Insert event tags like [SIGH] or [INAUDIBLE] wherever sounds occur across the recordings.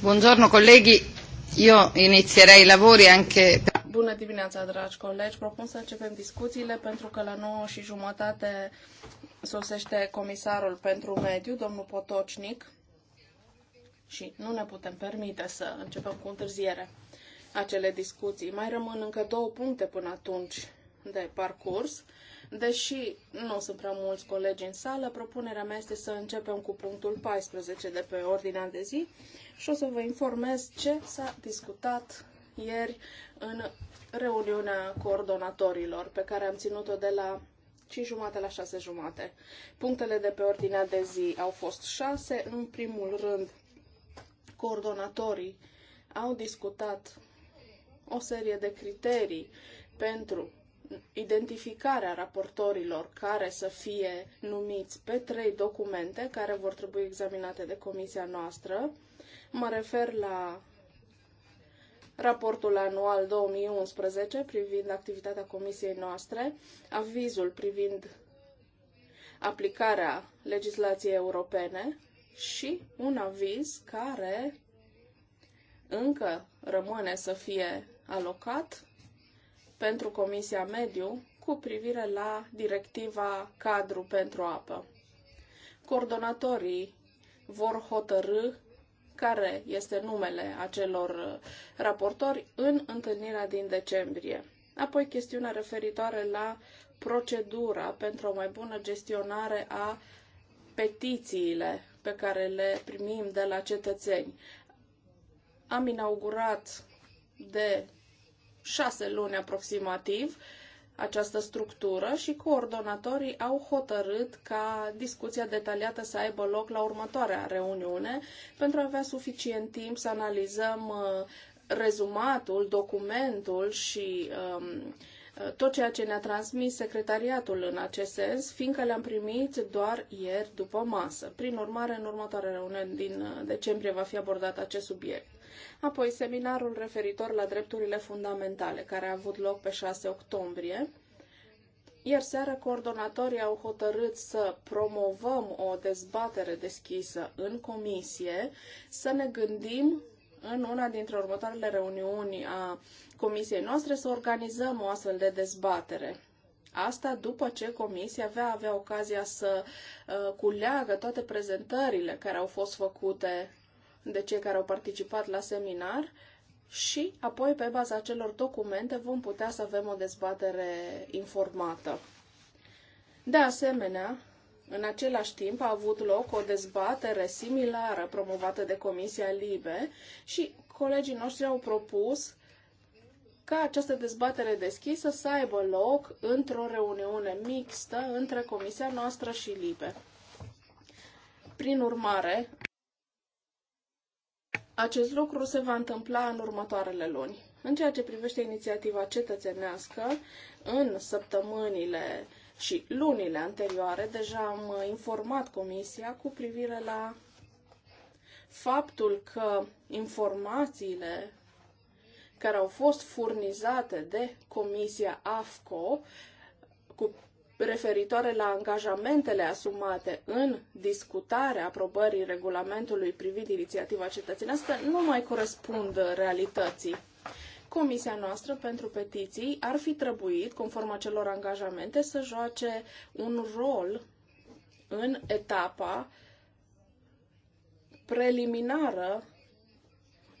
Buongiorno colleghi, io inizierei i lavori anche... Bună dimineața, dragi colegi! Propun să începem discuțiile pentru că la 9 și jumătate sosește comisarul pentru mediu, domnul Potocnic, și nu ne putem permite să începem cu întârziere acele discuții. Mai rămân încă două puncte până atunci de parcurs. Deși nu sunt prea mulți colegi în sală, propunerea mea este să începem cu punctul 14 de pe ordinea de zi și o să vă informez ce s-a discutat ieri în reuniunea coordonatorilor pe care am ținut-o de la 5 jumate la 6 jumate. Punctele de pe ordinea de zi au fost 6. În primul rând, coordonatorii au discutat o serie de criterii pentru identificarea raportorilor care să fie numiți pe trei documente care vor trebui examinate de comisia noastră. Mă refer la raportul anual 2011 privind activitatea comisiei noastre, avizul privind aplicarea legislației europene și un aviz care încă rămâne să fie alocat pentru Comisia Mediu cu privire la directiva cadru pentru apă. Coordonatorii vor hotărâ care este numele acelor uh, raportori în întâlnirea din decembrie. Apoi chestiunea referitoare la procedura pentru o mai bună gestionare a petițiile pe care le primim de la cetățeni. Am inaugurat de șase luni aproximativ această structură și coordonatorii au hotărât ca discuția detaliată să aibă loc la următoarea reuniune pentru a avea suficient timp să analizăm uh, rezumatul, documentul și um, uh, tot ceea ce ne-a transmis secretariatul în acest sens, fiindcă le-am primit doar ieri după masă. Prin urmare, în următoarea reuniune din uh, decembrie va fi abordat acest subiect. Apoi seminarul referitor la drepturile fundamentale, care a avut loc pe 6 octombrie. Iar seara coordonatorii au hotărât să promovăm o dezbatere deschisă în comisie, să ne gândim în una dintre următoarele reuniuni a comisiei noastre să organizăm o astfel de dezbatere. Asta după ce comisia va avea ocazia să uh, culeagă toate prezentările care au fost făcute de cei care au participat la seminar și apoi, pe baza acelor documente, vom putea să avem o dezbatere informată. De asemenea, în același timp a avut loc o dezbatere similară promovată de Comisia Libe și colegii noștri au propus ca această dezbatere deschisă să aibă loc într-o reuniune mixtă între Comisia noastră și Libe. Prin urmare, acest lucru se va întâmpla în următoarele luni. În ceea ce privește inițiativa cetățenească, în săptămânile și lunile anterioare deja am informat Comisia cu privire la faptul că informațiile care au fost furnizate de Comisia AFCO cu referitoare la angajamentele asumate în discutarea aprobării regulamentului privind inițiativa cetățenească nu mai corespund realității. Comisia noastră pentru petiții ar fi trebuit, conform acelor angajamente, să joace un rol în etapa preliminară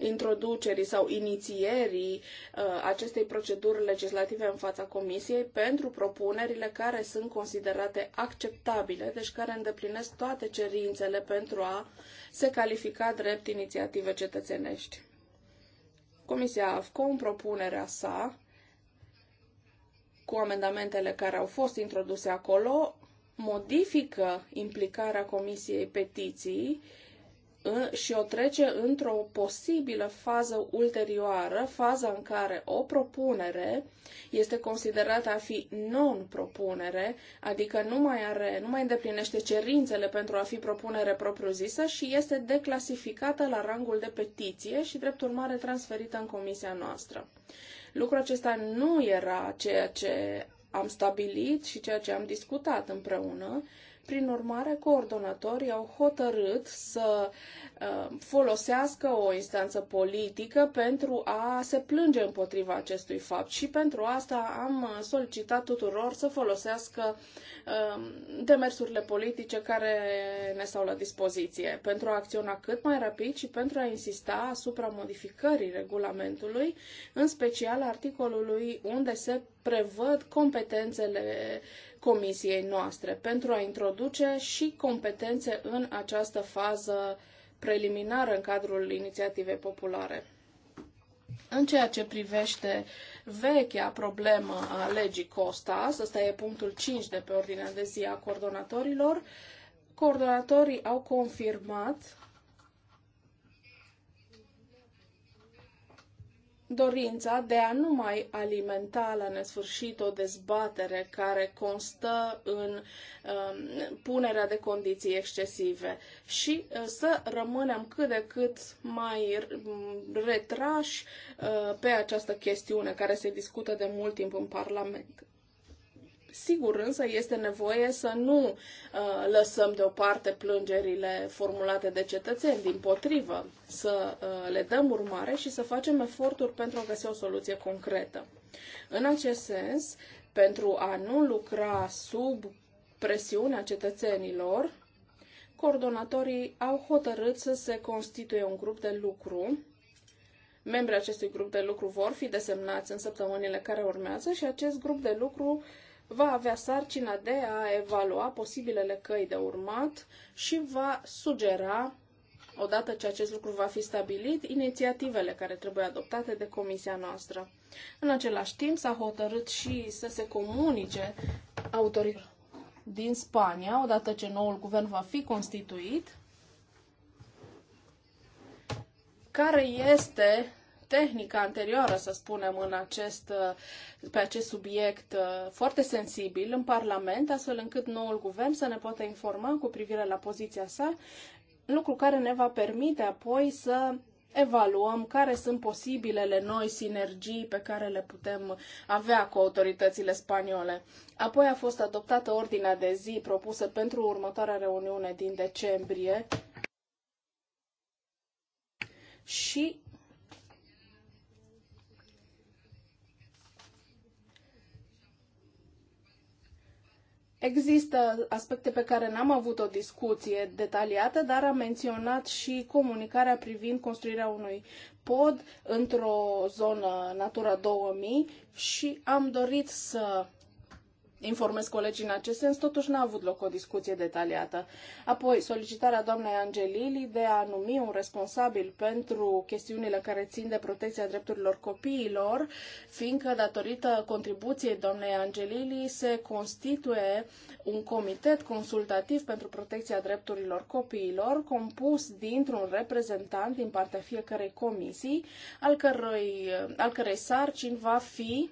introducerii sau inițierii uh, acestei proceduri legislative în fața Comisiei pentru propunerile care sunt considerate acceptabile, deci care îndeplinesc toate cerințele pentru a se califica drept inițiative cetățenești. Comisia AFCO, în propunerea sa, cu amendamentele care au fost introduse acolo, modifică implicarea Comisiei Petiții și o trece într-o posibilă fază ulterioară, faza în care o propunere este considerată a fi non-propunere, adică nu mai, are, nu mai îndeplinește cerințele pentru a fi propunere propriu-zisă și este declasificată la rangul de petiție și, drept urmare, transferită în comisia noastră. Lucrul acesta nu era ceea ce am stabilit și ceea ce am discutat împreună, prin urmare, coordonatorii au hotărât să uh, folosească o instanță politică pentru a se plânge împotriva acestui fapt și pentru asta am uh, solicitat tuturor să folosească uh, demersurile politice care ne stau la dispoziție pentru a acționa cât mai rapid și pentru a insista asupra modificării regulamentului, în special articolului unde se prevăd competențele comisiei noastre pentru a introduce și competențe în această fază preliminară în cadrul inițiativei populare. În ceea ce privește vechea problemă a legii Costas, ăsta e punctul 5 de pe ordinea de zi a coordonatorilor, coordonatorii au confirmat dorința de a nu mai alimenta la nesfârșit o dezbatere care constă în um, punerea de condiții excesive și uh, să rămânem cât de cât mai retrași uh, pe această chestiune care se discută de mult timp în Parlament. Sigur, însă este nevoie să nu uh, lăsăm deoparte plângerile formulate de cetățeni, din potrivă, să uh, le dăm urmare și să facem eforturi pentru a găsi o soluție concretă. În acest sens, pentru a nu lucra sub presiunea cetățenilor, coordonatorii au hotărât să se constituie un grup de lucru Membrii acestui grup de lucru vor fi desemnați în săptămânile care urmează și acest grup de lucru va avea sarcina de a evalua posibilele căi de urmat și va sugera, odată ce acest lucru va fi stabilit, inițiativele care trebuie adoptate de comisia noastră. În același timp s-a hotărât și să se comunice autorilor din Spania, odată ce noul guvern va fi constituit, care este tehnică anterioară, să spunem, în acest, pe acest subiect uh, foarte sensibil în Parlament, astfel încât noul guvern să ne poată informa cu privire la poziția sa, lucru care ne va permite apoi să evaluăm care sunt posibilele noi sinergii pe care le putem avea cu autoritățile spaniole. Apoi a fost adoptată ordinea de zi propusă pentru următoarea reuniune din decembrie și Există aspecte pe care n-am avut o discuție detaliată, dar am menționat și comunicarea privind construirea unui pod într-o zonă Natura 2000 și am dorit să informez colegii în acest sens, totuși n-a avut loc o discuție detaliată. Apoi, solicitarea doamnei Angelili de a numi un responsabil pentru chestiunile care țin de protecția drepturilor copiilor, fiindcă datorită contribuției doamnei Angelili se constituie un comitet consultativ pentru protecția drepturilor copiilor, compus dintr-un reprezentant din partea fiecărei comisii, al cărei, al cărei sarcini va fi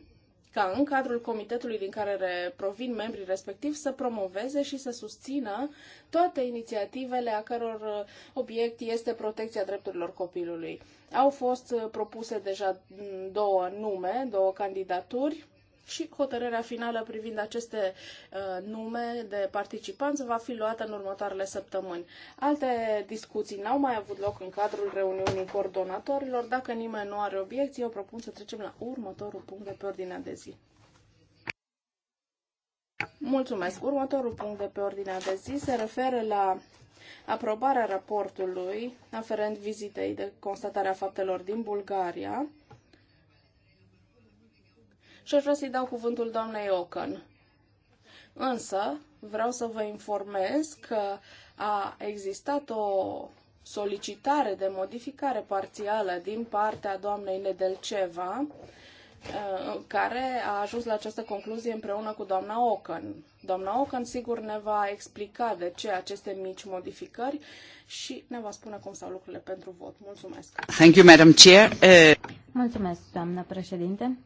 ca în cadrul comitetului din care provin membrii respectiv să promoveze și să susțină toate inițiativele a căror uh, obiect este protecția drepturilor copilului. Au fost uh, propuse deja mm, două nume, două candidaturi și hotărârea finală privind aceste uh, nume de participanți va fi luată în următoarele săptămâni. Alte discuții n-au mai avut loc în cadrul reuniunii coordonatorilor. Dacă nimeni nu are obiecții, eu propun să trecem la următorul punct de pe ordinea de zi. Mulțumesc. Următorul punct de pe ordinea de zi se referă la aprobarea raportului aferent vizitei de constatare a faptelor din Bulgaria și aș vrea să-i dau cuvântul doamnei Ocan. Însă, vreau să vă informez că a existat o solicitare de modificare parțială din partea doamnei Nedelceva, uh, care a ajuns la această concluzie împreună cu doamna Ocan. Doamna Ocan, sigur, ne va explica de ce aceste mici modificări și ne va spune cum stau lucrurile pentru vot. Mulțumesc! Thank you, Madam Chair. Uh, Mulțumesc, doamna președinte.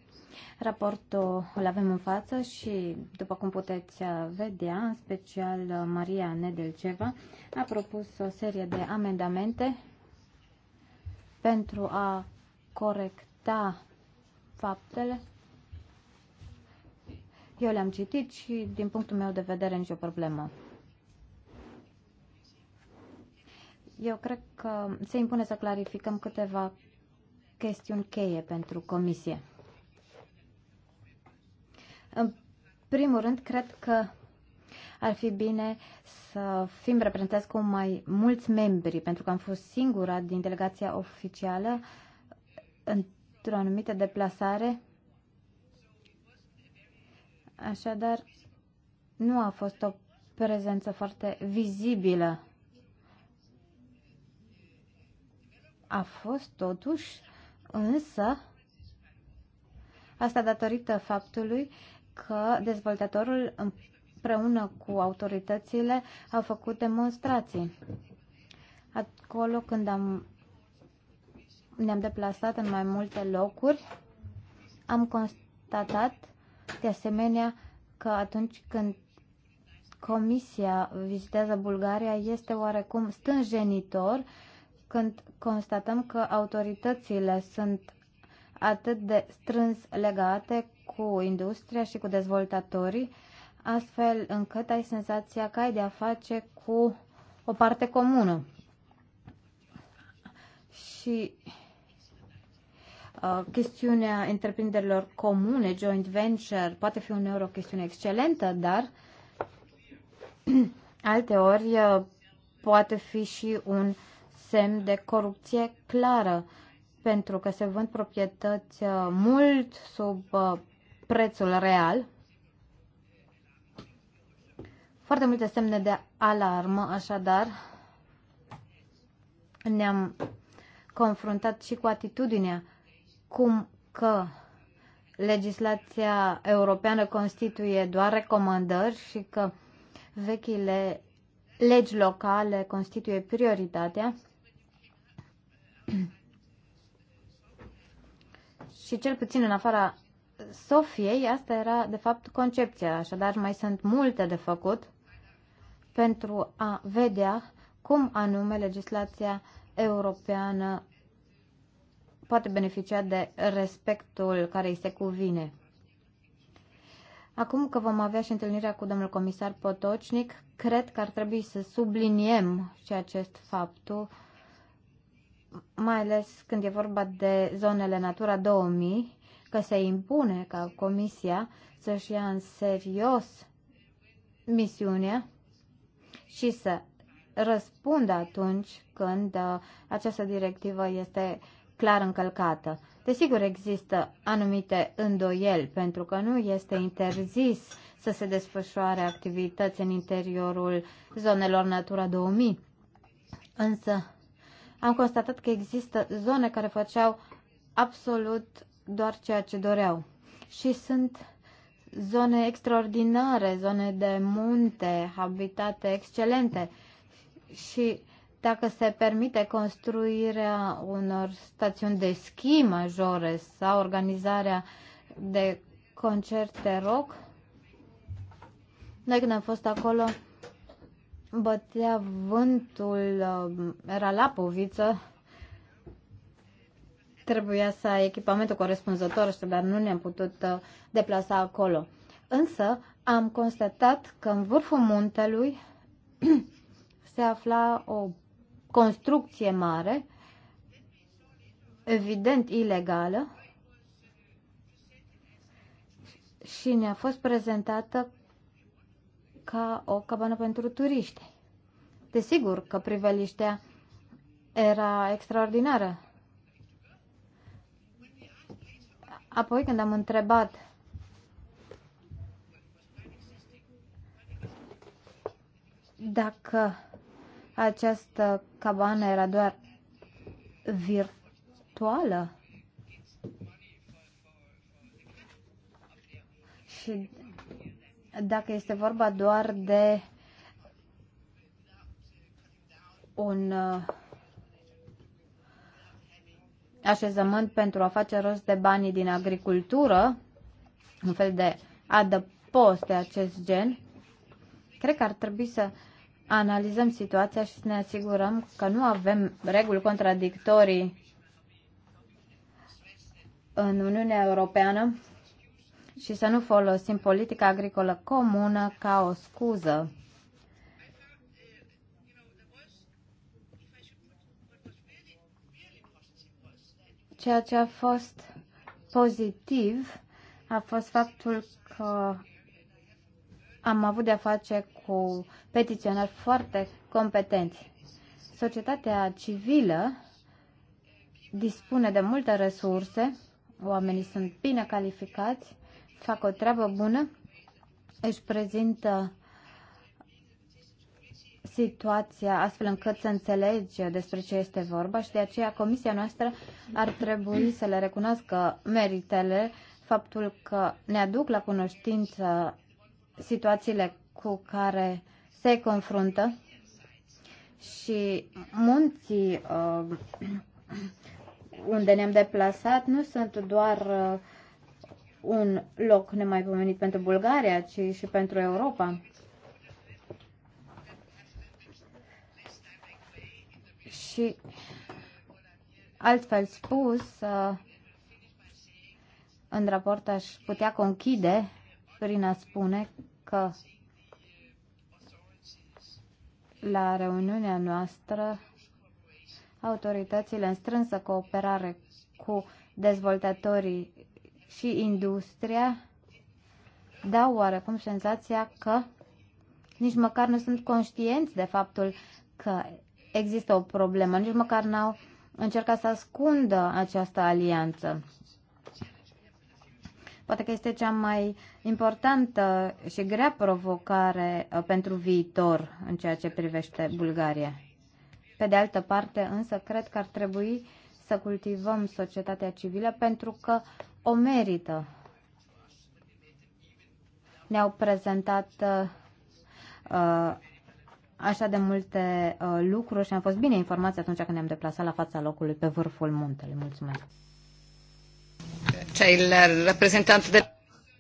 Raportul îl avem în față și, după cum puteți uh, vedea, în special uh, Maria Nedelceva a propus o serie de amendamente pentru a corecta faptele. Eu le-am citit și, din punctul meu de vedere, nicio problemă. Eu cred că se impune să clarificăm câteva chestiuni cheie pentru comisie. În primul rând, cred că ar fi bine să fim reprezentați cu mai mulți membri, pentru că am fost singura din delegația oficială într-o anumită deplasare. Așadar, nu a fost o prezență foarte vizibilă. A fost totuși, însă, asta datorită faptului că dezvoltatorul împreună cu autoritățile a făcut demonstrații. Acolo când am, ne-am deplasat în mai multe locuri, am constatat de asemenea că atunci când Comisia vizitează Bulgaria este oarecum stânjenitor când constatăm că autoritățile sunt atât de strâns legate cu industria și cu dezvoltatorii, astfel încât ai senzația că ai de a face cu o parte comună. Și uh, chestiunea întreprinderilor comune, joint venture, poate fi uneori o chestiune excelentă, dar [CLEARS THROAT] alteori uh, poate fi și un semn de corupție clară pentru că se vând proprietăți uh, mult sub uh, prețul real. Foarte multe semne de alarmă, așadar, ne-am confruntat și cu atitudinea cum că legislația europeană constituie doar recomandări și că vechile legi locale constituie prioritatea și cel puțin în afara Sofiei, asta era de fapt concepția, așadar mai sunt multe de făcut pentru a vedea cum anume legislația europeană poate beneficia de respectul care îi se cuvine. Acum că vom avea și întâlnirea cu domnul comisar Potocnic, cred că ar trebui să subliniem și acest faptul mai ales când e vorba de zonele Natura 2000, că se impune ca Comisia să-și ia în serios misiunea și să răspundă atunci când uh, această directivă este clar încălcată. Desigur, există anumite îndoieli, pentru că nu este interzis să se desfășoare activități în interiorul zonelor Natura 2000. Însă, am constatat că există zone care făceau absolut doar ceea ce doreau. Și sunt zone extraordinare, zone de munte, habitate excelente. Și dacă se permite construirea unor stațiuni de schi majore sau organizarea de concerte rock, noi când am fost acolo, bătea vântul, uh, era la poviță, trebuia să ai echipamentul corespunzător, dar nu ne-am putut uh, deplasa acolo. Însă am constatat că în vârful muntelui [CLEARS THROAT] se afla o construcție mare, evident ilegală, și ne-a fost prezentată ca o cabană pentru turiști. Desigur că priveliștea era extraordinară. Apoi când am întrebat dacă această cabană era doar virtuală și dacă este vorba doar de un uh, așezământ pentru a face rost de banii din agricultură, un fel de adăpost de acest gen, cred că ar trebui să analizăm situația și să ne asigurăm că nu avem reguli contradictorii în Uniunea Europeană și să nu folosim politica agricolă comună ca o scuză Ceea ce a fost pozitiv a fost faptul că am avut de-a face cu petiționari foarte competenți. Societatea civilă dispune de multe resurse, oamenii sunt bine calificați fac o treabă bună, își prezintă situația astfel încât să înțelege despre ce este vorba și de aceea comisia noastră ar trebui să le recunoască meritele, faptul că ne aduc la cunoștință situațiile cu care se confruntă și munții uh, unde ne-am deplasat nu sunt doar uh, un loc nemaipomenit pentru Bulgaria, ci și pentru Europa. Și altfel spus, uh, în raport aș putea conchide prin a spune că la reuniunea noastră autoritățile în strânsă cooperare cu dezvoltatorii și industria dau oarecum senzația că nici măcar nu sunt conștienți de faptul că există o problemă, nici măcar n-au încercat să ascundă această alianță. Poate că este cea mai importantă și grea provocare uh, pentru viitor în ceea ce privește Bulgaria. Pe de altă parte, însă, cred că ar trebui să cultivăm societatea civilă pentru că o merită. Ne-au prezentat uh, așa de multe uh, lucruri și am fost bine informați atunci când ne-am deplasat la fața locului pe vârful muntelui. Mulțumesc. Cei reprezentant de...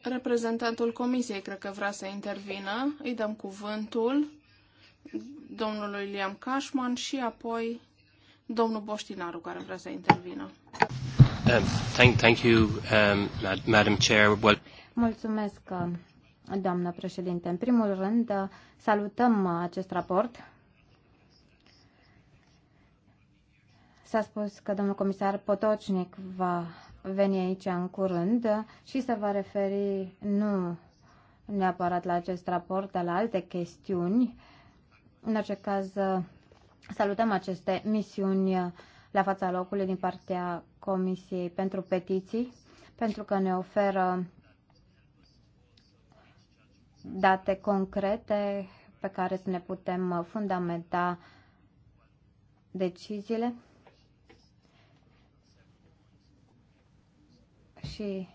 Reprezentantul comisiei cred că vrea să intervină. Îi dăm cuvântul domnului Liam Cashman și apoi domnul Boștinaru care vrea să intervină. Uh, thank, thank you, um, Madam Chair. Well... Mulțumesc, uh, doamnă președinte. În primul rând, uh, salutăm acest raport. S-a spus că domnul comisar Potocnic va veni aici în curând și se va referi nu neapărat la acest raport, dar la alte chestiuni. În orice caz, salutăm aceste misiuni la fața locului din partea Comisiei pentru Petiții, pentru că ne oferă date concrete pe care să ne putem fundamenta deciziile. Și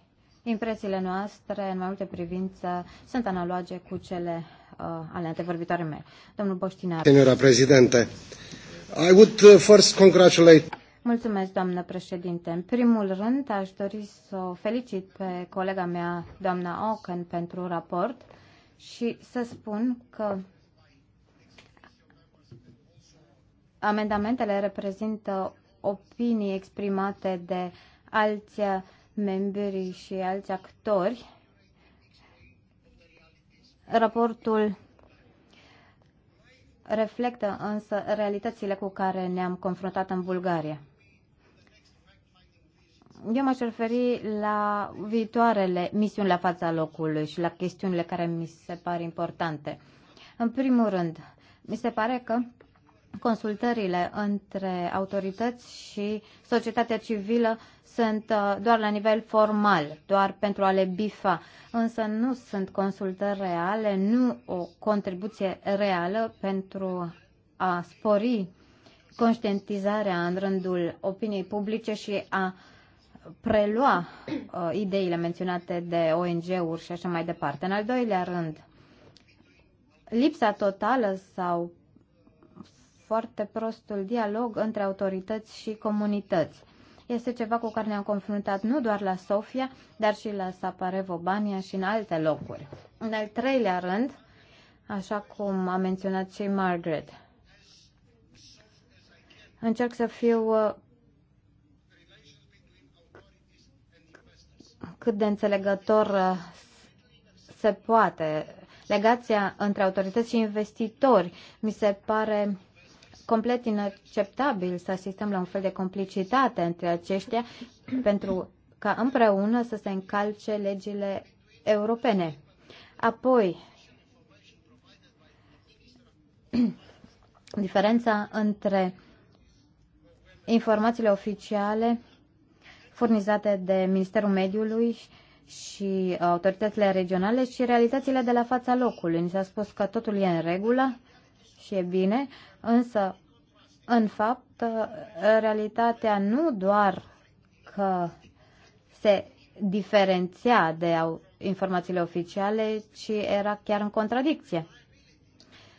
impresiile noastre în mai multe privințe sunt analoge cu cele uh, ale antevorbitoarei mele. Domnul Boștinar. Senora președinte, I would uh, first congratulate Mulțumesc, doamnă președinte. În primul rând, aș dori să o felicit pe colega mea, doamna Oken, pentru raport și să spun că amendamentele reprezintă opinii exprimate de alți membri și alți actori. Raportul reflectă însă realitățile cu care ne-am confruntat în Bulgaria. Eu m-aș referi la viitoarele misiuni la fața locului și la chestiunile care mi se par importante. În primul rând, mi se pare că consultările între autorități și societatea civilă sunt uh, doar la nivel formal, doar pentru a le bifa, însă nu sunt consultări reale, nu o contribuție reală pentru a spori conștientizarea în rândul opiniei publice și a prelua uh, ideile menționate de ONG-uri și așa mai departe. În al doilea rând, lipsa totală sau foarte prostul dialog între autorități și comunități. Este ceva cu care ne-am confruntat nu doar la Sofia, dar și la Saparevo, Bania și în alte locuri. În al treilea rând, așa cum a menționat și Margaret, încerc să fiu uh, cât de înțelegător uh, se poate. Legația între autorități și investitori mi se pare complet inacceptabil să asistăm la un fel de complicitate între aceștia [CLEARS THROAT] pentru ca împreună să se încalce legile europene. Apoi, [CLEARS THROAT] diferența între informațiile oficiale furnizate de Ministerul Mediului și autoritățile regionale și realitățile de la fața locului. Ni s-a spus că totul e în regulă, și e bine, însă, în fapt, realitatea nu doar că se diferenția de informațiile oficiale, ci era chiar în contradicție.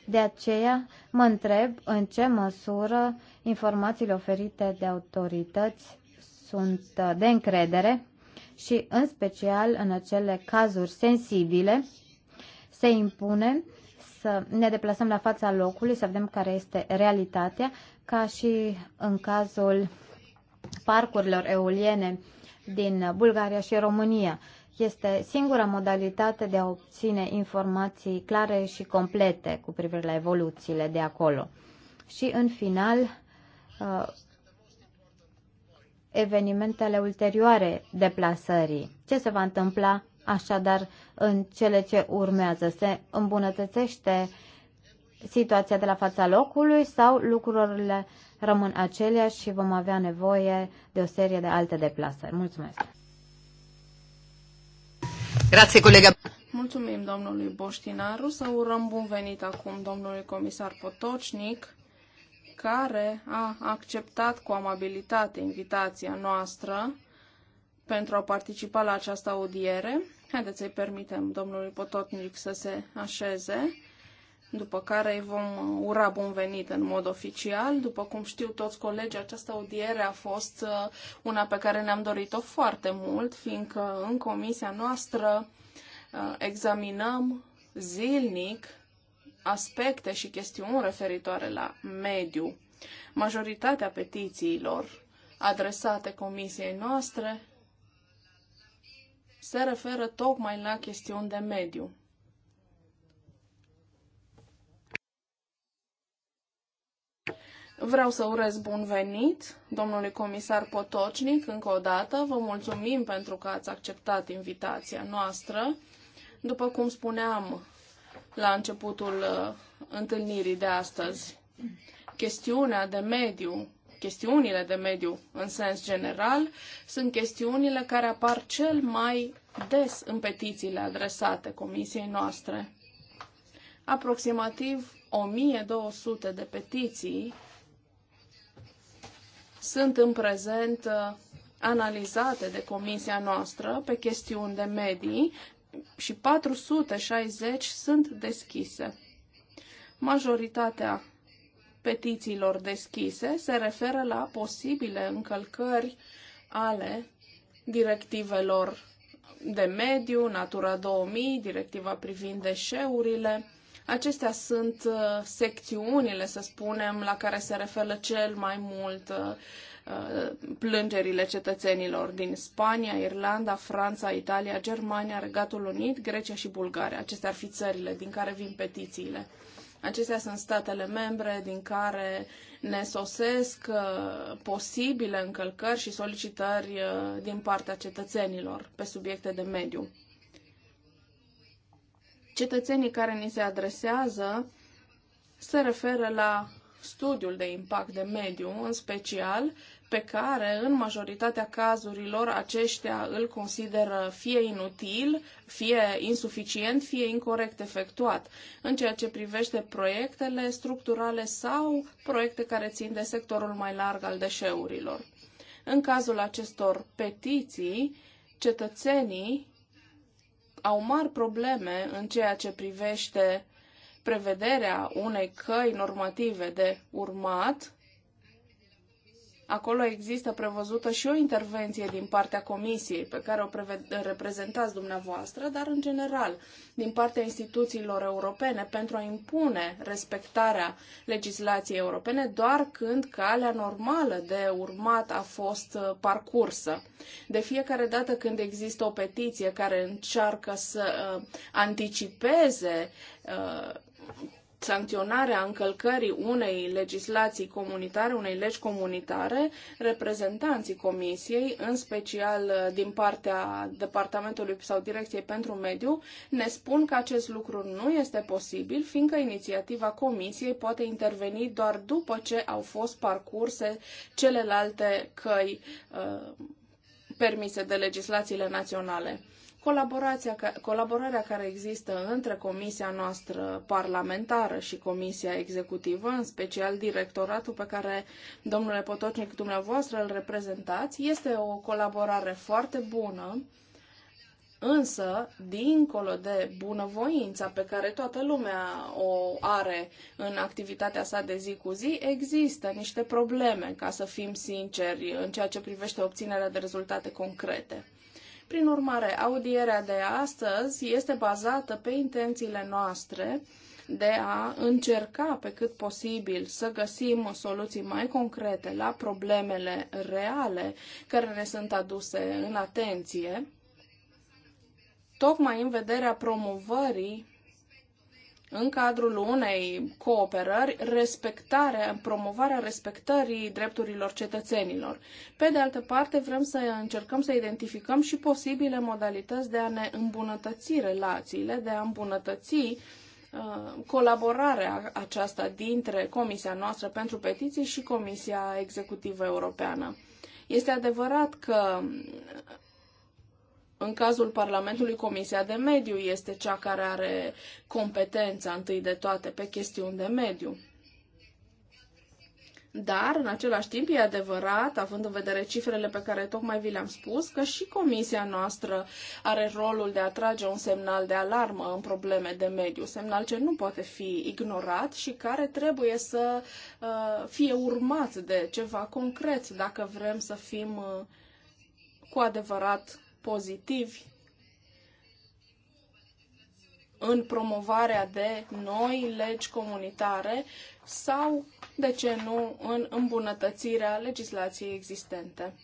De aceea mă întreb în ce măsură informațiile oferite de autorități sunt uh, de încredere și, în special, în acele cazuri sensibile, se impune să ne deplasăm la fața locului, să vedem care este realitatea, ca și în cazul parcurilor eoliene din Bulgaria și România. Este singura modalitate de a obține informații clare și complete cu privire la evoluțiile de acolo. Și în final, uh, evenimentele ulterioare deplasării. Ce se va întâmpla Așadar, în cele ce urmează, se îmbunătățește situația de la fața locului sau lucrurile rămân aceleași și vom avea nevoie de o serie de alte deplasări. Mulțumesc! Grazie, colega. Mulțumim domnului Boștinaru, să urăm bun venit acum domnului comisar Potocnic, care a acceptat cu amabilitate invitația noastră pentru a participa la această audiere. Haideți să-i permitem domnului Potocnic să se așeze, după care îi vom ura bun venit în mod oficial. După cum știu toți colegii, această audiere a fost uh, una pe care ne-am dorit-o foarte mult, fiindcă în comisia noastră uh, examinăm zilnic aspecte și chestiuni referitoare la mediu. Majoritatea petițiilor adresate comisiei noastre se referă tocmai la chestiuni de mediu. Vreau să urez bun venit domnului comisar Potocnic încă o dată. Vă mulțumim pentru că ați acceptat invitația noastră. După cum spuneam la începutul uh, întâlnirii de astăzi, chestiunea de mediu chestiunile de mediu în sens general sunt chestiunile care apar cel mai des în petițiile adresate comisiei noastre. Aproximativ 1200 de petiții sunt în prezent uh, analizate de comisia noastră pe chestiuni de medii și 460 sunt deschise. Majoritatea petițiilor deschise se referă la posibile încălcări ale directivelor de mediu, Natura 2000, directiva privind deșeurile. Acestea sunt uh, secțiunile, să spunem, la care se referă cel mai mult uh, uh, plângerile cetățenilor din Spania, Irlanda, Franța, Italia, Germania, Regatul Unit, Grecia și Bulgaria. Acestea ar fi țările din care vin petițiile. Acestea sunt statele membre din care ne sosesc uh, posibile încălcări și solicitări uh, din partea cetățenilor pe subiecte de mediu. Cetățenii care ni se adresează se referă la studiul de impact de mediu, în special pe care, în majoritatea cazurilor, aceștia îl consideră fie inutil, fie insuficient, fie incorrect efectuat, în ceea ce privește proiectele structurale sau proiecte care țin de sectorul mai larg al deșeurilor. În cazul acestor petiții, cetățenii au mari probleme în ceea ce privește prevederea unei căi normative de urmat Acolo există prevăzută și o intervenție din partea comisiei pe care o reprezentați dumneavoastră, dar în general din partea instituțiilor europene pentru a impune respectarea legislației europene doar când calea normală de urmat a fost uh, parcursă. De fiecare dată când există o petiție care încearcă să uh, anticipeze uh, sancționarea încălcării unei legislații comunitare, unei legi comunitare, reprezentanții Comisiei, în special uh, din partea Departamentului sau Direcției pentru Mediu, ne spun că acest lucru nu este posibil, fiindcă inițiativa Comisiei poate interveni doar după ce au fost parcurse celelalte căi uh, permise de legislațiile naționale colaborarea care există între comisia noastră parlamentară și comisia executivă, în special directoratul pe care, domnule Potocnic, dumneavoastră îl reprezentați, este o colaborare foarte bună, însă, dincolo de bunăvoința pe care toată lumea o are în activitatea sa de zi cu zi, există niște probleme, ca să fim sinceri, în ceea ce privește obținerea de rezultate concrete. Prin urmare, audierea de astăzi este bazată pe intențiile noastre de a încerca pe cât posibil să găsim soluții mai concrete la problemele reale care ne sunt aduse în atenție, tocmai în vederea promovării în cadrul unei cooperări respectarea, promovarea respectării drepturilor cetățenilor. Pe de altă parte, vrem să încercăm să identificăm și posibile modalități de a ne îmbunătăți relațiile, de a îmbunătăți uh, colaborarea aceasta dintre Comisia noastră pentru petiții și Comisia Executivă Europeană. Este adevărat că în cazul Parlamentului, Comisia de Mediu este cea care are competența întâi de toate pe chestiuni de mediu. Dar, în același timp, e adevărat, având în vedere cifrele pe care tocmai vi le-am spus, că și comisia noastră are rolul de a trage un semnal de alarmă în probleme de mediu, semnal ce nu poate fi ignorat și care trebuie să uh, fie urmat de ceva concret dacă vrem să fim uh, cu adevărat pozitivi în promovarea de noi legi comunitare sau, de ce nu, în îmbunătățirea legislației existente.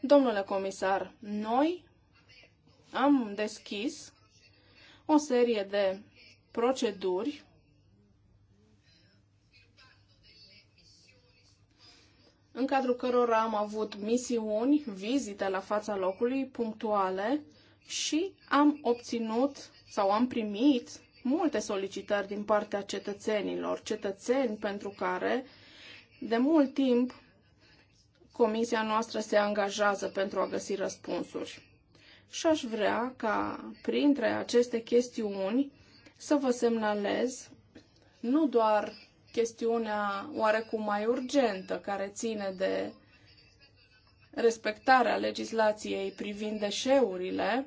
Domnule comisar, noi am deschis o serie de proceduri în cadrul cărora am avut misiuni, vizite la fața locului, punctuale și am obținut sau am primit multe solicitări din partea cetățenilor, cetățeni pentru care de mult timp comisia noastră se angajează pentru a găsi răspunsuri. Și aș vrea ca printre aceste chestiuni să vă semnalez nu doar chestiunea oarecum mai urgentă care ține de respectarea legislației privind deșeurile,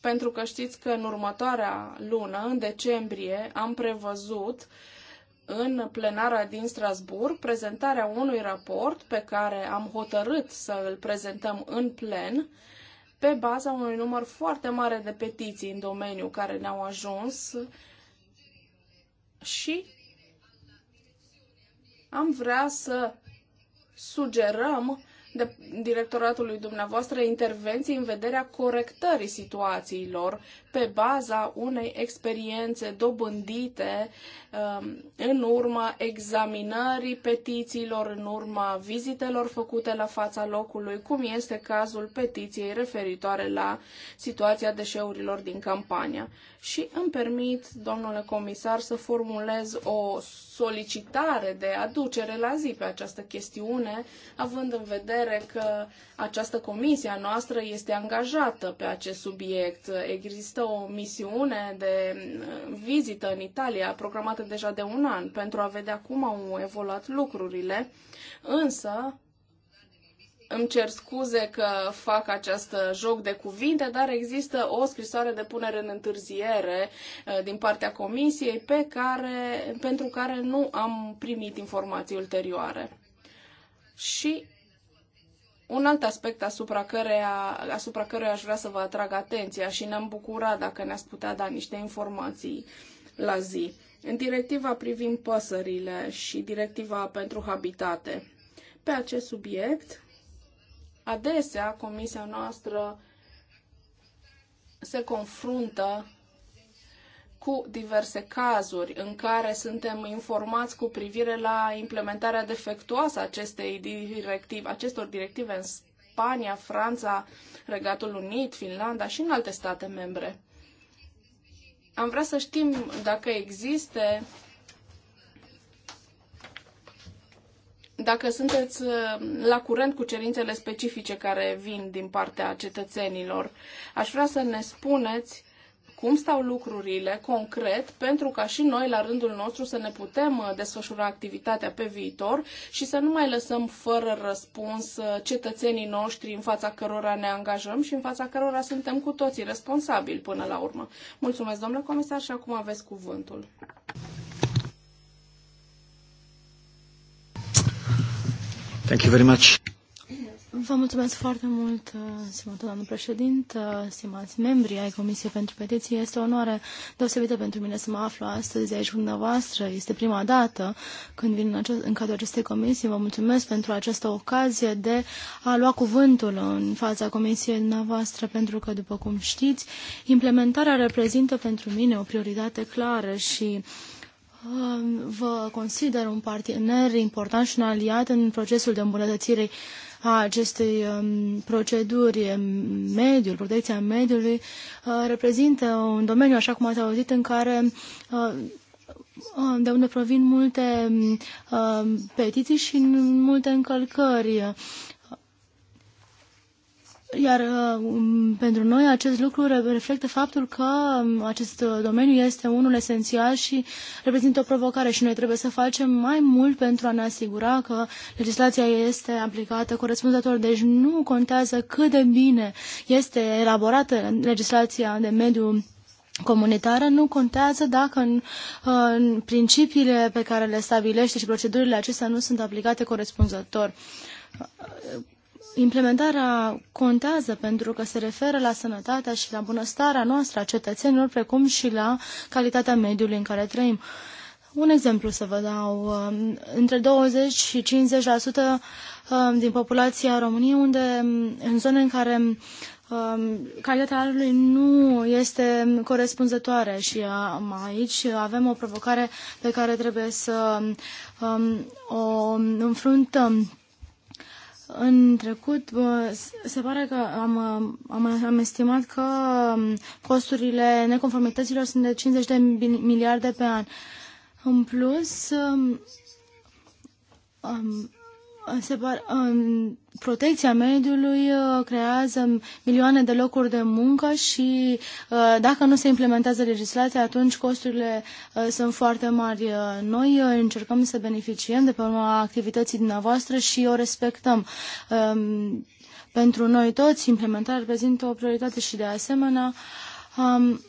pentru că știți că în următoarea lună, în decembrie, am prevăzut în plenara din Strasburg prezentarea unui raport pe care am hotărât să îl prezentăm în plen pe baza unui număr foarte mare de petiții în domeniu care ne-au ajuns și am vrea să sugerăm de directoratului dumneavoastră intervenții în vederea corectării situațiilor pe baza unei experiențe dobândite um, în urma examinării petițiilor, în urma vizitelor făcute la fața locului, cum este cazul petiției referitoare la situația deșeurilor din campania. Și îmi permit, domnule comisar, să formulez o solicitare de aducere la zi pe această chestiune, având în vedere că această comisie a noastră este angajată pe acest subiect. Există o misiune de uh, vizită în Italia, programată deja de un an, pentru a vedea cum au evoluat lucrurile, însă îmi cer scuze că fac acest joc de cuvinte, dar există o scrisoare de punere în întârziere uh, din partea comisiei pe care, pentru care nu am primit informații ulterioare. Și un alt aspect asupra căreia, asupra căreia aș vrea să vă atrag atenția și ne-am bucurat dacă ne-ați putea da niște informații la zi. În directiva privind păsările și directiva pentru habitate, pe acest subiect Adesea, comisia noastră se confruntă cu diverse cazuri în care suntem informați cu privire la implementarea defectuoasă acestei directive, acestor directive în Spania, Franța, Regatul Unit, Finlanda și în alte state membre. Am vrea să știm dacă există dacă sunteți uh, la curent cu cerințele specifice care vin din partea cetățenilor, aș vrea să ne spuneți cum stau lucrurile concret pentru ca și noi, la rândul nostru, să ne putem uh, desfășura activitatea pe viitor și să nu mai lăsăm fără răspuns uh, cetățenii noștri în fața cărora ne angajăm și în fața cărora suntem cu toții responsabili până la urmă. Mulțumesc, domnule comisar, și acum aveți cuvântul. Thank you very much. Vă mulțumesc foarte mult, uh, stimată doamnă președintă, stimați membri ai Comisiei pentru Petiții. Este o onoare deosebită pentru mine să mă aflu astăzi aici cu dumneavoastră. Este prima dată când vin în, acest, în cadrul acestei comisii. Vă mulțumesc pentru această ocazie de a lua cuvântul în fața Comisiei dumneavoastră, pentru că, după cum știți, implementarea reprezintă pentru mine o prioritate clară și uh, Um, vă consider un partener important și un aliat în procesul de îmbunătățire a acestei um, proceduri. Um, mediul, protecția mediului, uh, reprezintă un domeniu, așa cum ați auzit, în care uh, de unde provin multe uh, petiții și multe încălcări. Iar um, pentru noi acest lucru reflectă faptul că um, acest uh, domeniu este unul esențial și reprezintă o provocare și noi trebuie să facem mai mult pentru a ne asigura că legislația este aplicată corespunzător. Deci nu contează cât de bine este elaborată legislația de mediu comunitară nu contează dacă în, în principiile pe care le stabilește și procedurile acestea nu sunt aplicate corespunzător Implementarea contează pentru că se referă la sănătatea și la bunăstarea noastră a cetățenilor, precum și la calitatea mediului în care trăim. Un exemplu să vă dau. Um, între 20 și 50% um, din populația României, unde um, în zone în care calitatea aerului nu este corespunzătoare și aici avem o provocare pe care trebuie să o înfruntăm în trecut, se pare că am, am, am estimat că um, costurile neconformităților sunt de 50 de miliarde pe an. În plus, um, um separ, în protecția mediului uh, creează milioane de locuri de muncă și uh, dacă nu se implementează legislația, atunci costurile uh, sunt foarte mari. Noi încercăm să beneficiem de pe urma activității dumneavoastră și o respectăm. Um, pentru noi toți, implementarea reprezintă o prioritate și de asemenea um,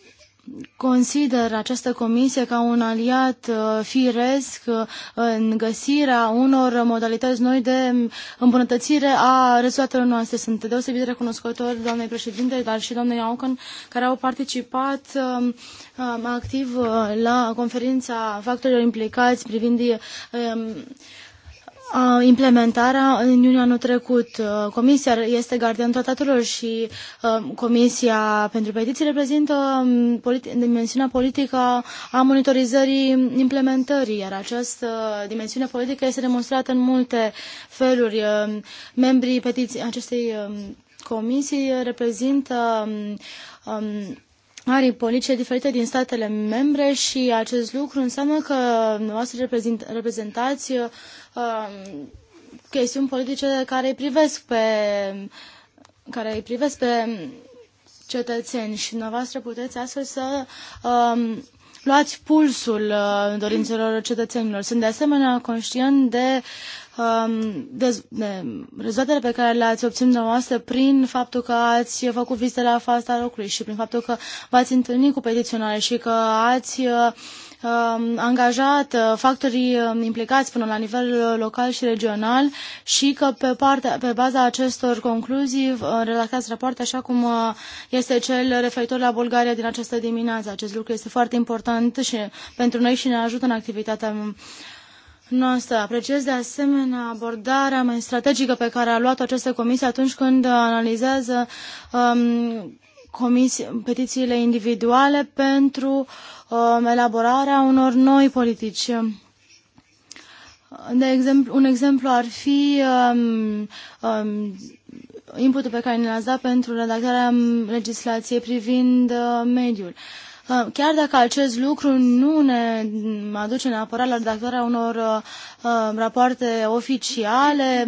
consider această comisie ca un aliat uh, firesc uh, în găsirea unor modalități noi de îmbunătățire a rezultatelor noastre. Sunt deosebit de recunoscător doamnei președinte, dar și doamnei Aucan, care au participat um, um, activ uh, la conferința factorilor implicați privind um, implementarea în iunie anul trecut. Comisia este gardian tratatelor și Comisia pentru Petiții reprezintă dimensiunea politică a monitorizării implementării, iar această dimensiune politică este demonstrată în multe feluri. Membrii petiții acestei comisii reprezintă arii politice diferite din statele membre și acest lucru înseamnă că dumneavoastră reprezentați uh, chestiuni politice care îi privesc pe care îi privesc pe cetățeni și dumneavoastră puteți astfel să um, luați pulsul uh, dorințelor cetățenilor. Sunt de asemenea conștient de Um, rezultatele pe care le-ați obținut dumneavoastră prin faptul că ați făcut vizite la fața locului și prin faptul că v-ați întâlnit cu petiționare și că ați uh, um, angajat uh, factorii um, implicați până la nivel local și regional și că pe, parte pe baza acestor concluzii uh, redactați rapoarte așa cum este cel referitor la Bulgaria din această dimineață. Acest lucru este foarte important și pentru noi și ne ajută în activitatea noastră. Apreciez de asemenea abordarea mai strategică pe care a luat-o această comisie atunci când analizează um, comisie, petițiile individuale pentru um, elaborarea unor noi politici. De exemplu, un exemplu ar fi um, um, inputul pe care ne l-ați dat pentru redactarea um, legislației privind uh, mediul. Uh, Uh, chiar dacă acest lucru nu ne aduce neapărat la redactarea unor uh, uh, rapoarte oficiale,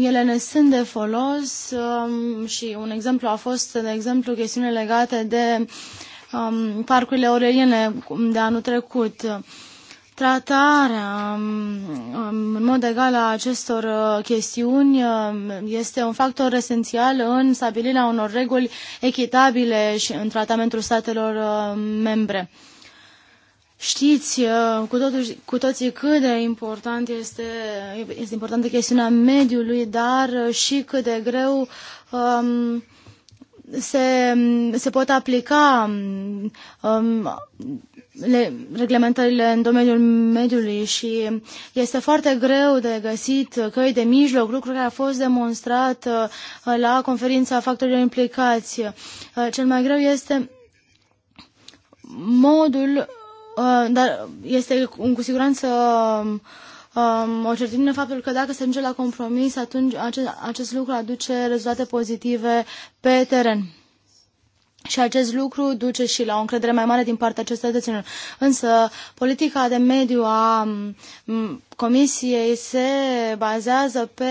ele ne sunt de folos um, și un exemplu a fost, de exemplu, chestiune legate de um, parcurile oreliene de anul trecut. Tratarea um, um, în mod egal a acestor uh, chestiuni um, este un factor esențial în stabilirea unor reguli echitabile și în tratamentul statelor uh, membre. Știți uh, cu, totuși, cu toții cât de important este, este importantă chestiunea mediului, dar și cât de greu um, se, se pot aplica um, reglementările în domeniul mediului și este foarte greu de găsit căi de mijloc, lucru care a fost demonstrat uh, la conferința factorilor implicați. Uh, cel mai greu este modul, uh, dar este cu siguranță um, o certitudine faptul că dacă se ajunge la compromis, atunci acest, acest lucru aduce rezultate pozitive pe teren. Și acest lucru duce și la o încredere mai mare din partea cetățenilor. Însă, politica de mediu a Comisiei se bazează pe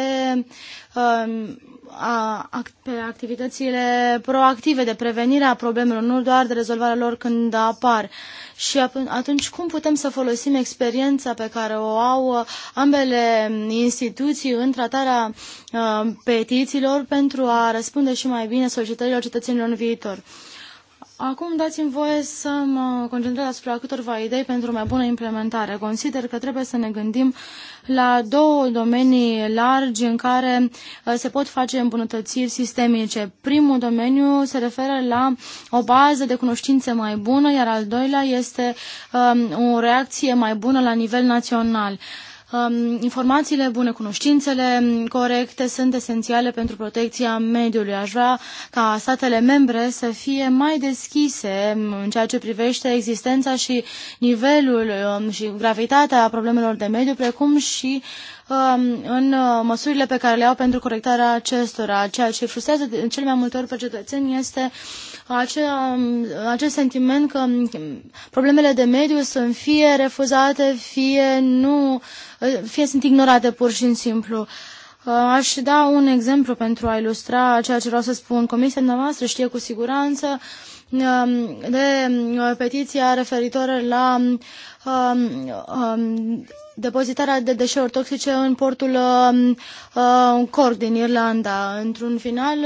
um, a, pe activitățile proactive de prevenire a problemelor, nu doar de rezolvarea lor când apar. Și atunci cum putem să folosim experiența pe care o au uh, ambele instituții în tratarea uh, petițiilor pentru a răspunde și mai bine solicitărilor cetățenilor în viitor? Acum dați-mi voie să mă concentrez asupra câtorva idei pentru mai bună implementare. Consider că trebuie să ne gândim la două domenii largi în care uh, se pot face îmbunătățiri sistemice. Primul domeniu se referă la o bază de cunoștințe mai bună, iar al doilea este um, o reacție mai bună la nivel național. Um, informațiile bune, cunoștințele corecte sunt esențiale pentru protecția mediului. Aș vrea ca statele membre să fie mai deschise în ceea ce privește existența și nivelul um, și gravitatea problemelor de mediu, precum și um, în uh, măsurile pe care le au pentru corectarea acestora. Ceea ce frustrează cel mai multe ori pe cetățeni este uh, acea, acest sentiment că problemele de mediu sunt fie refuzate, fie nu, fie sunt ignorate pur și simplu. Aș da un exemplu pentru a ilustra ceea ce vreau să spun. Comisia noastră știe cu siguranță um, de uh, petiția referitoare la um, um, depozitarea de deșeuri toxice în portul um, uh, Cork din Irlanda. Într-un final,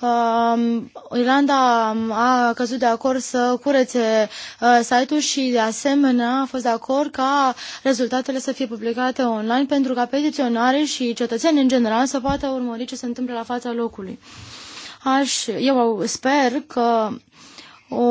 uh, Irlanda a căzut de acord să curețe uh, site-ul și de asemenea a fost de acord ca rezultatele să fie publicate online pentru ca petiționare și cetățenii în general să poată urmări ce se întâmplă la fața locului. Aș, eu sper că o,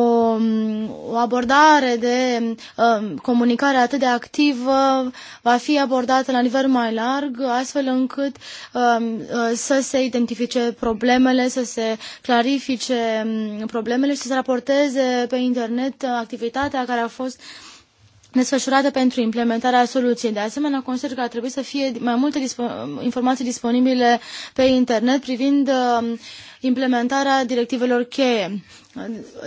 o abordare de uh, comunicare atât de activă va fi abordată la nivel mai larg, astfel încât uh, uh să se identifice problemele, să se clarifice um, problemele și să se raporteze pe internet uh, activitatea care a fost desfășurată pentru implementarea soluției. De asemenea, consider că ar trebui să fie mai multe dispo informații disponibile pe internet privind uh, implementarea directivelor cheie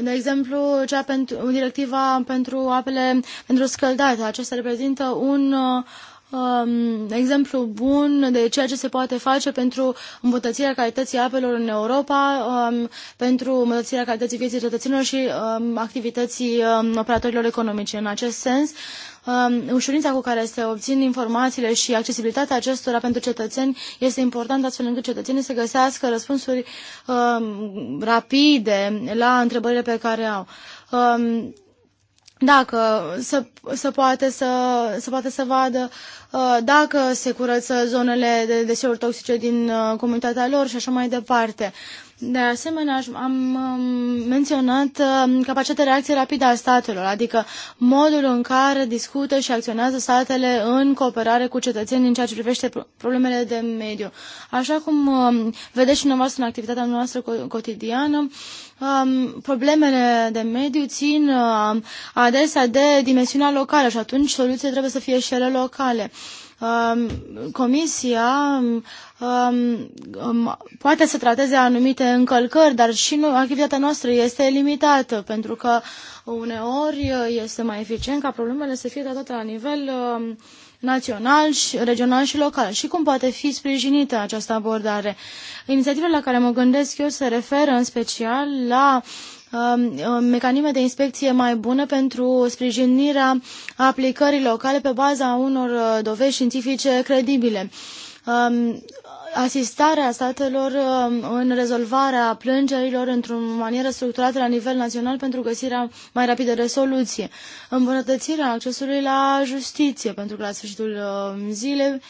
de exemplu, cea pentru, directiva pentru apele pentru scăldate. Acesta reprezintă un uh, um, exemplu bun de ceea ce se poate face pentru îmbunătățirea calității apelor în Europa, um, pentru îmbunătățirea calității vieții cetățenilor și um, activității um, operatorilor economici. În acest sens, um, ușurința cu care se obțin informațiile și accesibilitatea acestora pentru cetățeni este importantă astfel încât cetățenii să găsească răspunsuri um, rapide la întrebările pe care au. Um, dacă să, să, poate să, să poate să vadă uh, dacă se curăță zonele de deșeuri toxice din uh, comunitatea lor și așa mai departe. De asemenea, am um, menționat uh, capacitatea de reacție rapidă a statelor, adică modul în care discută și acționează statele în cooperare cu cetățenii în ceea ce privește problemele de mediu. Așa cum um, vedeți și dumneavoastră în activitatea noastră cotidiană, um, problemele de mediu țin um, adesea de dimensiunea locală și atunci soluțiile trebuie să fie și ele locale. Um, comisia um, um, poate să trateze anumite încălcări, dar și nu, activitatea noastră este limitată, pentru că uneori este mai eficient ca problemele să fie tratate la nivel um, național, regional și local și cum poate fi sprijinită această abordare. Inițiativele la care mă gândesc eu se referă în special la um, um, mecanisme de inspecție mai bune pentru sprijinirea aplicării locale pe baza unor uh, dovezi științifice credibile um, asistarea statelor um, în rezolvarea plângerilor într-o manieră structurată la nivel național pentru găsirea mai rapidă de soluție, îmbunătățirea accesului la justiție, pentru că la sfârșitul um, zilei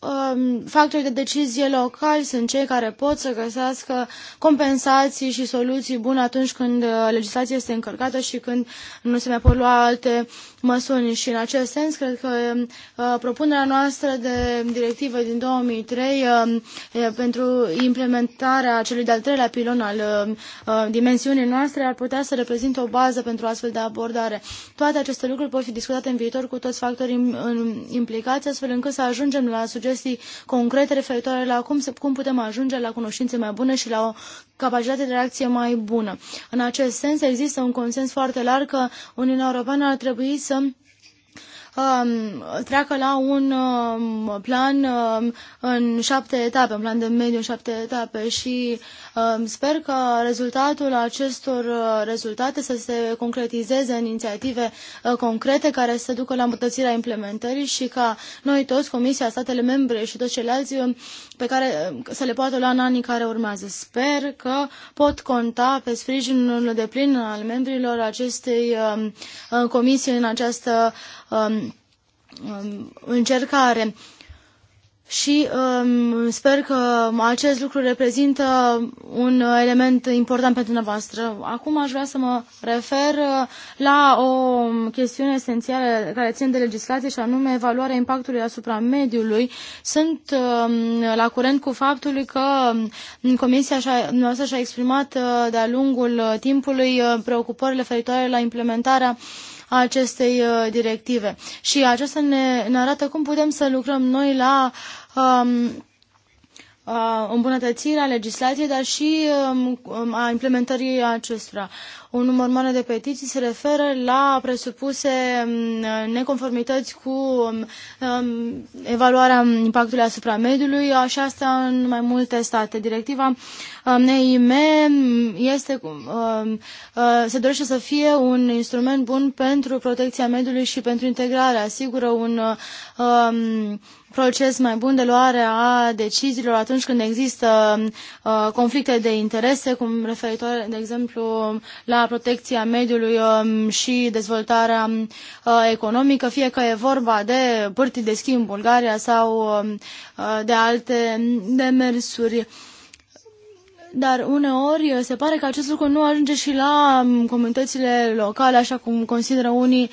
um, factorii de decizie locali sunt cei care pot să găsească compensații și soluții bune atunci când uh, legislația este încărcată și când nu se mai pot lua alte măsuri. Și în acest sens, cred că um, uh, propunerea noastră de directivă din 2003 um, uh, pentru implementarea celui de-al treilea pilon al um, uh, dimensiunii noastre ar putea să reprezinte o bază pentru astfel de abordare. Toate aceste lucruri pot fi discutate în viitor cu toți factorii implicați, astfel încât să ajungem la sugestii concrete referitoare la cum, cum putem ajunge la cunoștințe mai bune și la o capacitate de reacție mai bună. În acest sens, există un consens foarte larg că Uniunea Europeană ar trebui să um, treacă la un um, plan um, în șapte etape, un plan de mediu în șapte etape și Sper că rezultatul acestor uh, rezultate să se concretizeze în inițiative uh, concrete care să ducă la îmbunătățirea implementării și ca noi toți, Comisia, statele membre și toți ceilalți, um, pe care um, să le poată lua în anii care urmează. Sper că pot conta pe sprijinul de plin al membrilor acestei um, uh, comisii în această încercare și um, sper că acest lucru reprezintă un element important pentru dumneavoastră. Acum aș vrea să mă refer uh, la o chestiune esențială care ține de legislație și anume evaluarea impactului asupra mediului. Sunt um, la curent cu faptul că um, Comisia noastră și-a exprimat uh, de-a lungul uh, timpului preocupările referitoare la implementarea a acestei directive. Și aceasta ne, ne arată cum putem să lucrăm noi la uh, um, îmbunătățirea legislației, dar și um, um, a implementării acestora. Un număr mare de petiții se referă la presupuse um, neconformități cu evaluarea impactului asupra mediului așa asta în mai multe state. Directiva NIM este, uh, se dorește să fie un instrument bun pentru protecția mediului și pentru integrare. Asigură un proces mai bun de luare a deciziilor atunci când există uh, conflicte de interese, cum referitoare, de exemplu, la protecția mediului um, și dezvoltarea uh, economică, fie că e vorba de pârtii de schimb Bulgaria sau um, uh, de alte demersuri dar uneori uh, se pare că acest lucru nu ajunge și la um, comunitățile locale, așa cum consideră unii uh,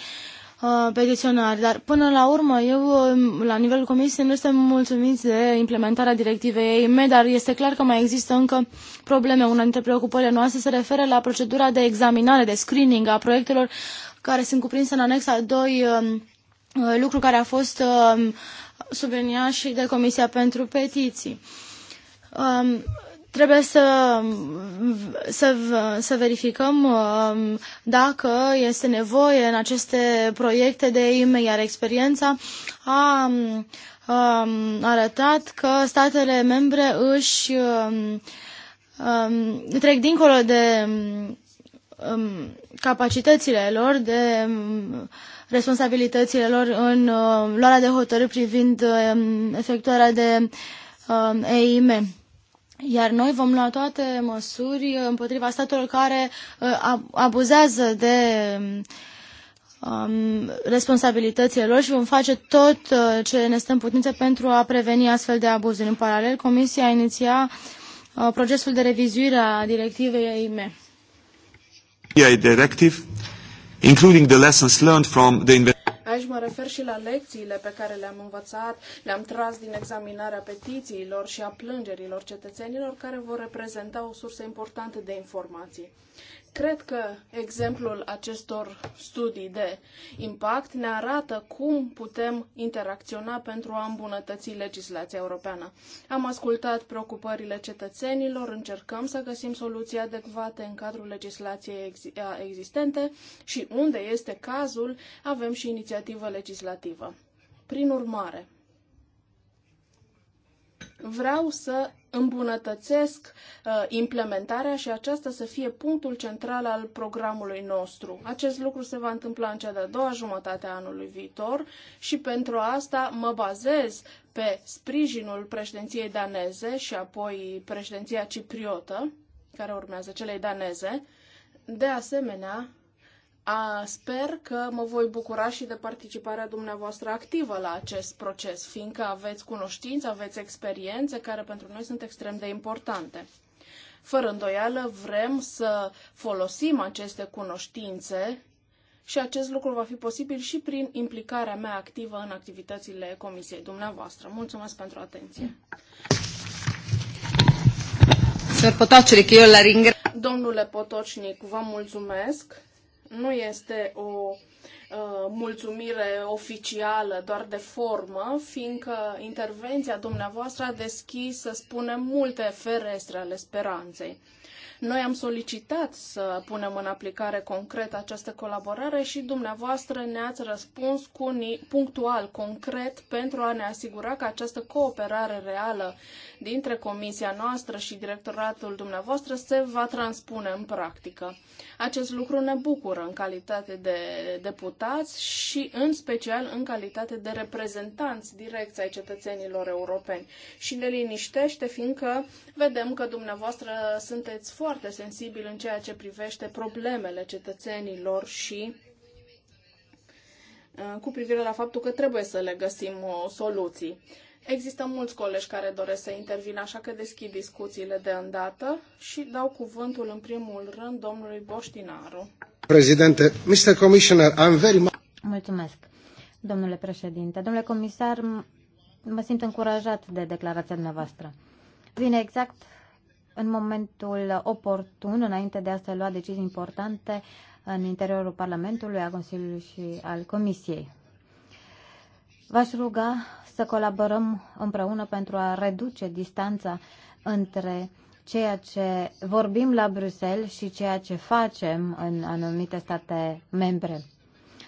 Uh, petiționar. dar până la urmă eu, um, la nivelul comisiei, nu suntem mulțumiți de implementarea directivei EIM, dar este clar că mai există încă probleme. Una dintre preocupările noastre se referă la procedura de examinare, de screening a proiectelor care sunt cuprinse în anexa 2, um, uh, lucru care a fost um, subliniat și de Comisia pentru Petiții trebuie să, să, să verificăm um, dacă este nevoie în aceste proiecte de IME, iar experiența a, a um, arătat că statele membre își a, um, trec dincolo de a, capacitățile lor, de responsabilitățile lor în luarea de hotărâri privind efectuarea de EIME. Iar noi vom lua toate măsuri împotriva statelor care uh, abuzează de um, responsabilitățile lor și vom face tot uh, ce ne stă în putință pentru a preveni astfel de abuzuri. În paralel, Comisia iniția inițiat uh, procesul de revizuire a directivei AIME. directive, including the lessons learned from the mă refer și la lecțiile pe care le-am învățat, le-am tras din examinarea petițiilor și a plângerilor cetățenilor, care vor reprezenta o sursă importantă de informații. Cred că exemplul acestor studii de impact ne arată cum putem interacționa pentru a îmbunătăți legislația europeană. Am ascultat preocupările cetățenilor, încercăm să găsim soluții adecvate în cadrul legislației existente și unde este cazul, avem și inițiativă legislativă. Prin urmare, vreau să îmbunătățesc uh, implementarea și aceasta să fie punctul central al programului nostru. Acest lucru se va întâmpla în cea de-a doua jumătate a anului viitor și pentru asta mă bazez pe sprijinul președinției daneze și apoi președinția cipriotă, care urmează celei daneze. De asemenea, a, sper că mă voi bucura și de participarea dumneavoastră activă la acest proces, fiindcă aveți cunoștințe, aveți experiențe care pentru noi sunt extrem de importante. Fără îndoială, vrem să folosim aceste cunoștințe și acest lucru va fi posibil și prin implicarea mea activă în activitățile comisiei dumneavoastră. Mulțumesc pentru atenție. Domnule Potocnic, vă mulțumesc. Nu este o uh, mulțumire oficială, doar de formă, fiindcă intervenția dumneavoastră a deschis, să spunem, multe ferestre ale speranței. Noi am solicitat să punem în aplicare concret această colaborare și dumneavoastră ne-ați răspuns cu punctual, concret, pentru a ne asigura că această cooperare reală dintre comisia noastră și directoratul dumneavoastră se va transpune în practică. Acest lucru ne bucură în calitate de deputați și în special în calitate de reprezentanți direcți ai cetățenilor europeni și ne liniștește fiindcă vedem că dumneavoastră sunteți foarte foarte sensibil în ceea ce privește problemele cetățenilor și uh, cu privire la faptul că trebuie să le găsim o uh, soluții. Există mulți colegi care doresc să intervină, așa că deschid discuțiile de îndată și dau cuvântul în primul rând domnului Boștinaru. Președinte, Mr. Commissioner, I'm very Mulțumesc, domnule președinte. Domnule comisar, mă simt încurajat de declarația dumneavoastră. Vine exact în momentul oportun, înainte de a se lua decizii importante în interiorul Parlamentului, a Consiliului și al Comisiei. V-aș ruga să colaborăm împreună pentru a reduce distanța între ceea ce vorbim la Bruxelles și ceea ce facem în anumite state membre.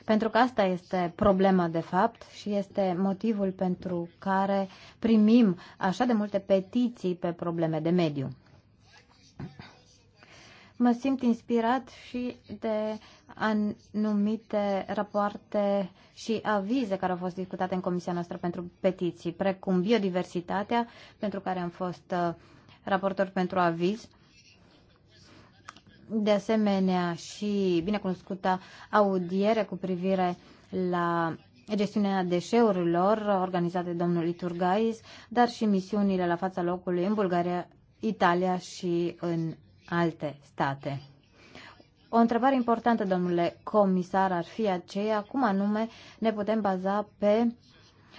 Pentru că asta este problema de fapt și este motivul pentru care primim așa de multe petiții pe probleme de mediu. Mă simt inspirat și de anumite rapoarte și avize care au fost discutate în Comisia noastră pentru petiții, precum biodiversitatea, pentru care am fost uh, raportor pentru aviz, de asemenea și binecunoscuta audiere cu privire la gestiunea deșeurilor organizate de domnul Iturgais, dar și misiunile la fața locului în Bulgaria Italia și în alte state. O întrebare importantă, domnule comisar, ar fi aceea cum anume ne putem baza pe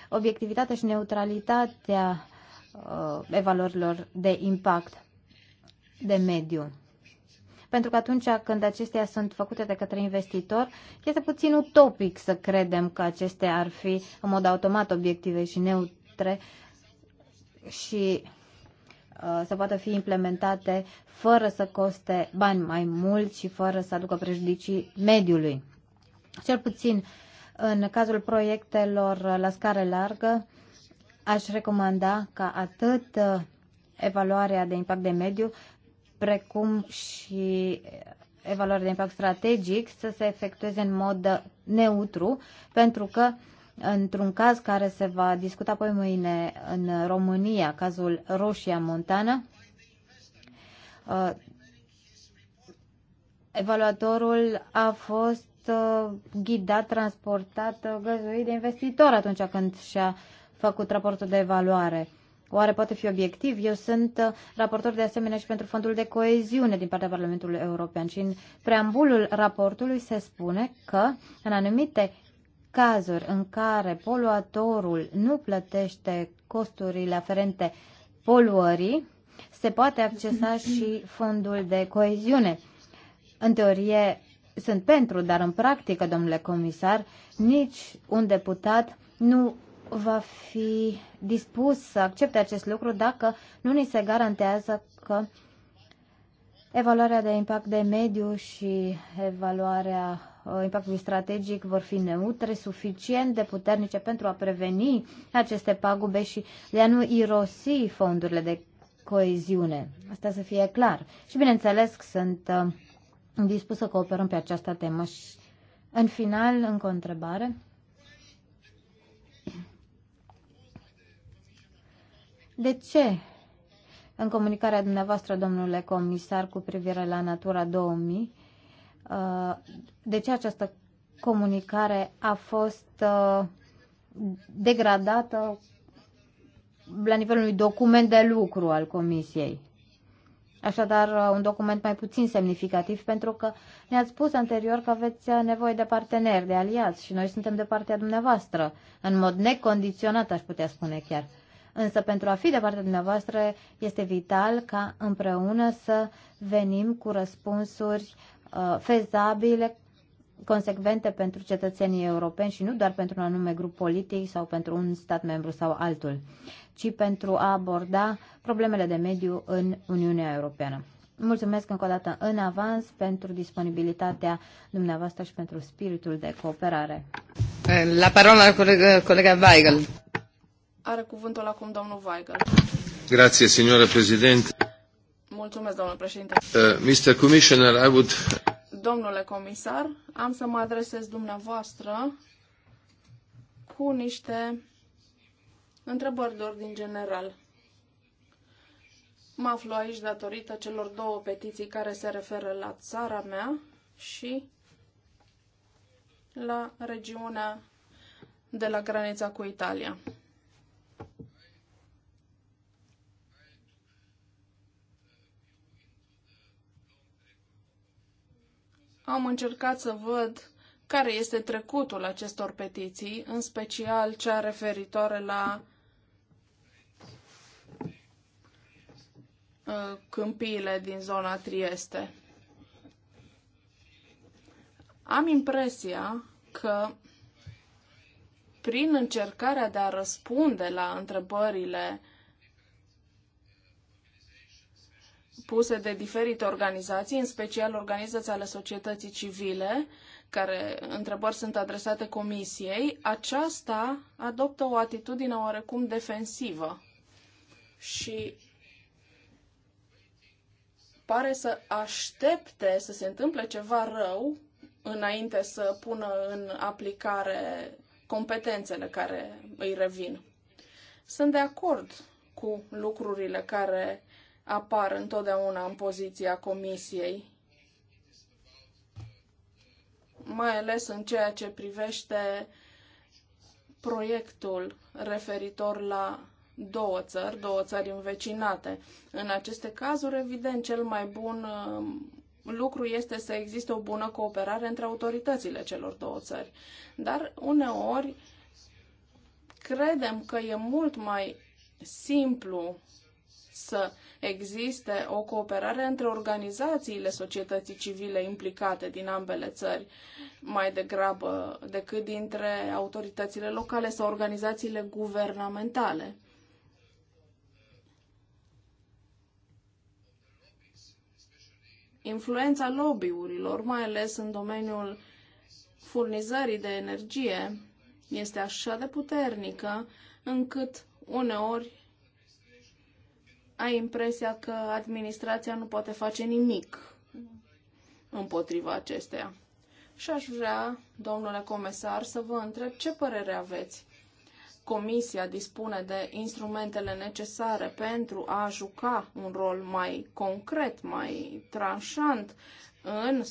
obiectivitatea și neutralitatea uh, evaluărilor de impact de mediu. Pentru că atunci când acestea sunt făcute de către investitor, este puțin utopic să credem că acestea ar fi în mod automat obiective și neutre și Uh, să poată fi implementate fără să coste bani mai mult și fără să aducă prejudicii mediului. Cel puțin în cazul proiectelor la scară largă, aș recomanda ca atât uh, evaluarea de impact de mediu, precum și evaluarea de impact strategic să se efectueze în mod uh, neutru, pentru că uh, într-un caz care se va discuta apoi mâine în România, cazul Roșia Montana, uh, Evaluatorul a fost uh, ghidat, transportat, uh, găzuit de investitor atunci când și-a făcut raportul de evaluare. Oare poate fi obiectiv? Eu sunt raportor de asemenea și pentru Fondul de Coeziune din partea Parlamentului European și în preambulul raportului se spune că în anumite cazuri în care poluatorul nu plătește costurile aferente poluării, se poate accesa și fondul de coeziune. În teorie sunt pentru, dar în practică, domnule comisar, nici un deputat nu va fi dispus să accepte acest lucru dacă nu ni se garantează că evaluarea de impact de mediu și evaluarea Uh, impactului strategic vor fi neutre, suficient de puternice pentru a preveni aceste pagube și de a nu irosi fondurile de coeziune. Asta să fie clar. Și bineînțeles sunt uh, dispus să cooperăm pe această temă. Și în final, încă o întrebare. De ce în comunicarea dumneavoastră, domnule comisar, cu privire la Natura 2000, Uh, de ce această comunicare a fost uh, degradată la nivelul unui document de lucru al Comisiei. Așadar, uh, un document mai puțin semnificativ, pentru că ne-ați spus anterior că aveți nevoie de parteneri, de aliați și noi suntem de partea dumneavoastră, în mod necondiționat, aș putea spune chiar. Însă, pentru a fi de partea dumneavoastră, este vital ca împreună să venim cu răspunsuri uh, Uh, fezabile, consecvente pentru cetățenii europeni și nu doar pentru un anume grup politic sau pentru un stat membru sau altul, ci pentru a aborda problemele de mediu în Uniunea Europeană. Mulțumesc încă o dată în avans pentru disponibilitatea dumneavoastră și pentru spiritul de cooperare. Eh, la parola colega, colega Weigel. Are cuvântul acum domnul Weigel. Grazie, signora Presidente. Mulțumesc, domnule președinte. Uh, Mr. Commissioner, I would... Domnule comisar, am să mă adresez dumneavoastră cu niște întrebări de ordin general. Mă aflu aici datorită celor două petiții care se referă la țara mea și la regiunea de la granița cu Italia. Am încercat să văd care este trecutul acestor petiții, în special cea referitoare la uh, câmpiile din zona Trieste. Am impresia că prin încercarea de a răspunde la întrebările puse de diferite organizații, în special organizații ale societății civile, care întrebări sunt adresate comisiei, aceasta adoptă o atitudine oarecum defensivă și pare să aștepte să se întâmple ceva rău înainte să pună în aplicare competențele care îi revin. Sunt de acord cu lucrurile care apar întotdeauna în poziția comisiei, mai ales în ceea ce privește proiectul referitor la două țări, două țări învecinate. În aceste cazuri, evident, cel mai bun um, lucru este să existe o bună cooperare între autoritățile celor două țări. Dar uneori credem că e mult mai simplu să existe o cooperare între organizațiile societății civile implicate din ambele țări, mai degrabă decât dintre autoritățile locale sau organizațiile guvernamentale. Influența lobbyurilor, mai ales în domeniul furnizării de energie, este așa de puternică încât uneori ai impresia că administrația nu poate face nimic împotriva acesteia. Și aș vrea, domnule comisar, să vă întreb ce părere aveți. Comisia dispune de instrumentele necesare pentru a juca un rol mai concret, mai tranșant în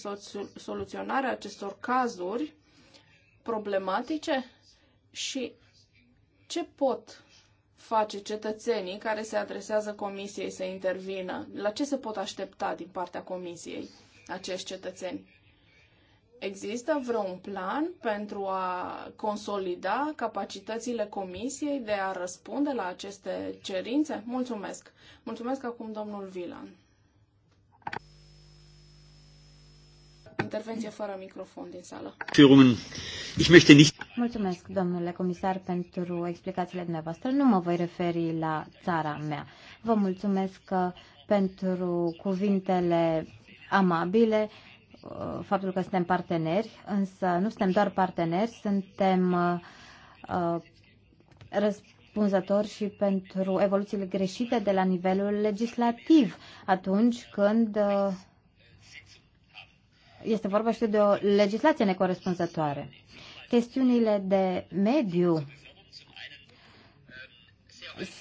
soluționarea acestor cazuri problematice și ce pot face cetățenii care se adresează comisiei să intervină? La ce se pot aștepta din partea comisiei acești cetățeni? Există vreun plan pentru a consolida capacitățile comisiei de a răspunde la aceste cerințe? Mulțumesc! Mulțumesc acum domnul Vilan. Intervenție fără microfon din sală. Mulțumesc, domnule comisar, pentru explicațiile dumneavoastră. Nu mă voi referi la țara mea. Vă mulțumesc uh, pentru cuvintele amabile, uh, faptul că suntem parteneri, însă nu suntem doar parteneri, suntem uh, răspunzători și pentru evoluțiile greșite de la nivelul legislativ atunci când este vorba și de o legislație necorespunzătoare. Chestiunile de mediu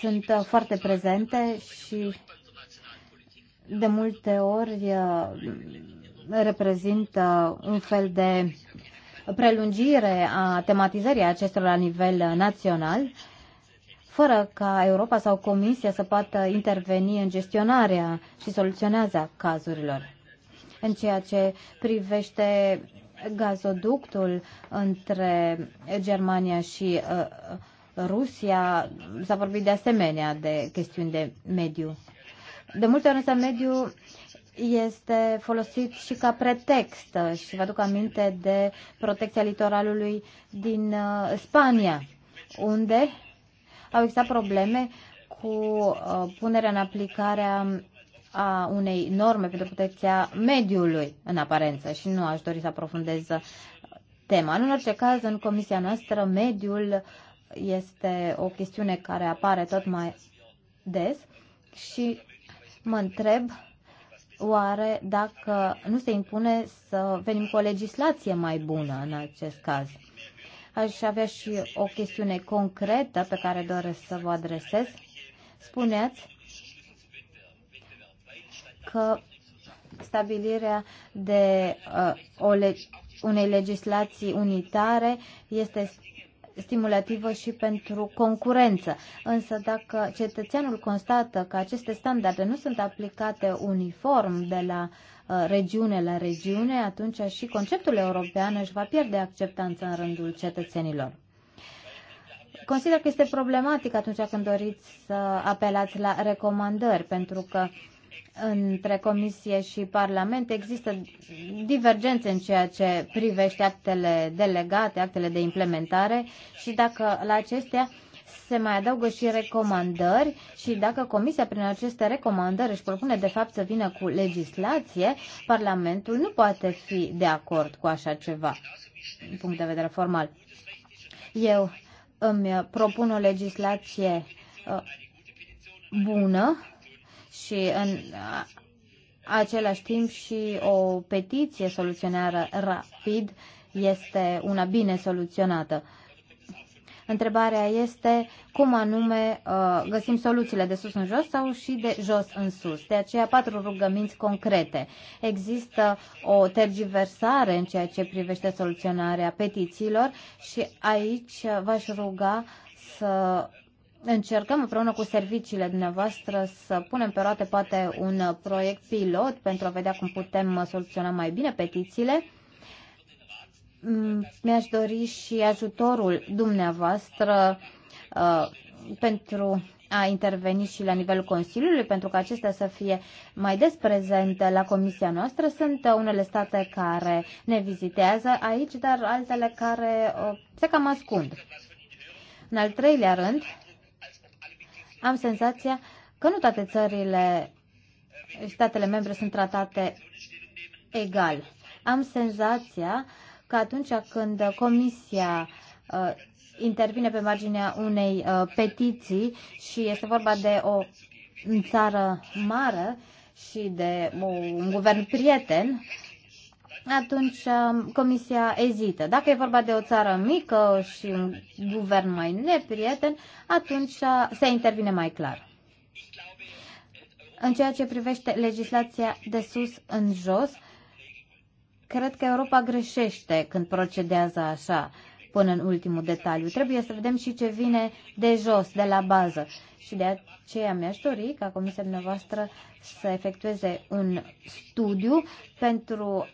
sunt foarte prezente și de multe ori uh, reprezintă un fel de prelungire a tematizării acestor la nivel național, fără ca Europa sau Comisia să poată interveni în gestionarea și soluționarea cazurilor în ceea ce privește gazoductul între Germania și uh, Rusia. S-a vorbit de asemenea de chestiuni de mediu. De multe ori însă mediu este folosit și ca pretext și vă aduc aminte de protecția litoralului din uh, Spania, unde au existat probleme cu uh, punerea în aplicare a a unei norme pentru protecția mediului, în aparență, și nu aș dori să aprofundez tema. În orice caz, în comisia noastră, mediul este o chestiune care apare tot mai des și mă întreb oare dacă nu se impune să venim cu o legislație mai bună în acest caz. Aș avea și o chestiune concretă pe care doresc să vă adresez. Spuneați că stabilirea de uh, o le- unei legislații unitare este stimulativă și pentru concurență. Însă dacă cetățeanul constată că aceste standarde nu sunt aplicate uniform de la uh, regiune la regiune, atunci și conceptul european își va pierde acceptanța în rândul cetățenilor. Consider că este problematic atunci când doriți să apelați la recomandări, pentru că uh, între Comisie și Parlament există divergențe în ceea ce privește actele delegate, actele de implementare și dacă la acestea se mai adaugă și recomandări și dacă Comisia prin aceste recomandări își propune de fapt să vină cu legislație, Parlamentul nu poate fi de acord cu așa ceva, din punct de vedere formal. Eu îmi propun o legislație uh, bună și în același timp și o petiție soluționară rapid este una bine soluționată. Întrebarea este cum anume găsim soluțiile de sus în jos sau și de jos în sus. De aceea patru rugăminți concrete. Există o tergiversare în ceea ce privește soluționarea petițiilor și aici v-aș ruga să încercăm împreună cu serviciile dumneavoastră să punem pe roate poate un proiect pilot pentru a vedea cum putem soluționa mai bine petițiile. Mm, mi-aș dori și ajutorul dumneavoastră uh, pentru a interveni și la nivelul Consiliului pentru că acestea să fie mai des prezente la comisia noastră. Sunt uh, unele state care ne vizitează aici, dar altele care uh, se cam ascund. În al treilea rând, am senzația că nu toate țările și statele membre sunt tratate egal. Am senzația că atunci când Comisia uh, intervine pe marginea unei uh, petiții și este vorba de o țară mare și de un guvern prieten, uh, atunci um, Comisia ezită. Dacă e vorba de o țară mică și un guvern mai neprieten, atunci uh, se intervine mai clar. În ceea ce privește legislația de sus în jos, cred că Europa greșește când procedează așa până în ultimul detaliu. Trebuie să vedem și ce vine de jos, de la bază. Și de aceea mi-aș dori ca comisia dumneavoastră să efectueze un studiu pentru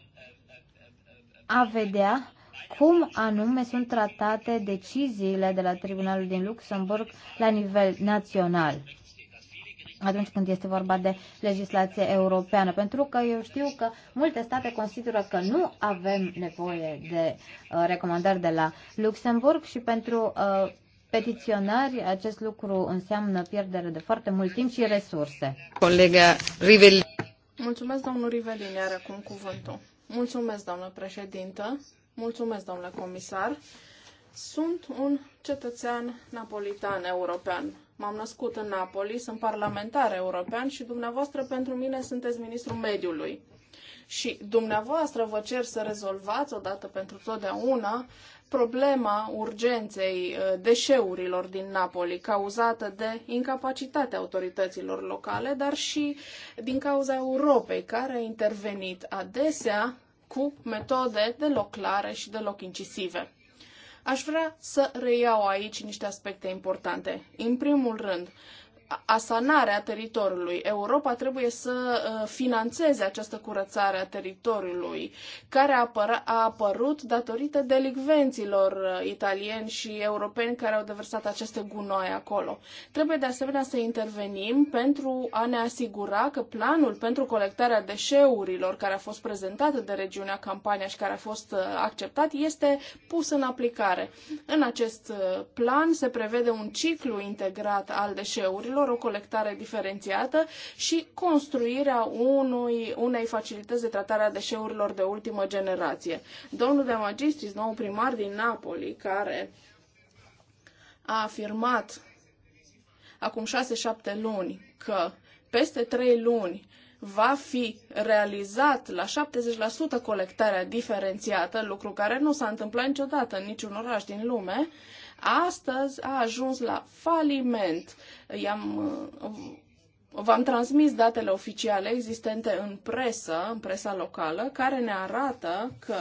a vedea cum anume sunt tratate deciziile de la Tribunalul din Luxemburg la nivel național atunci când este vorba de legislație europeană, pentru că eu știu că multe state consideră că nu avem nevoie de uh, recomandări de la Luxemburg și pentru uh, petiționari acest lucru înseamnă pierdere de foarte mult timp și resurse. Colega Rivelin. Mulțumesc, domnul Rivelini, are acum cuvântul. Mulțumesc, doamnă președintă. Mulțumesc, domnule comisar. Sunt un cetățean napolitan european. M-am născut în Napoli, sunt parlamentar european și dumneavoastră pentru mine sunteți ministrul mediului. Și dumneavoastră vă cer să rezolvați odată pentru totdeauna problema urgenței uh, deșeurilor din Napoli, cauzată de incapacitatea autorităților locale, dar și din cauza Europei, care a intervenit adesea cu metode deloc clare și deloc incisive. Aș vrea să reiau aici niște aspecte importante. În primul rând, asanare a teritoriului. Europa trebuie să uh, finanțeze această curățare a teritoriului, care a, apăr- a apărut datorită delicvenților uh, italieni și europeni care au deversat aceste gunoaie acolo. Trebuie de asemenea să intervenim pentru a ne asigura că planul pentru colectarea deșeurilor care a fost prezentat de regiunea Campania și care a fost uh, acceptat este pus în aplicare. În acest plan se prevede un ciclu integrat al deșeurilor datelor, o colectare diferențiată și construirea unui, unei facilități de tratare a deșeurilor de ultimă generație. Domnul de Magistris, nou primar din Napoli, care a afirmat acum 6-7 luni că peste 3 luni va fi realizat la 70% colectarea diferențiată, lucru care nu s-a întâmplat niciodată în niciun oraș din lume, Astăzi a ajuns la faliment. I-am, uh, v-am transmis datele oficiale existente în presă, în presa locală, care ne arată că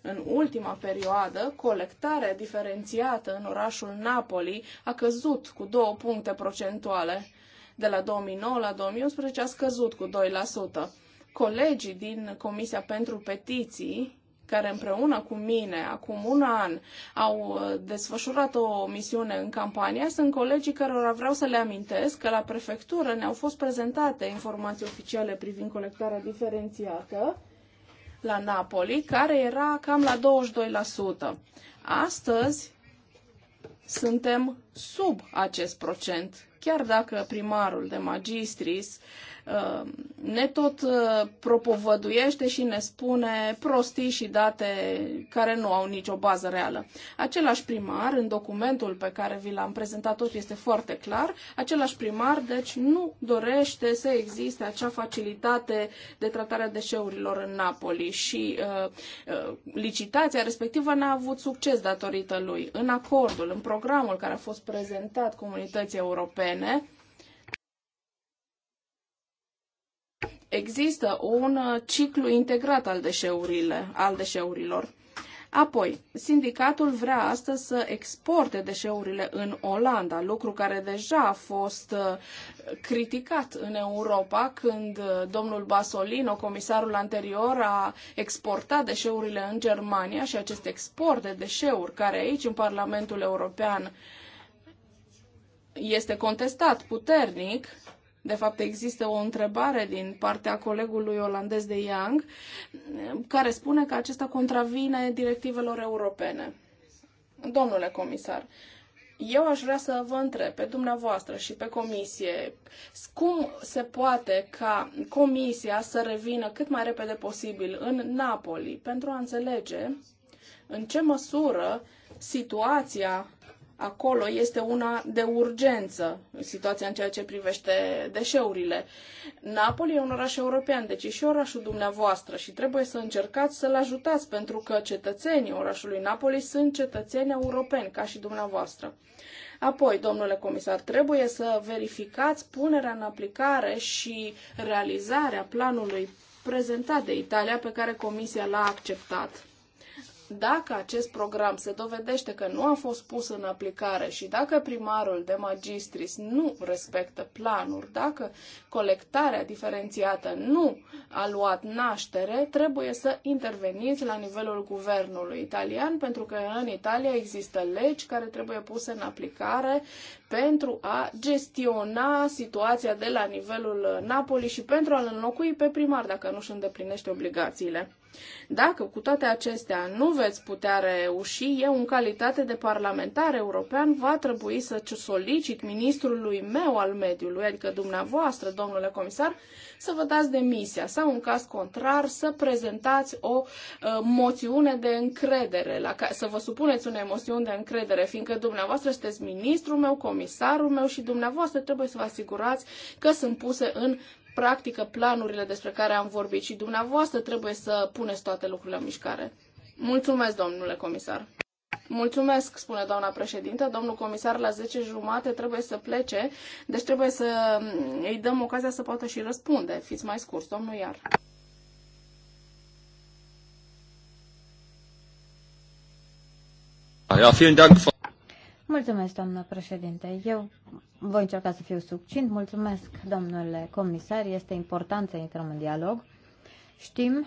în ultima perioadă, colectarea diferențiată în orașul Napoli a căzut cu două puncte procentuale. De la 2009 la 2011 a scăzut cu 2%. Colegii din Comisia pentru Petiții care împreună cu mine, acum un an, au uh, desfășurat o misiune în campania, sunt colegii cărora vreau să le amintesc că la prefectură ne-au fost prezentate informații oficiale privind colectarea diferențiată la Napoli, care era cam la 22%. Astăzi suntem sub acest procent, chiar dacă primarul de magistris uh, Uh, ne tot uh, propovăduiește și ne spune prostii și date care nu au nicio bază reală. Același primar, în documentul pe care vi l-am prezentat tot este foarte clar, același primar, deci, nu dorește să existe acea facilitate de tratare a deșeurilor în Napoli și uh, uh, licitația respectivă n-a avut succes datorită lui. În acordul, în programul care a fost prezentat comunității europene, există un uh, ciclu integrat al, deșeurile, al deșeurilor. Apoi, sindicatul vrea astăzi să exporte deșeurile în Olanda, lucru care deja a fost uh, criticat în Europa când uh, domnul Basolino, comisarul anterior, a exportat deșeurile în Germania și acest export de deșeuri, care aici în Parlamentul European este contestat puternic, de fapt, există o întrebare din partea colegului olandez de Young care spune că acesta contravine directivelor europene. Domnule comisar, eu aș vrea să vă întreb pe dumneavoastră și pe comisie cum se poate ca comisia să revină cât mai repede posibil în Napoli pentru a înțelege în ce măsură situația acolo este una de urgență, situația în ceea ce privește deșeurile. Napoli e un oraș european, deci e și orașul dumneavoastră și trebuie să încercați să-l ajutați, pentru că cetățenii orașului Napoli sunt cetățeni europeni, ca și dumneavoastră. Apoi, domnule comisar, trebuie să verificați punerea în aplicare și realizarea planului prezentat de Italia pe care Comisia l-a acceptat dacă acest program se dovedește că nu a fost pus în aplicare și dacă primarul de magistris nu respectă planuri, dacă colectarea diferențiată nu a luat naștere, trebuie să interveniți la nivelul guvernului italian, pentru că în Italia există legi care trebuie puse în aplicare pentru a gestiona situația de la nivelul Napoli și pentru a-l înlocui pe primar dacă nu își îndeplinește obligațiile. Dacă cu toate acestea nu veți putea reuși, eu în calitate de parlamentar european va trebui să solicit ministrului meu al mediului, adică dumneavoastră, domnule comisar, să vă dați demisia sau, în caz contrar, să prezentați o uh, moțiune de încredere, la ca- să vă supuneți unei moțiuni de încredere, fiindcă dumneavoastră sunteți ministrul meu, comisarul meu și dumneavoastră trebuie să vă asigurați că sunt puse în practică planurile despre care am vorbit și dumneavoastră trebuie să puneți toate lucrurile în mișcare. Mulțumesc, domnule comisar. Mulțumesc, spune doamna președintă. Domnul comisar la 10 jumate trebuie să plece, deci trebuie să îi dăm ocazia să poată și răspunde. Fiți mai scurs, domnul Iar. Mulțumesc, doamnă președinte. Eu voi încerca să fiu succint. Mulțumesc, domnule comisar. Este important să intrăm în dialog. Știm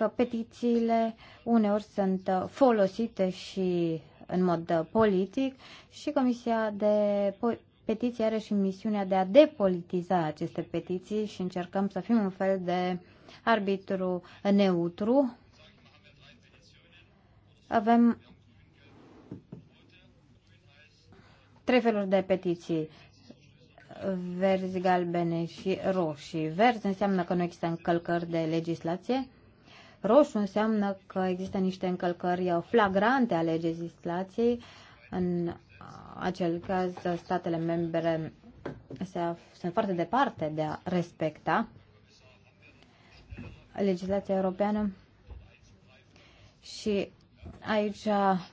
că petițiile uneori sunt uh, folosite și în mod uh, politic și Comisia de Petiții are și misiunea de a depolitiza aceste petiții și încercăm să fim un fel de arbitru neutru. Avem trei feluri de petiții verzi, galbene și roșii. Verzi înseamnă că nu există încălcări de legislație roșu înseamnă că există niște încălcări flagrante ale legislației. În acel caz, statele membre se af- sunt foarte departe de a respecta legislația europeană și aici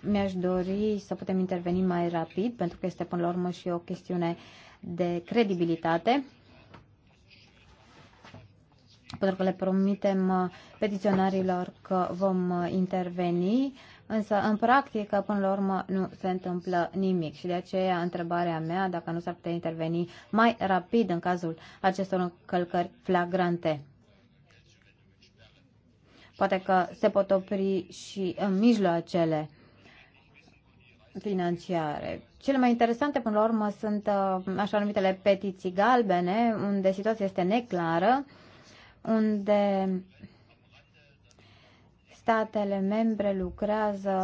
mi-aș dori să putem interveni mai rapid, pentru că este până la urmă și o chestiune de credibilitate pentru că le promitem uh, petiționarilor că vom uh, interveni, însă în practică, până la urmă, nu se întâmplă nimic și de aceea întrebarea mea, dacă nu s-ar putea interveni mai rapid în cazul acestor încălcări flagrante. Poate că se pot opri și în uh, mijloacele financiare. Cele mai interesante, până la urmă, sunt așa numitele petiții galbene, unde situația este neclară, unde statele membre lucrează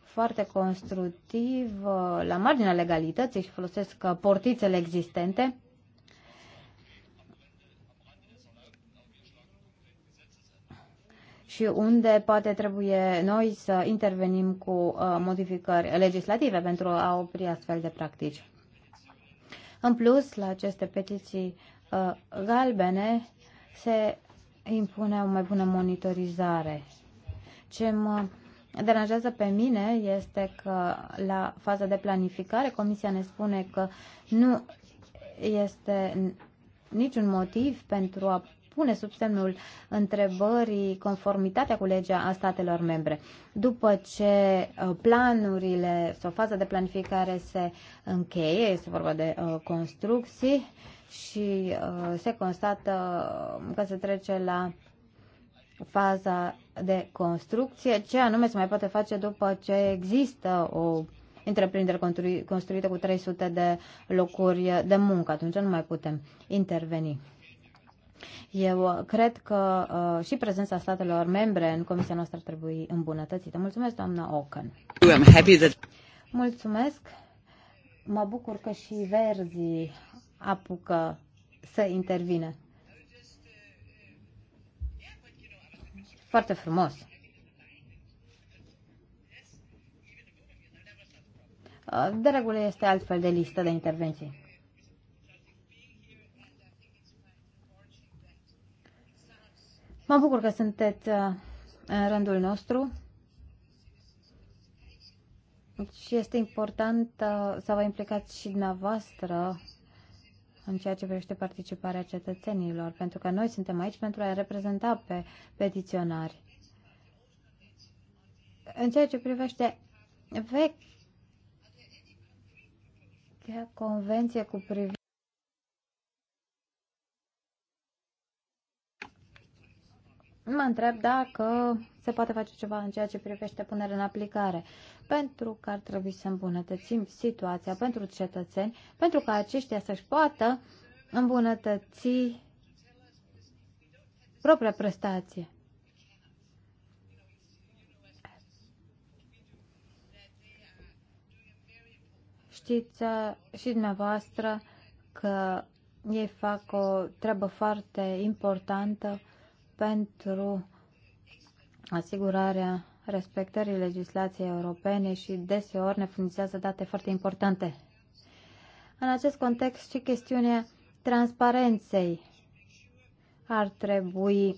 foarte constructiv uh, la marginea legalității și folosesc uh, portițele existente. și unde poate trebuie noi să intervenim cu uh, modificări legislative pentru a opri astfel de practici. În plus, la aceste petiții galbene se impune o mai bună monitorizare. Ce mă deranjează pe mine este că la faza de planificare Comisia ne spune că nu este niciun motiv pentru a pune sub semnul întrebării conformitatea cu legea a statelor membre. După ce uh, planurile sau faza de planificare se încheie, este vorba de uh, construcții, și uh, se constată că se trece la faza de construcție, ce anume se mai poate face după ce există o întreprindere construită cu 300 de locuri de muncă. Atunci nu mai putem interveni. Eu cred că uh, și prezența statelor membre în comisia noastră ar trebui îmbunătățită. Mulțumesc, doamna Ocan. Mulțumesc. Mă bucur că și verzii apucă să intervină. Foarte frumos. De regulă este altfel de listă de intervenții. Mă bucur că sunteți uh, în rândul nostru și deci este important uh, să vă implicați și dumneavoastră în ceea ce privește participarea cetățenilor, pentru că noi suntem aici pentru a reprezenta pe petiționari. În ceea ce privește vechea convenție cu privire Mă întreb dacă se poate face ceva în ceea ce privește punerea în aplicare, pentru că ar trebui să îmbunătățim situația pentru cetățeni, pentru ca aceștia să-și poată îmbunătăți propria prestație. Știți uh, și dumneavoastră că ei fac o treabă foarte importantă pentru asigurarea respectării legislației europene și deseori ne furnizează date foarte importante. În acest context și chestiunea transparenței ar trebui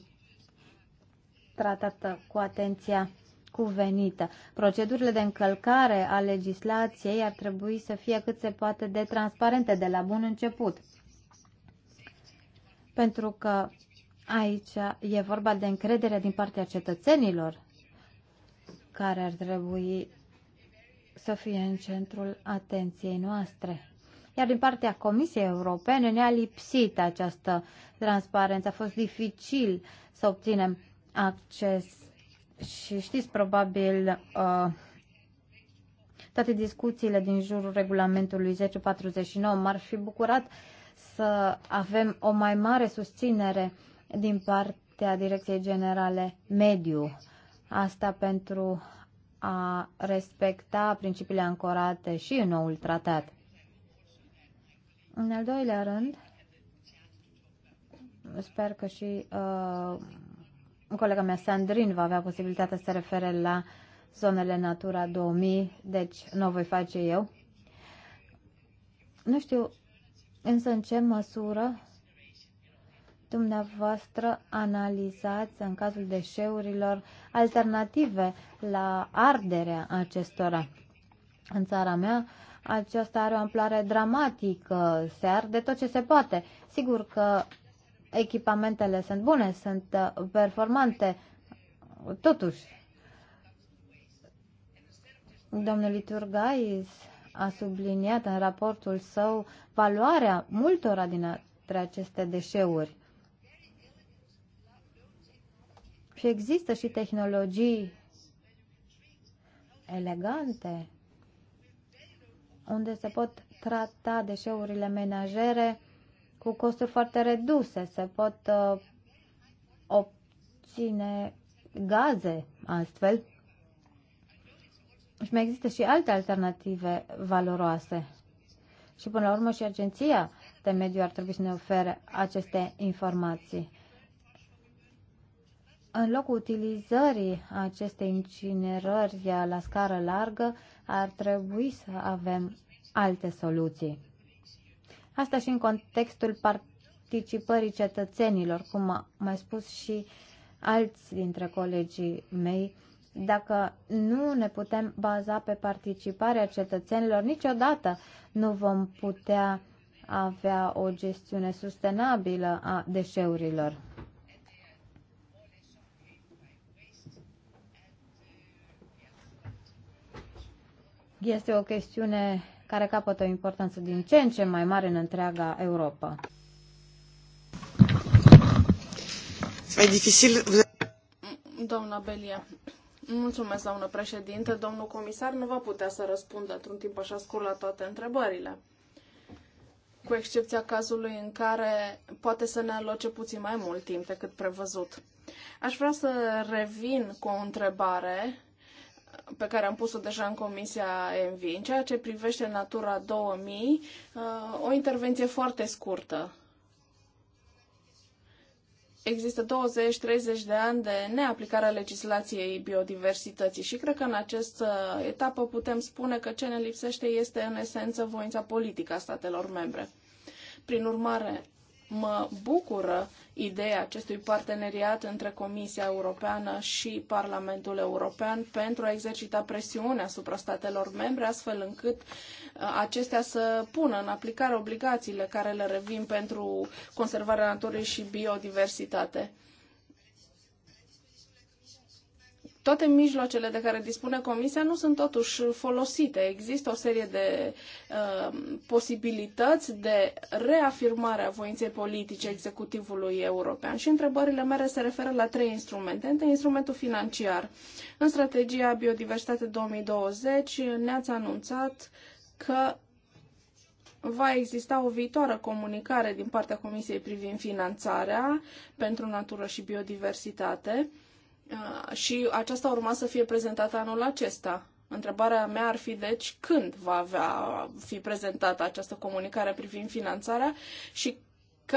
tratată cu atenția cuvenită. Procedurile de încălcare a legislației ar trebui să fie cât se poate de transparente de la bun început. Pentru că Aici e vorba de încredere din partea cetățenilor care ar trebui să fie în centrul atenției noastre. Iar din partea Comisiei Europene ne-a lipsit această transparență. A fost dificil să obținem acces și știți probabil uh, toate discuțiile din jurul regulamentului 1049. M-ar fi bucurat să avem o mai mare susținere uh, din partea Direcției Generale Mediu. Asta pentru a respecta principiile ancorate și în noul tratat. În al doilea rând, sper că și uh, colega mea, Sandrin, va avea posibilitatea să se refere la zonele Natura 2000, deci nu o voi face eu. Nu știu însă în ce măsură dumneavoastră analizați în cazul deșeurilor alternative la arderea acestora. În țara mea, aceasta are o amploare dramatică, se arde tot ce se poate. Sigur că echipamentele sunt bune, sunt uh, performante, totuși. Domnul Iturgais a subliniat în raportul său valoarea multora din aceste deșeuri. Și există și tehnologii elegante unde se pot trata deșeurile menajere cu costuri foarte reduse, se pot uh, obține gaze astfel. Și mai există și alte alternative valoroase. Și până la urmă și agenția de mediu ar trebui să ne ofere aceste informații în locul utilizării acestei incinerări la scară largă, ar trebui să avem alte soluții. Asta și în contextul participării cetățenilor, cum a mai spus și alți dintre colegii mei, dacă nu ne putem baza pe participarea cetățenilor, niciodată nu vom putea avea o gestiune sustenabilă a deșeurilor. este o chestiune care capătă o importanță din ce în ce mai mare în întreaga Europa. Mai dificil. Doamna Belia, mulțumesc, doamnă președinte. Domnul comisar nu va putea să răspundă într-un timp așa scurt la toate întrebările cu excepția cazului în care poate să ne aloce puțin mai mult timp decât prevăzut. Aș vrea să revin cu o întrebare pe care am pus-o deja în Comisia MV. În ceea ce privește Natura 2000, uh, o intervenție foarte scurtă. Există 20-30 de ani de neaplicare a legislației biodiversității și cred că în această etapă putem spune că ce ne lipsește este în esență voința politică a statelor membre. Prin urmare, Mă bucură ideea acestui parteneriat între Comisia Europeană și Parlamentul European pentru a exercita presiune asupra statelor membre, astfel încât uh, acestea să pună în aplicare obligațiile care le revin pentru conservarea naturii și biodiversitate. toate mijloacele de care dispune Comisia nu sunt totuși folosite. Există o serie de uh, posibilități de reafirmare a voinței politice executivului european și întrebările mele se referă la trei instrumente. Întâi, instrumentul financiar. În strategia Biodiversitate 2020 ne-ați anunțat că va exista o viitoare comunicare din partea Comisiei privind finanțarea pentru natură și biodiversitate. Uh, Ah, și aceasta urma să fie prezentată anul acesta. Întrebarea mea ar fi, deci, când va avea, fi prezentată această comunicare privind finanțarea și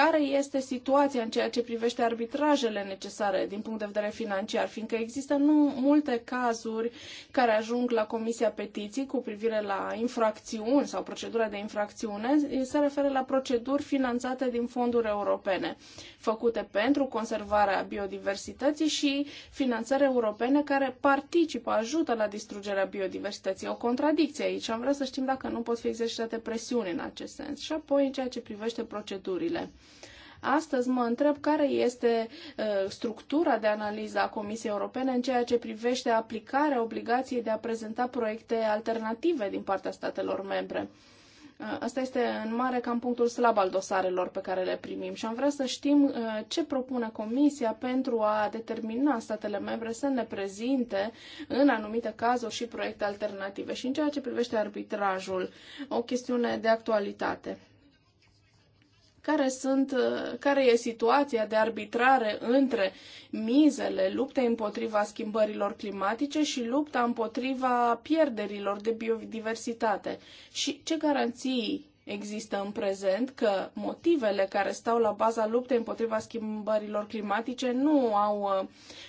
care este situația în ceea ce privește arbitrajele necesare din punct de vedere financiar, fiindcă există nu multe cazuri care ajung la Comisia Petiții cu privire la infracțiuni sau procedura de infracțiune, se referă la proceduri finanțate din fonduri europene, făcute pentru conservarea biodiversității și finanțări europene care participă, ajută la distrugerea biodiversității. O contradicție aici. Am vrea să știm dacă nu pot fi exercitate presiuni în acest sens. Și apoi, în ceea ce privește procedurile. Astăzi mă întreb care este uh, structura de analiză a Comisiei Europene în ceea ce privește aplicarea obligației de a prezenta proiecte alternative din partea statelor membre. Uh, asta este în mare cam punctul slab al dosarelor pe care le primim și am vrea să știm uh, ce propune Comisia pentru a determina statele membre să ne prezinte în anumite cazuri și proiecte alternative și în ceea ce privește arbitrajul, o chestiune de actualitate care, sunt, care e situația de arbitrare între mizele luptei împotriva schimbărilor climatice și lupta împotriva pierderilor de biodiversitate și ce garanții Există în prezent că motivele care stau la baza luptei împotriva schimbărilor climatice nu au uh,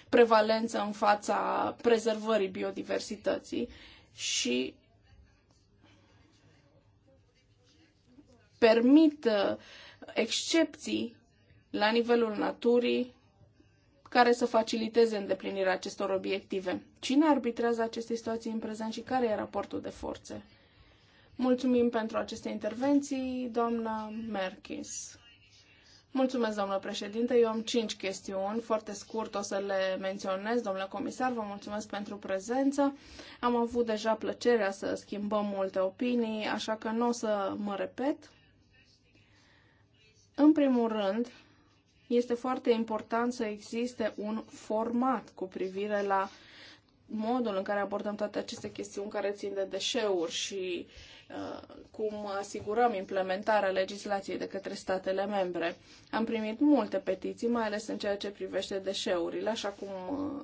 prevalență în fața prezervării biodiversității și permit uh, excepții la nivelul naturii care să faciliteze îndeplinirea acestor obiective. Cine arbitrează aceste situații în prezent și care e raportul de forțe? Mulțumim pentru aceste intervenții, doamna Merkis. Mulțumesc, domnule președinte. Eu am cinci chestiuni, foarte scurt o să le menționez, domnule comisar, vă mulțumesc pentru prezență. Am avut deja plăcerea să schimbăm multe opinii, așa că nu o să mă repet. În primul rând, este foarte important să existe un format cu privire la modul în care abordăm toate aceste chestiuni care țin de deșeuri și uh, cum asigurăm implementarea legislației de către statele membre. Am primit multe petiții, mai ales în ceea ce privește deșeurile, așa cum uh,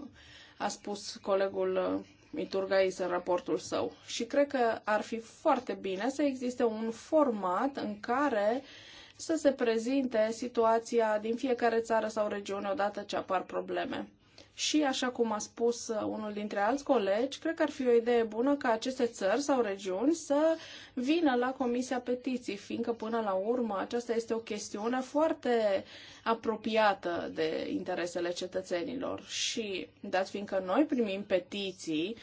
a spus colegul Miturgais uh, în raportul său. Și cred că ar fi foarte bine să existe un format în care uh, să se prezinte situația din fiecare țară sau regiune odată ce apar probleme. Și, așa cum a spus unul dintre alți colegi, cred că ar fi o idee bună ca aceste țări sau regiuni să vină la Comisia Petiții, fiindcă, până la urmă, aceasta este o chestiune foarte apropiată de interesele cetățenilor. Și, dat fiindcă noi primim petiții,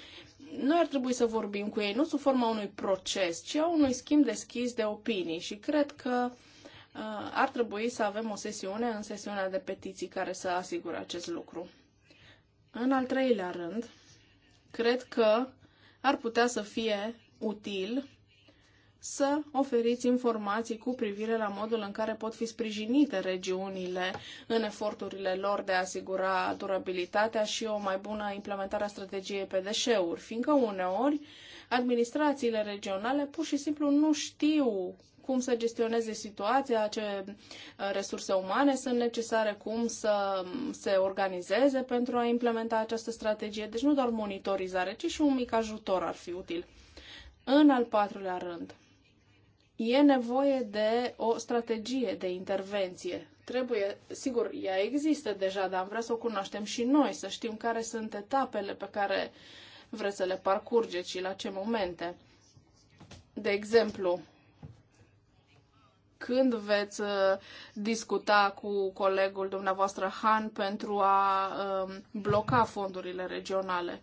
noi ar trebui să vorbim cu ei nu sub forma unui proces, ci a unui schimb deschis de opinii. Și cred că Uh, ar trebui să avem o sesiune în sesiunea de petiții care să asigure acest lucru. În al treilea rând, cred că ar putea să fie util să oferiți informații cu privire la modul în care pot fi sprijinite regiunile în eforturile lor de a asigura durabilitatea și o mai bună implementare a strategiei pe deșeuri, fiindcă uneori administrațiile regionale pur și simplu nu știu cum să gestioneze situația, ce uh, resurse umane sunt necesare, cum să um, se organizeze pentru a implementa această strategie. Deci nu doar monitorizare, ci și un mic ajutor ar fi util. În al patrulea rând, e nevoie de o strategie de intervenție. Trebuie, sigur, ea există deja, dar am vrea să o cunoaștem și noi, să știm care sunt etapele pe care vreți să le parcurgeți și la ce momente. De exemplu, când veți uh, discuta cu colegul dumneavoastră Han pentru a um, bloca fondurile regionale?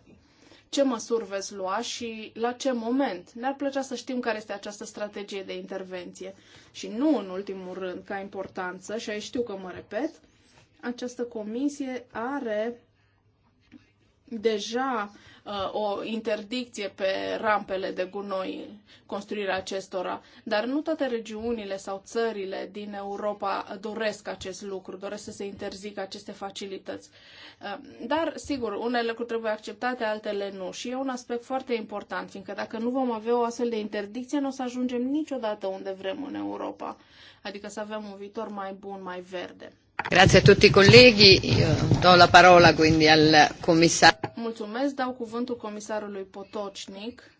Ce măsuri veți lua și la ce moment? Ne-ar plăcea să știm care este această strategie de intervenție. Și nu în ultimul rând, ca importanță, și aici știu că mă repet, această comisie are deja uh, uh, o interdicție pe rampele de gunoi, construirea acestora. Dar nu toate regiunile sau țările din Europa doresc acest lucru, doresc să se interzică aceste facilități. Uh, dar, sigur, unele lucruri trebuie acceptate, altele nu. Și e un aspect foarte important, fiindcă dacă nu vom avea o astfel de interdicție, nu o să ajungem niciodată unde vrem în Europa. Adică să avem un viitor mai bun, mai verde. Grazie a tutti i colleghi, io do la parola quindi al Mulțumesc, dau cuvântul comisarului Potocnic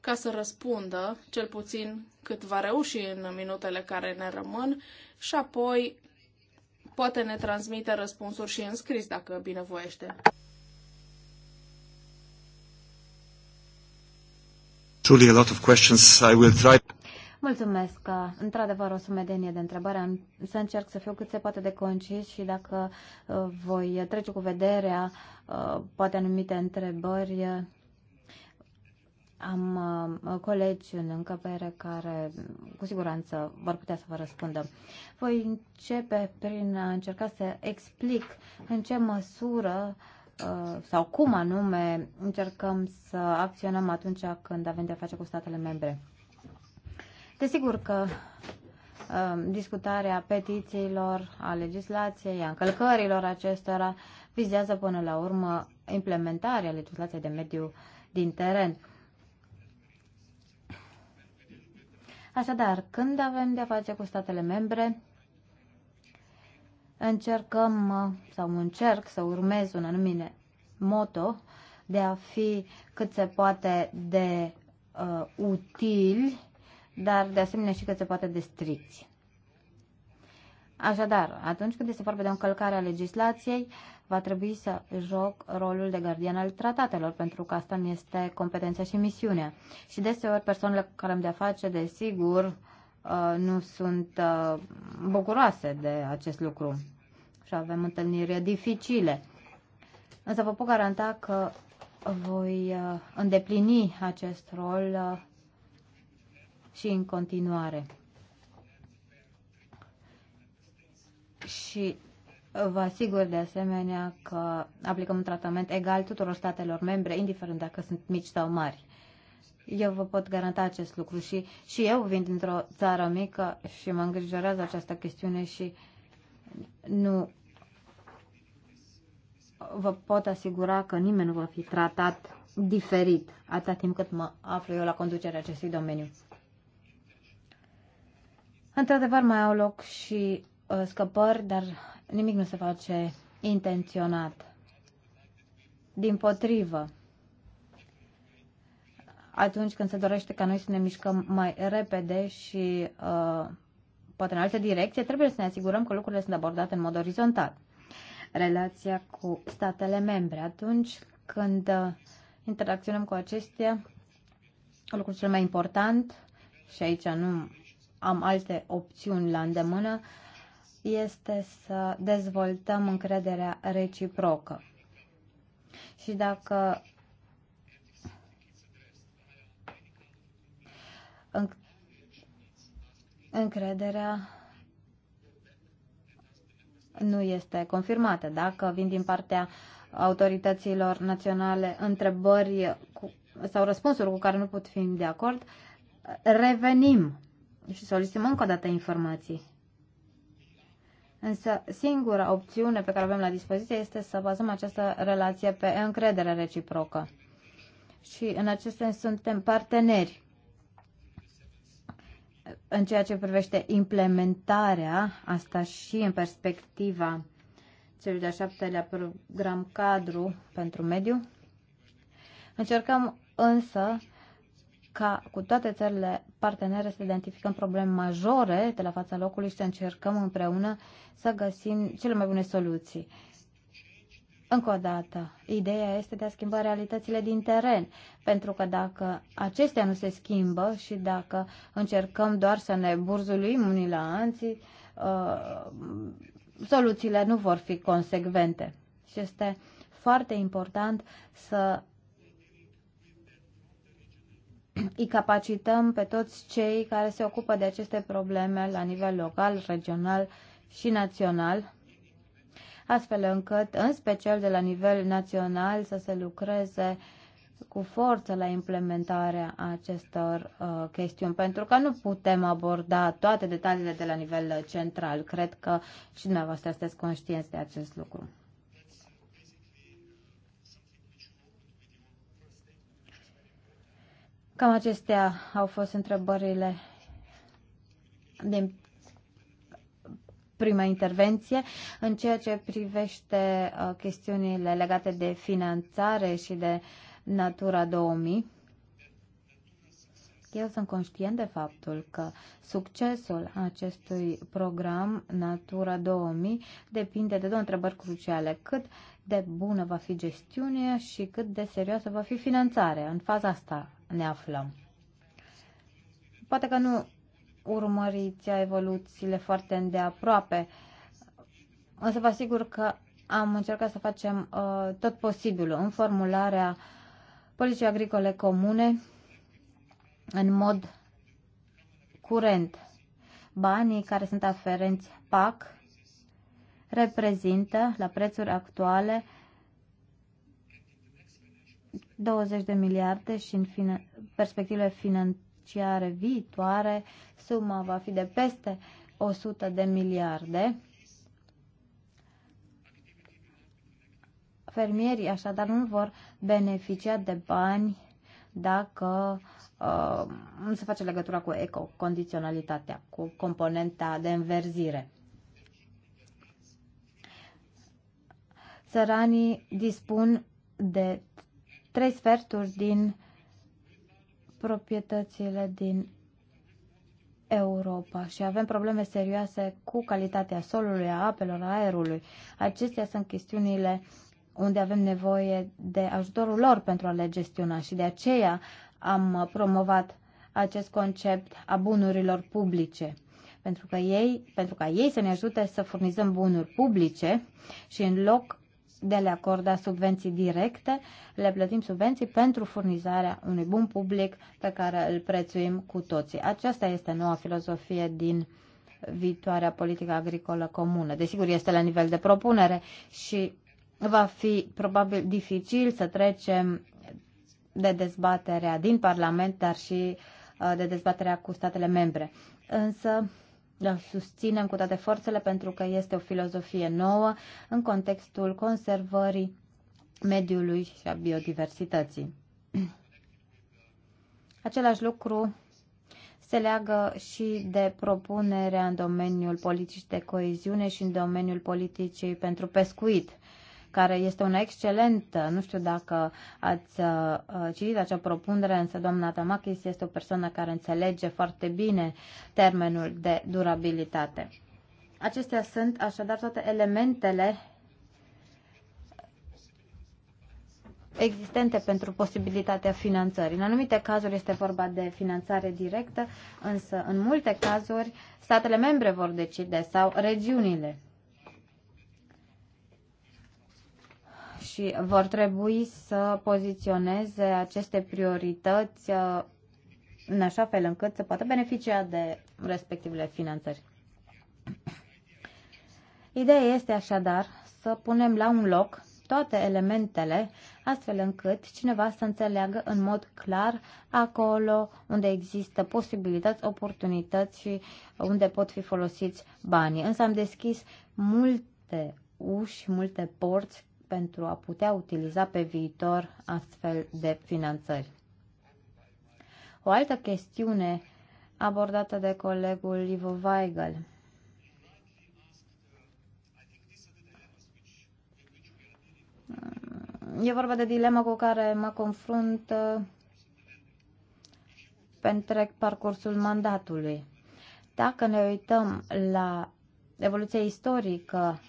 ca să răspundă, cel puțin cât va reuși în minutele care ne rămân, și apoi poate ne transmite răspunsuri și în scris, dacă binevoiește. Truly a lot of questions. I will try. Mulțumesc. Într-adevăr, o sumedenie de întrebări. Să încerc să fiu cât se poate de concis și dacă uh, voi trece cu vederea uh, poate anumite întrebări. Am uh, colegi în încăpere care cu siguranță vor putea să vă răspundă. Voi începe prin a încerca să explic în ce măsură sau cum anume încercăm să acționăm atunci când avem de-a face cu statele membre. Desigur că um, discutarea petițiilor, a legislației, a încălcărilor acestora vizează până la urmă implementarea legislației de mediu din teren. Așadar, când avem de-a face cu statele membre, încercăm sau încerc să urmez un anumit moto de a fi cât se poate de uh, utili dar de asemenea și cât se poate de stricți. Așadar, atunci când este vorba de o încălcare a legislației, va trebui să joc rolul de gardian al tratatelor, pentru că asta mi este competența și misiunea. Și deseori persoanele cu care am de-a face, desigur, uh, nu sunt uh, bucuroase de acest lucru. Și avem întâlniri dificile. Însă vă pot garanta că voi uh, îndeplini acest rol și în continuare. Și vă asigur de asemenea că aplicăm un tratament egal tuturor statelor membre, indiferent dacă sunt mici sau mari. Eu vă pot garanta acest lucru și, și eu vin dintr-o țară mică și mă îngrijorează această chestiune și nu vă pot asigura că nimeni nu va fi tratat diferit atâta timp cât mă aflu eu la conducerea acestui domeniu. Într-adevăr, mai au loc și uh, scăpări, dar nimic nu se face intenționat. Din potrivă, atunci când se dorește ca noi să ne mișcăm mai repede și uh, poate în alte direcție, trebuie să ne asigurăm că lucrurile sunt abordate în mod orizontal. Relația cu statele membre. Atunci când uh, interacționăm cu acestea, lucrul cel mai important, și aici nu am alte opțiuni la îndemână, este să dezvoltăm încrederea reciprocă. Și dacă încrederea nu este confirmată. Dacă vin din partea autorităților naționale întrebări cu, sau răspunsuri cu care nu pot fi de acord, revenim și solicităm încă o dată informații. Însă singura opțiune pe care avem la dispoziție este să bazăm această relație pe încredere reciprocă. Și în acest sens suntem parteneri în ceea ce privește implementarea, asta și în perspectiva celui de-a șaptelea program cadru pentru mediu. Încercăm însă ca cu toate țările partenere să identificăm probleme majore de la fața locului și să încercăm împreună să găsim cele mai bune soluții. Încă o dată, ideea este de a schimba realitățile din teren, pentru că dacă acestea nu se schimbă și dacă încercăm doar să ne burzulim unii la alții, uh, soluțiile nu vor fi consecvente. Și este foarte important să îi capacităm pe toți cei care se ocupă de aceste probleme la nivel local, regional și național, astfel încât, în special de la nivel național, să se lucreze cu forță la implementarea acestor uh, chestiuni, pentru că nu putem aborda toate detaliile de la nivel uh, central. Cred că și dumneavoastră sunteți conștienți de acest lucru. Cam acestea au fost întrebările din prima intervenție. În ceea ce privește uh, chestiunile legate de finanțare și de Natura 2000, eu sunt conștient de faptul că succesul acestui program Natura 2000 depinde de două întrebări cruciale. Cât de bună va fi gestiunea și cât de serioasă va fi finanțarea. În faza asta ne aflăm. Poate că nu urmăriți evoluțiile foarte îndeaproape, însă vă asigur că am încercat să facem uh, tot posibilul în formularea Poliției agricole comune în mod curent. Banii care sunt aferenți PAC reprezintă, la prețuri actuale, 20 de miliarde și în fine, perspectivele financiare viitoare suma va fi de peste 100 de miliarde. Fermierii așadar nu vor beneficia de bani dacă uh, nu se face legătura cu ecocondiționalitatea, cu componenta de înverzire. Țăranii dispun de trei sferturi din proprietățile din Europa și avem probleme serioase cu calitatea solului, a apelor, a aerului. Acestea sunt chestiunile unde avem nevoie de ajutorul lor pentru a le gestiona și de aceea am promovat acest concept a bunurilor publice. Pentru, că ei, pentru ca ei să ne ajute să furnizăm bunuri publice și în loc de le acorda subvenții directe, le plătim subvenții pentru furnizarea unui bun public pe care îl prețuim cu toții. Aceasta este noua filozofie din viitoarea politică agricolă comună. Desigur, este la nivel de propunere și va fi probabil dificil să trecem de dezbaterea din Parlament, dar și uh, de dezbaterea cu statele membre. Însă, da, susținem cu toate forțele pentru că este o filozofie nouă în contextul conservării mediului și a biodiversității. [CLEARS THROAT] Același lucru se leagă și de propunerea în domeniul politicii de coeziune și în domeniul politicii pentru pescuit care este una excelentă. Nu știu dacă ați uh, uh, citit acea propunere, însă doamna Tamakis este o persoană care înțelege foarte bine termenul de durabilitate. Acestea sunt așadar toate elementele existente pentru posibilitatea finanțării. În anumite cazuri este vorba de finanțare directă, însă în multe cazuri statele membre vor decide sau regiunile. și vor trebui să poziționeze aceste priorități uh, în așa fel încât să poată beneficia de respectivele finanțări. Ideea este așadar să punem la un loc toate elementele, astfel încât cineva să înțeleagă în mod clar acolo unde există posibilități, oportunități și unde pot fi folosiți banii. Însă am deschis multe uși, multe porți pentru a putea utiliza pe viitor astfel de finanțări. O altă chestiune abordată de colegul Ivo Weigel. E vorba de dilema cu care mă confrunt uh, pe întreg parcursul mandatului. Dacă ne uităm la evoluția istorică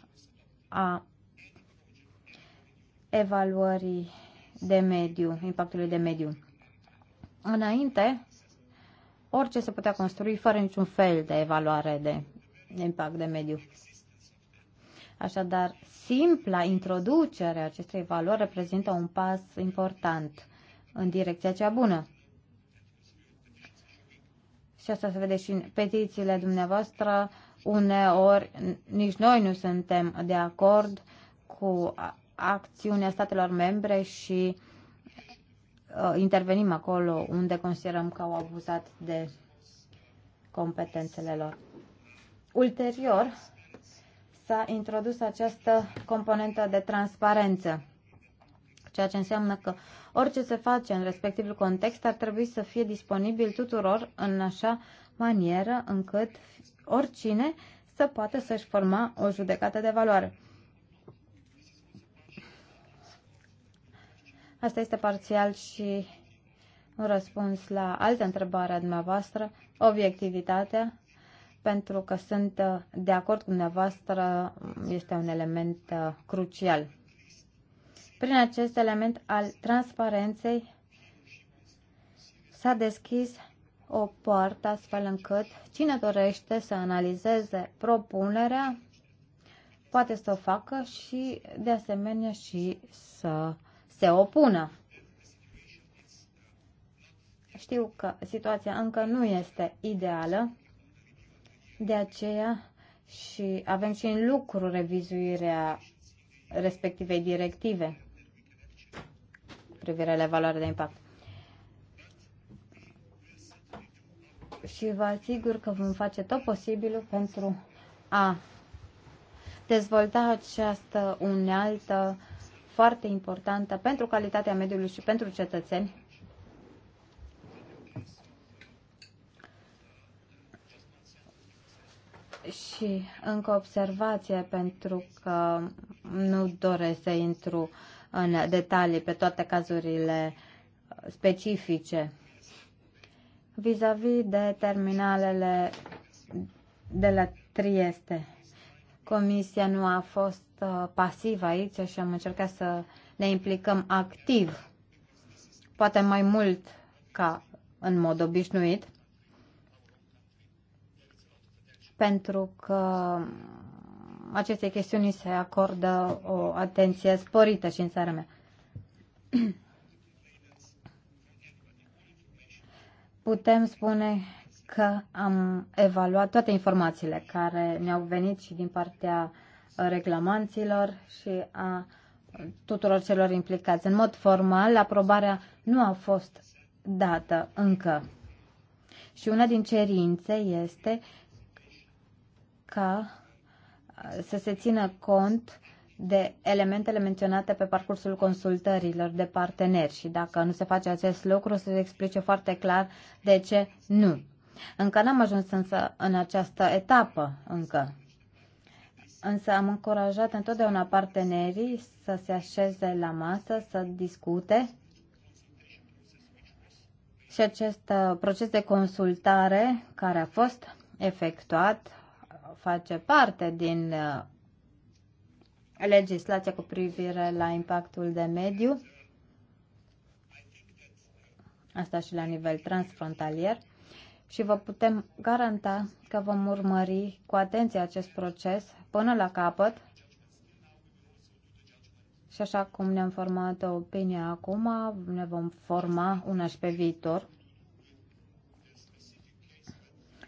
a evaluării de mediu, impactului de mediu. Înainte, orice se putea construi fără niciun fel de evaluare de impact de mediu. Așadar, simpla introducere a acestei evaluări reprezintă un pas important în direcția cea bună. Și asta se vede și în petițiile dumneavoastră. Uneori nici noi nu suntem de acord cu acțiunea statelor membre și uh, intervenim acolo unde considerăm că au abuzat de competențele lor. Ulterior s-a introdus această componentă de transparență, ceea ce înseamnă că orice se face în respectivul context ar trebui să fie disponibil tuturor în așa manieră încât oricine să poată să-și forma o judecată de valoare. Asta este parțial și un răspuns la altă întrebare a dumneavoastră, obiectivitatea, pentru că sunt uh, de acord cu dumneavoastră, este un element uh, crucial. Prin acest element al transparenței s-a deschis o poartă astfel încât cine dorește să analizeze propunerea poate să o facă și de asemenea și să se opună. Știu că situația încă nu este ideală, de aceea și avem și în lucru revizuirea respectivei directive privire la valoarea de impact. Și vă asigur că vom face tot posibilul pentru a dezvolta această unealtă uh, foarte importantă pentru calitatea mediului și pentru cetățeni. Și încă observație, pentru că nu doresc să intru în detalii pe toate cazurile specifice. Vis-a-vis -vis de terminalele de la Trieste. Comisia nu a fost uh, pasivă aici și am încercat să ne implicăm activ, poate mai mult ca în mod obișnuit, pentru că aceste chestiuni se acordă o atenție sporită și în țara mea. [CLEARS THROAT] Putem spune că am evaluat toate informațiile care ne-au venit și din partea uh, reclamanților și a tuturor celor implicați. În mod formal, aprobarea nu a fost dată încă. Și una din cerințe este ca uh, să se țină cont de elementele menționate pe parcursul consultărilor de parteneri și dacă nu se face acest lucru, să se explice foarte clar de ce nu. Încă n-am ajuns însă în această etapă încă. Însă am încurajat întotdeauna partenerii să se așeze la masă, să discute și acest uh, proces de consultare care a fost efectuat face parte din uh, legislația cu privire la impactul de mediu, asta și la nivel transfrontalier și vă putem garanta că vom urmări cu atenție acest proces până la capăt. Și așa cum ne-am format o opinie acum, ne vom forma una și pe viitor.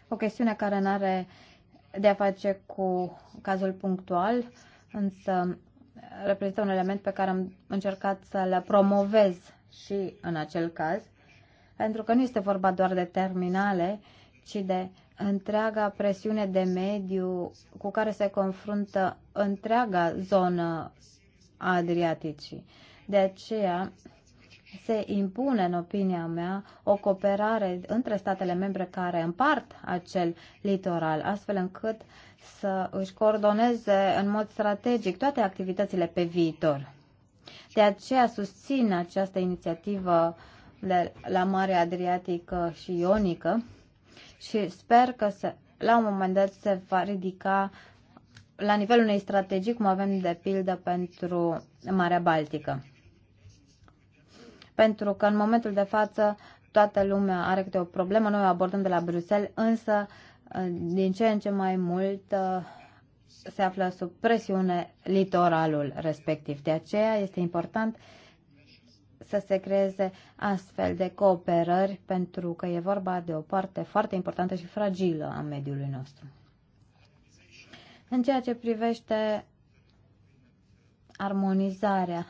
O chestiune care nu are de a face cu cazul punctual, însă reprezintă un element pe care am încercat să-l promovez și în acel caz pentru că nu este vorba doar de terminale, ci de întreaga presiune de mediu cu care se confruntă întreaga zonă a Adriaticii. De aceea se impune, în opinia mea, o cooperare între statele membre care împart acel litoral, astfel încât să își coordoneze în mod strategic toate activitățile pe viitor. De aceea susțin această inițiativă uh, de la mare Adriatică și Ionică și sper că se, la un moment dat se va ridica la nivelul unei strategii, cum avem de pildă pentru Marea Baltică. Pentru că în momentul de față toată lumea are câte o problemă, noi o abordăm de la Bruxelles, însă uh, din ce în ce mai mult uh, se află sub presiune litoralul respectiv. De aceea este important să se creeze astfel de cooperări pentru că e vorba de o parte foarte importantă și fragilă a mediului nostru. În ceea ce privește armonizarea,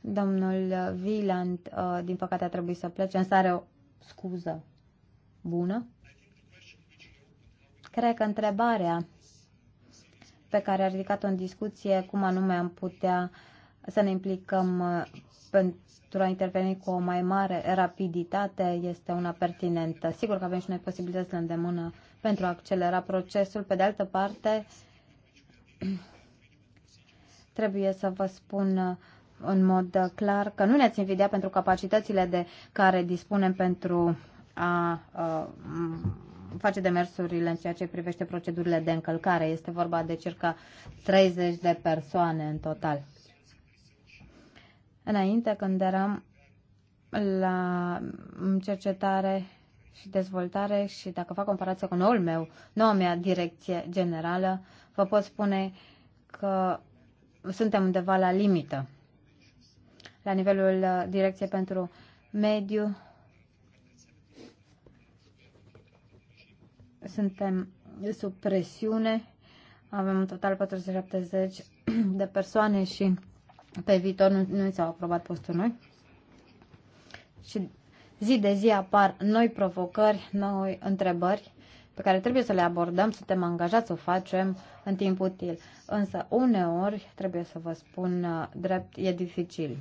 domnul Wieland, uh, din păcate, a trebuit să plece, însă are o scuză bună. Cred că întrebarea pe care a ridicat-o în discuție, cum anume am putea să ne implicăm uh, pentru a interveni cu o mai mare rapiditate este una pertinentă. Sigur că avem și noi posibilități de îndemână pentru a accelera procesul. Pe de altă parte, [CLEARS THROAT] trebuie să vă spun uh, în mod clar că nu ne-ați invidia pentru capacitățile de care dispunem pentru a, a uh, face demersurile în ceea ce privește procedurile de încălcare. Este vorba de circa 30 de persoane în total. Înainte, când eram la cercetare și dezvoltare și dacă fac comparație cu noul meu, noua mea direcție generală, vă pot spune că suntem undeva la limită. La nivelul uh, direcției pentru mediu, suntem sub presiune, avem în total 470 de persoane și pe viitor nu, nu s-au aprobat postul noi. Și zi de zi apar noi provocări, noi întrebări pe care trebuie să le abordăm, suntem angajați să o facem în timp util. Însă, uneori, trebuie să vă spun uh, drept, e dificil.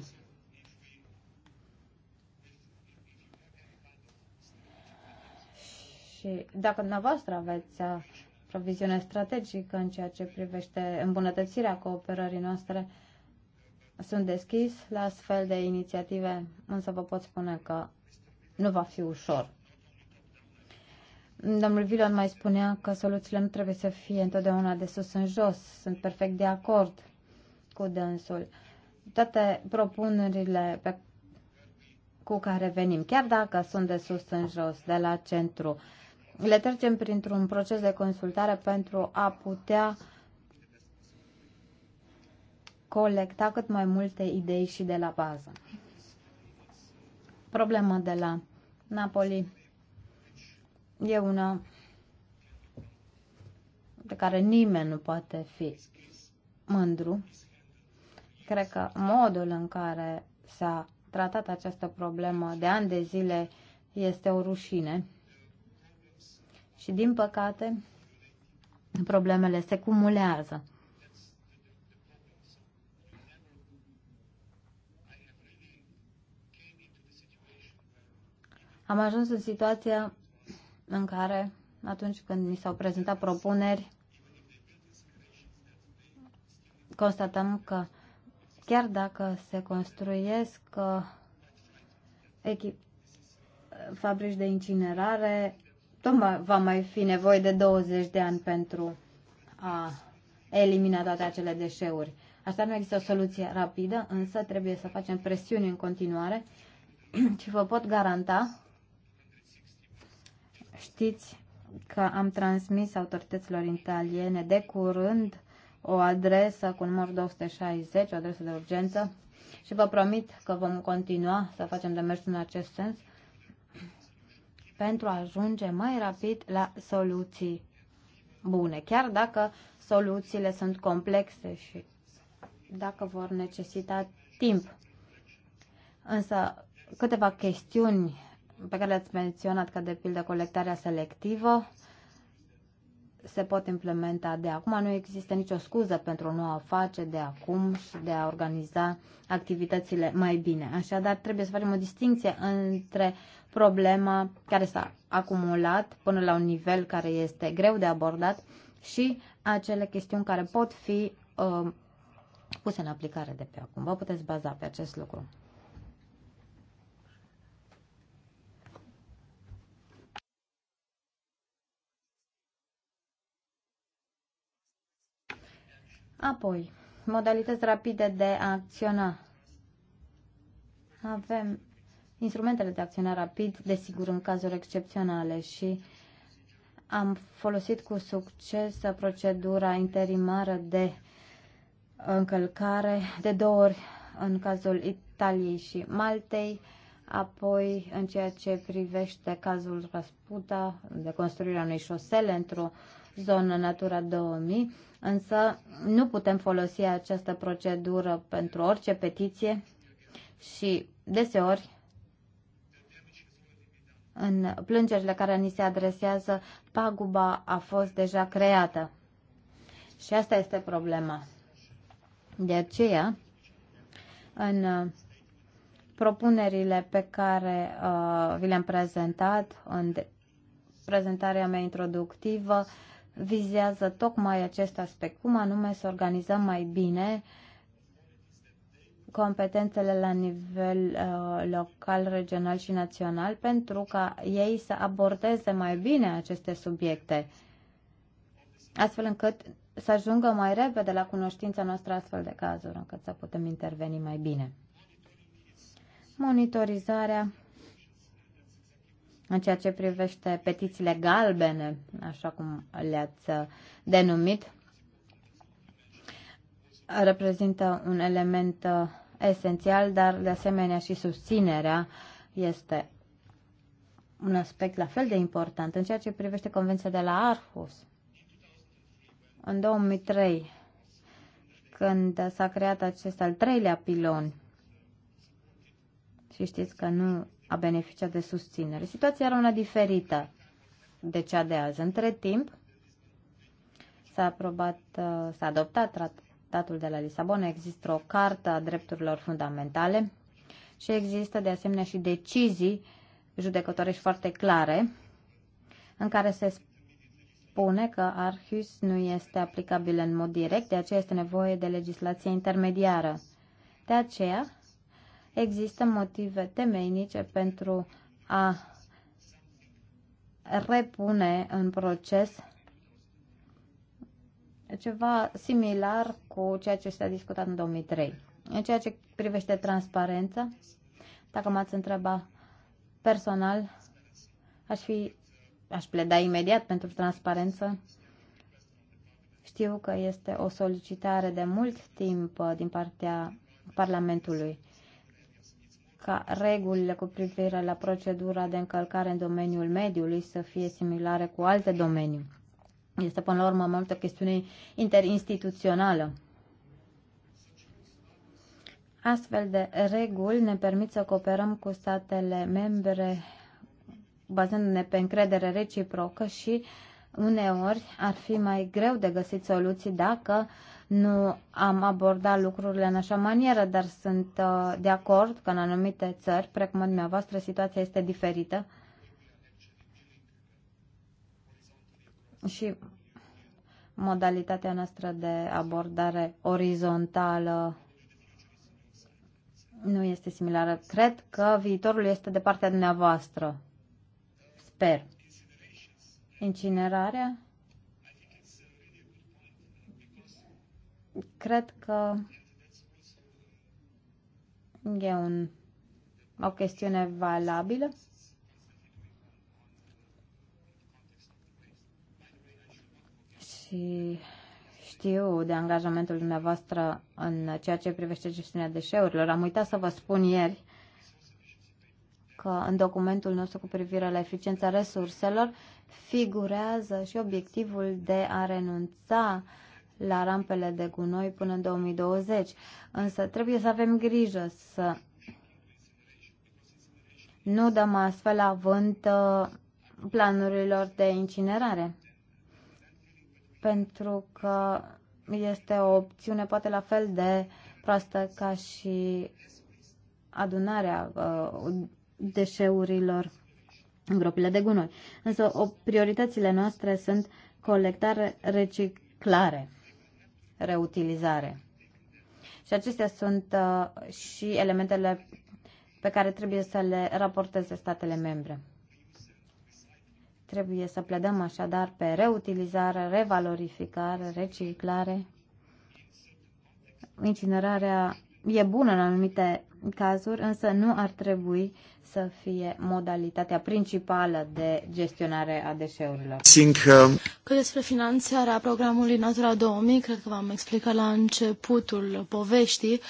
Și dacă dumneavoastră aveți proviziune uh, strategică în ceea ce privește îmbunătățirea cooperării noastre, sunt deschis la astfel de inițiative, însă vă pot spune că nu va fi ușor. Domnul Vilon mai spunea că soluțiile nu trebuie să fie întotdeauna de sus în jos. Sunt perfect de acord cu dânsul. Toate propunerile pe cu care venim, chiar dacă sunt de sus în jos, de la centru, le trecem printr-un proces de consultare pentru a putea uh, colecta cât mai multe idei și de la bază. Problema de la Napoli e una de care nimeni nu poate fi mândru. Cred că modul în care s-a tratat această problemă de ani de zile este o rușine. Și din păcate, problemele se cumulează. am ajuns în situația în care, atunci când mi s-au prezentat propuneri, constatăm că chiar dacă se construiesc uh, echip, fabrici de incinerare, tot va mai fi nevoie de 20 de ani pentru a elimina toate acele deșeuri. Asta nu există o soluție rapidă, însă trebuie să facem presiuni în continuare [CLEARS THROAT] și vă pot garanta Știți că am transmis autorităților italiene de curând o adresă cu numărul 260, o adresă de urgență și vă promit că vom continua să facem demersul în acest sens pentru a ajunge mai rapid la soluții bune, chiar dacă soluțiile sunt complexe și dacă vor necesita timp. Însă câteva chestiuni pe care le-ați menționat, ca de pildă colectarea selectivă, se pot implementa de acum. Nu există nicio scuză pentru nu a face de acum și de a organiza activitățile mai bine. Așadar, trebuie să facem o distinție între problema care s-a acumulat până la un nivel care este greu de abordat și acele chestiuni care pot fi uh, puse în aplicare de pe acum. Vă puteți baza pe acest lucru. Apoi, modalități rapide de a acționa. Avem instrumentele de acționare rapid, desigur, în cazuri excepționale și am folosit cu succes procedura interimară de încălcare de două ori în cazul Italiei și Maltei, apoi în ceea ce privește cazul Rasputa de construirea unei șosele într-o zonă Natura 2000, însă nu putem folosi această procedură pentru orice petiție și deseori în plângerile care ni se adresează, paguba a fost deja creată. Și asta este problema. De aceea, în uh, propunerile pe care uh, vi le-am prezentat, în prezentarea mea introductivă, vizează tocmai acest aspect, cum anume să organizăm mai bine competențele la nivel uh, local, regional și național pentru ca ei să abordeze mai bine aceste subiecte, astfel încât să ajungă mai repede la cunoștința noastră astfel de cazuri, încât să putem interveni mai bine. Monitorizarea în ceea ce privește petițiile galbene, așa cum le-ați uh, denumit, reprezintă un element uh, esențial, dar de asemenea și susținerea este un aspect la fel de important în ceea ce privește Convenția de la Arhus. În 2003, când s-a creat acest al treilea pilon, și știți că nu a beneficiat de susținere. Situația era una diferită de cea de azi. Între timp, s-a aprobat, uh, s-a adoptat tratatul de la Lisabona, există o carte a drepturilor fundamentale și există de asemenea și decizii judecătorești foarte clare în care se spune că Arhus nu este aplicabil în mod direct, de aceea este nevoie de legislație intermediară. De aceea, există motive temeinice pentru a repune în proces ceva similar cu ceea ce s-a discutat în 2003. În ceea ce privește transparența, dacă m-ați întreba personal, aș fi aș pleda imediat pentru transparență. Știu că este o solicitare de mult timp uh, din partea Parlamentului ca regulile cu privire la procedura de încălcare în domeniul mediului să fie similare cu alte domenii. Este până la urmă mai multă chestiune interinstituțională. Astfel de reguli ne permit să cooperăm cu statele membre bazându-ne pe încredere reciprocă și uneori ar fi mai greu de găsit soluții dacă uh, nu am abordat lucrurile în așa manieră, dar sunt uh, de acord că în anumite țări, precum în dumneavoastră, situația este diferită. Și modalitatea noastră de abordare orizontală nu este similară. Cred că viitorul este de partea dumneavoastră. Sper. Incinerarea? cred că e un, o chestiune valabilă. Și știu de angajamentul dumneavoastră în ceea ce privește gestiunea deșeurilor. Am uitat să vă spun ieri că în documentul nostru cu privire la eficiența resurselor figurează și obiectivul de a renunța uh, la rampele de gunoi până în 2020. Însă trebuie să avem grijă să nu dăm astfel avânt uh, planurilor de incinerare. Pentru că este o opțiune poate la fel de proastă ca și adunarea uh, deșeurilor în gropile de gunoi. Însă o, prioritățile noastre sunt colectare, reciclare reutilizare. Și acestea sunt uh, și elementele pe care trebuie să le raporteze statele membre. Trebuie să pledăm așadar pe reutilizare, revalorificare, reciclare. Incinerarea e bună în anumite cazuri, însă nu ar trebui să fie modalitatea principală de gestionare a deșeurilor. Uh, că despre finanțarea programului Natura 2000, cred că v-am explicat la începutul poveștii,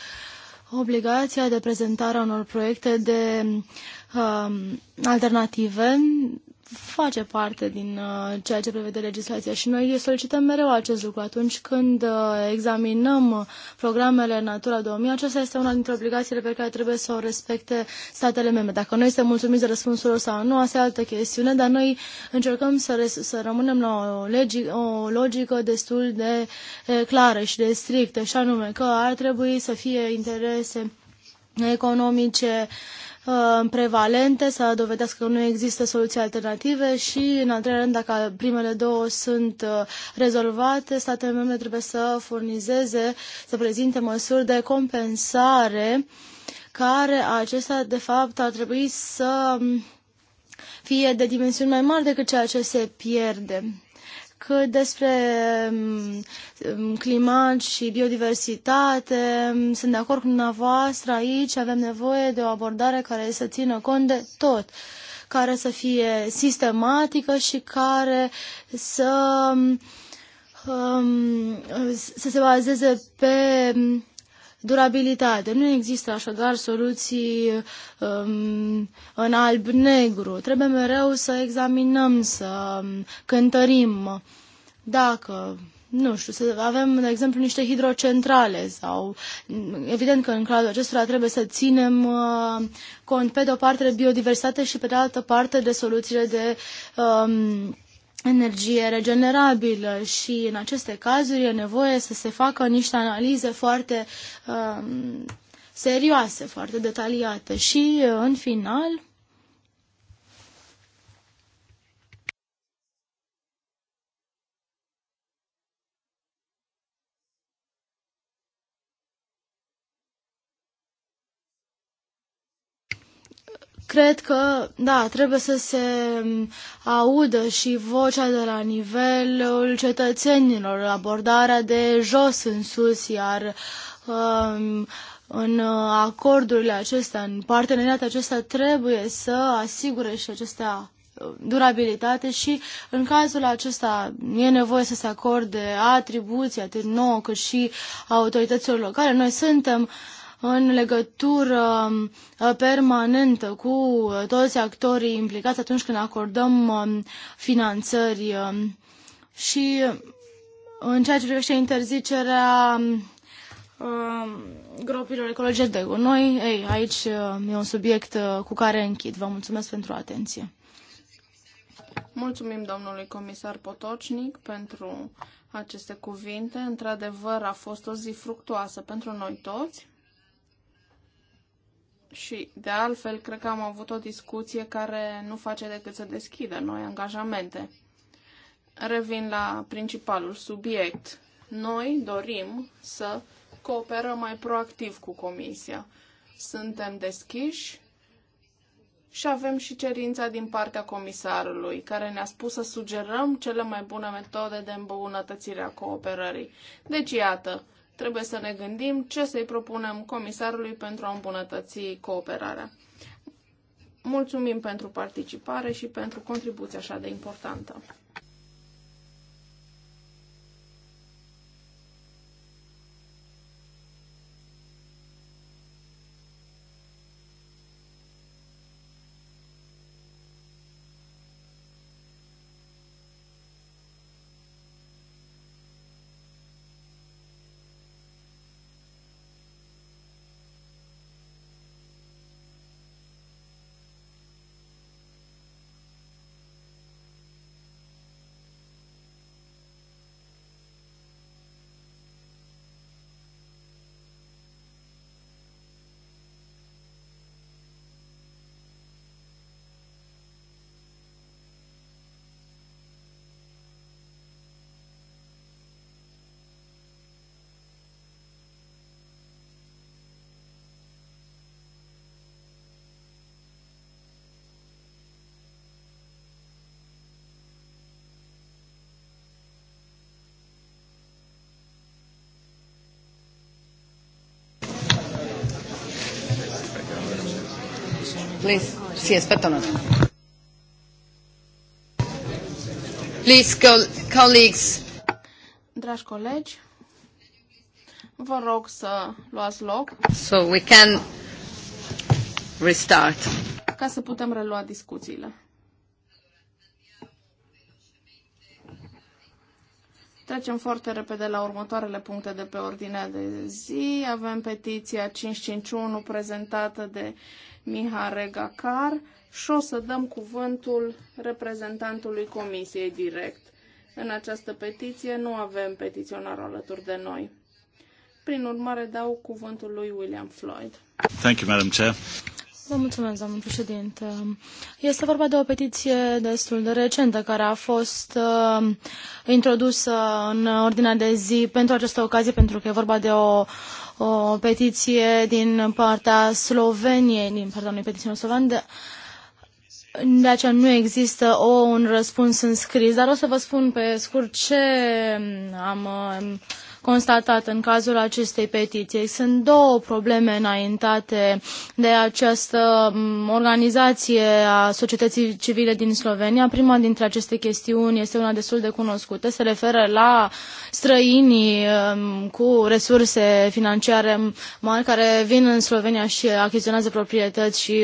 obligația de prezentare a unor proiecte de um, alternative face parte din uh, ceea ce prevede legislația și noi solicităm mereu acest lucru. Atunci când uh, examinăm programele Natura 2000, aceasta este una dintre obligațiile pe care trebuie să o respecte statele membre. Dacă noi suntem mulțumiți de răspunsul lor sau nu, asta e altă chestiune, dar noi încercăm să, să rămânem la o, legi- o logică destul de clară și de strictă, și anume că ar trebui să fie interese economice, Uh, prevalente, să dovedească că nu există soluții alternative și, în al treilea rând, dacă primele două sunt uh, rezolvate, statele membre trebuie să furnizeze, să prezinte măsuri de compensare care acestea, de fapt, ar trebui să um, fie de dimensiuni mai mari decât ceea ce se pierde că despre um, um, climat și biodiversitate. Um, sunt de acord cu dumneavoastră aici, avem nevoie de o abordare care să țină cont de tot care să fie sistematică și care să, să se bazeze pe durabilitate. Nu există așadar soluții um, în alb-negru. Trebuie mereu să examinăm, să um, cântărim. Dacă nu știu, să avem, de exemplu, niște hidrocentrale sau, evident că în cadrul acestora trebuie să ținem uh, cont, pe de o parte, de biodiversitate și, pe de altă parte, de soluțiile de um, energie regenerabilă și în aceste cazuri e nevoie să se facă niște analize foarte um, serioase, foarte detaliate și în final cred că, da, trebuie să se mm, audă și vocea de la nivelul cetățenilor, abordarea de jos în sus, iar um, în uh, acordurile acestea, în parteneriatul acesta trebuie să asigure și acestea uh, durabilitate și în cazul acesta e nevoie să se acorde atribuții atât nouă cât și autorităților locale. Noi suntem uh, în legătură um, permanentă cu toți actorii implicați atunci când acordăm um, finanțări um, și în ceea ce privește interzicerea gropilor ecologice de gunoi, ei, aici e un subiect uh, cu care închid. Vă mulțumesc pentru atenție. Mulțumim domnului comisar Potocnic pentru aceste cuvinte. Într-adevăr, a fost o zi fructuoasă pentru noi toți. Și, de altfel, cred că am avut o discuție care nu face decât să deschidă noi angajamente. Revin la principalul subiect. Noi dorim să cooperăm mai proactiv cu Comisia. Suntem deschiși și avem și cerința din partea comisarului, care ne-a spus să sugerăm cele mai bune metode de îmbunătățire a cooperării. Deci, iată, Trebuie să ne gândim ce să-i propunem comisarului pentru a îmbunătăți cooperarea. Mulțumim pentru participare și pentru contribuția așa de importantă. please. si aspetta un attimo. Please, colleagues. Dragi colegi, vă rog să luați loc. So we can restart. Ca să putem relua discuțiile. Trecem foarte repede la următoarele puncte de pe ordinea de zi. Avem petiția 551 prezentată de uh, Miha Regacar și o să dăm cuvântul reprezentantului Comisiei direct. În această petiție nu avem petiționar alături de noi. Prin urmare, dau cuvântul lui William Floyd. Thank you, Madam Chair. Vă mulțumesc, doamnă președinte. Este vorba de o petiție destul de recentă care a fost uh, introdusă în ordinea de zi pentru această ocazie, pentru că e vorba de o o petiție din partea Sloveniei, din pardon, nu petiție sloven, de, de aceea nu există o, un răspuns în scris, dar o să vă spun pe scurt ce am constatat în cazul acestei petiții. Sunt două probleme înaintate de această mm, organizație a societății civile din Slovenia. Prima dintre aceste chestiuni este una destul de cunoscută, se referă la străinii mm, cu resurse financiare mari care vin în Slovenia și achiziționează proprietăți și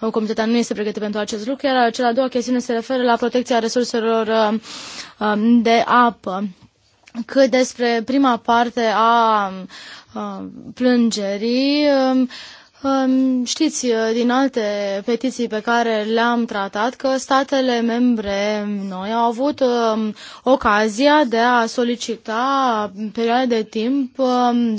mm, comunitatea nu este pregătită pentru acest lucru, iar cea a doua chestiune se referă la protecția resurselor de apă cât despre prima parte a plângerii, um, um, Știți uh, din alte petiții pe care le-am tratat că statele membre noi au avut um, ocazia de a solicita perioade de timp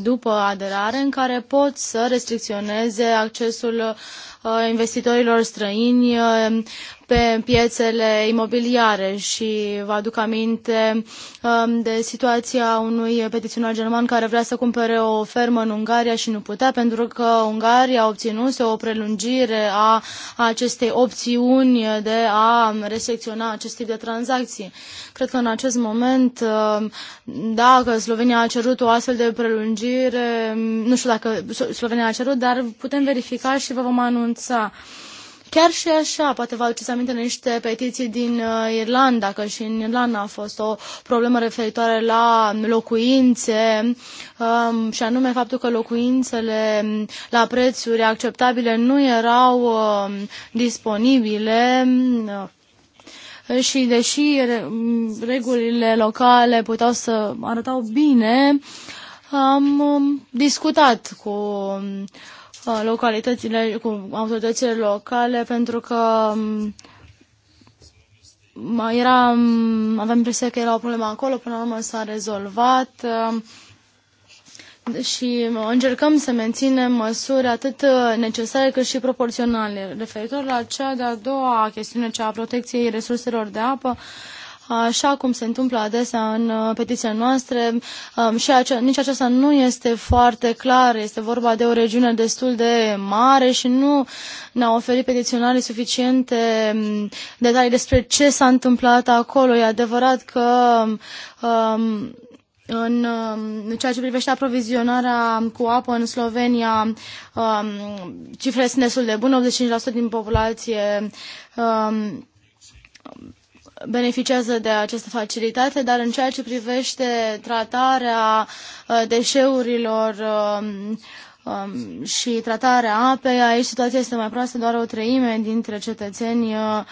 după aderare în care pot să restricționeze accesul Uh, investitorilor străini uh, pe piețele imobiliare și vă aduc aminte um, de situația unui petiționar german care vrea să cumpere o fermă în Ungaria și nu putea pentru că Ungaria obținuse o prelungire a acestei opțiuni de a resecționa acest tip de tranzacții. Cred că în acest moment, um, dacă Slovenia a cerut o astfel de prelungire, um, nu știu dacă Slovenia a cerut, dar putem verifica și vă vom anunța renunța. Chiar și așa, poate vă aduceți aminte niște petiții din uh, Irlanda, că și în Irlanda a fost o problemă referitoare la locuințe um, și anume faptul că locuințele la prețuri acceptabile nu erau uh, disponibile. Uh, și deși regulile locale puteau să arătau bine, am um, discutat cu um, Uh, localitățile, cu autoritățile locale, pentru că um, era, um, aveam impresia că era o problemă acolo, până la urmă s-a rezolvat um, și încercăm să menținem măsuri atât uh, necesare cât și proporționale. Referitor la cea de-a doua chestiune, cea a protecției resurselor de apă, uh, așa cum se întâmplă adesea în uh, petiția noastre, um, și acea, nici aceasta nu este foarte clar. Este vorba de o regiune destul de mare și nu ne au oferit petiționarii suficiente um, detalii despre ce s-a întâmplat acolo. E adevărat că um, în um, ceea ce privește aprovizionarea cu apă în Slovenia, cifrele sunt destul de bune, 85% din populație beneficiază de această facilitate, dar în ceea ce privește tratarea uh, deșeurilor um, um, și tratarea apei, aici situația este mai proastă, doar o treime dintre cetățeni uh,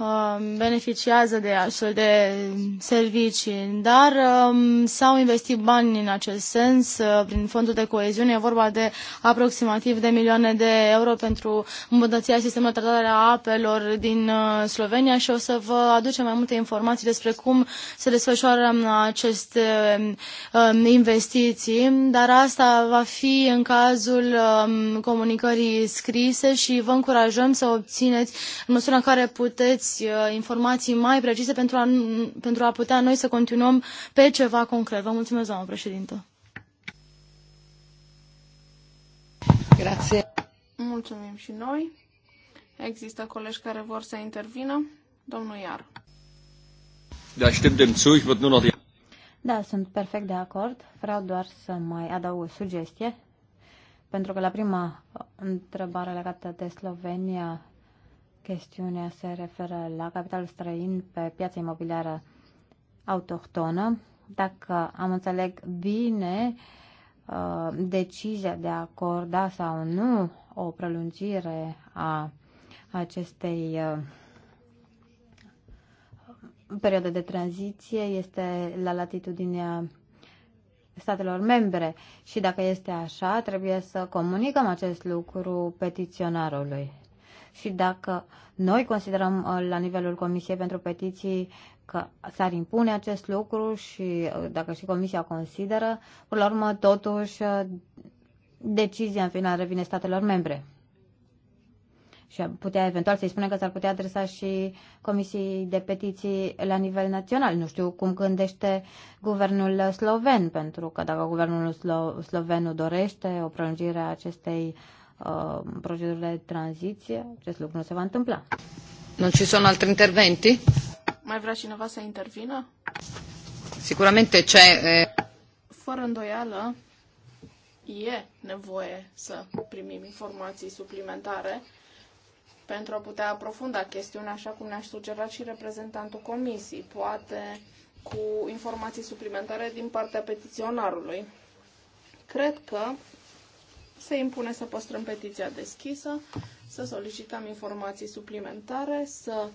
Um, beneficiază de astfel de servicii, dar um, s-au investit bani în acest sens uh, prin fondul de coeziune. E vorba de aproximativ de milioane de euro pentru îmbunătățirea sistemului de tratare a apelor din uh, Slovenia și o să vă aducem mai multe informații despre cum se desfășoară um, aceste investiții, dar asta va fi în cazul comunicării scrise și vă încurajăm să obțineți în măsura în care puteți dați uh, informații mai precise pentru a, pentru a putea noi să continuăm pe ceva concret. Vă mulțumesc, doamnă președintă. Grație. Mulțumim și noi. Există colegi care vor să intervină. Domnul Iar. Da, știm de zu. Da, sunt perfect de acord. Vreau doar să mai adaug o sugestie. Pentru că la prima întrebare legată de Slovenia chestiunea se referă la capital străin pe piața imobiliară autohtonă. Dacă am înțeleg bine uh, decizia de a acorda sau nu o prelungire a acestei uh, perioade de tranziție este la latitudinea statelor membre și dacă este așa, trebuie să comunicăm acest lucru petiționarului și dacă noi considerăm uh, la nivelul Comisiei pentru Petiții că s-ar impune acest lucru și uh, dacă și Comisia consideră, până la urmă, totuși, uh, decizia în final revine statelor membre. Și putea eventual să-i spune că s-ar putea adresa și Comisiei de Petiții la nivel național. Nu știu cum gândește guvernul sloven, pentru că dacă guvernul slo- sloven nu dorește o prelungire a acestei uh, Uh, procedurile de tranziție, acest lucru nu se va întâmpla. Nu ci sunt altri interventi? Mai vrea cineva să intervină? Sicuramente c'è... e. Eh, Fără îndoială, e nevoie să primim informații suplimentare pentru a putea aprofunda chestiunea așa cum ne aș sugera și reprezentantul comisiei, poate cu informații suplimentare din partea petiționarului. Cred că se impune să păstrăm petiția deschisă, să solicităm informații suplimentare, să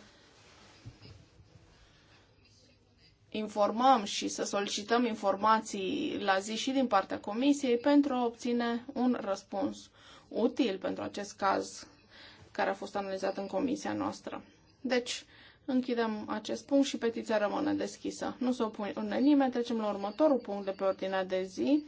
informăm și să solicităm informații la zi și din partea comisiei pentru a obține un răspuns util pentru acest caz care a fost analizat în comisia noastră. Deci, închidem acest punct și petiția rămâne deschisă. Nu se opune nimeni, trecem la următorul punct de pe ordinea de zi,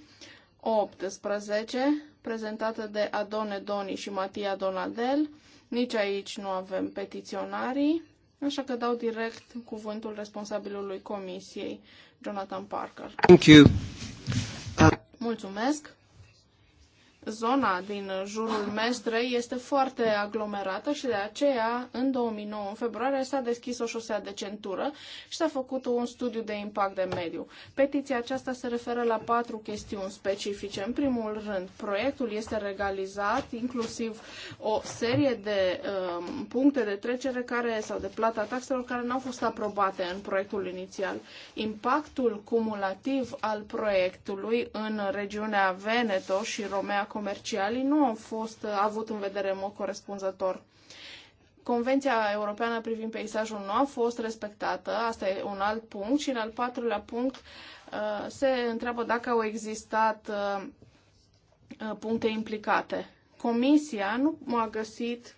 18, prezentată de Adone Doni și Matia Donadel. Nici aici nu avem petiționarii, așa că dau direct cuvântul responsabilului comisiei, Jonathan Parker. Thank you. Uh, Mulțumesc zona din jurul Mestrei este foarte aglomerată și de aceea, în 2009, în februarie, s-a deschis o șosea de centură și s-a făcut un studiu de impact de mediu. Petiția aceasta se referă la patru chestiuni specifice. În primul rând, proiectul este regalizat, inclusiv o serie de um, puncte de trecere care sau de plata taxelor care nu au fost aprobate în proiectul inițial. Impactul cumulativ al proiectului în regiunea Veneto și Romea comerciali nu au fost uh, avut în vedere în mod corespunzător. Convenția Europeană privind peisajul nu a fost respectată, asta e un alt punct. Și în al patrulea punct uh, se întreabă dacă au existat uh, puncte implicate. Comisia nu a găsit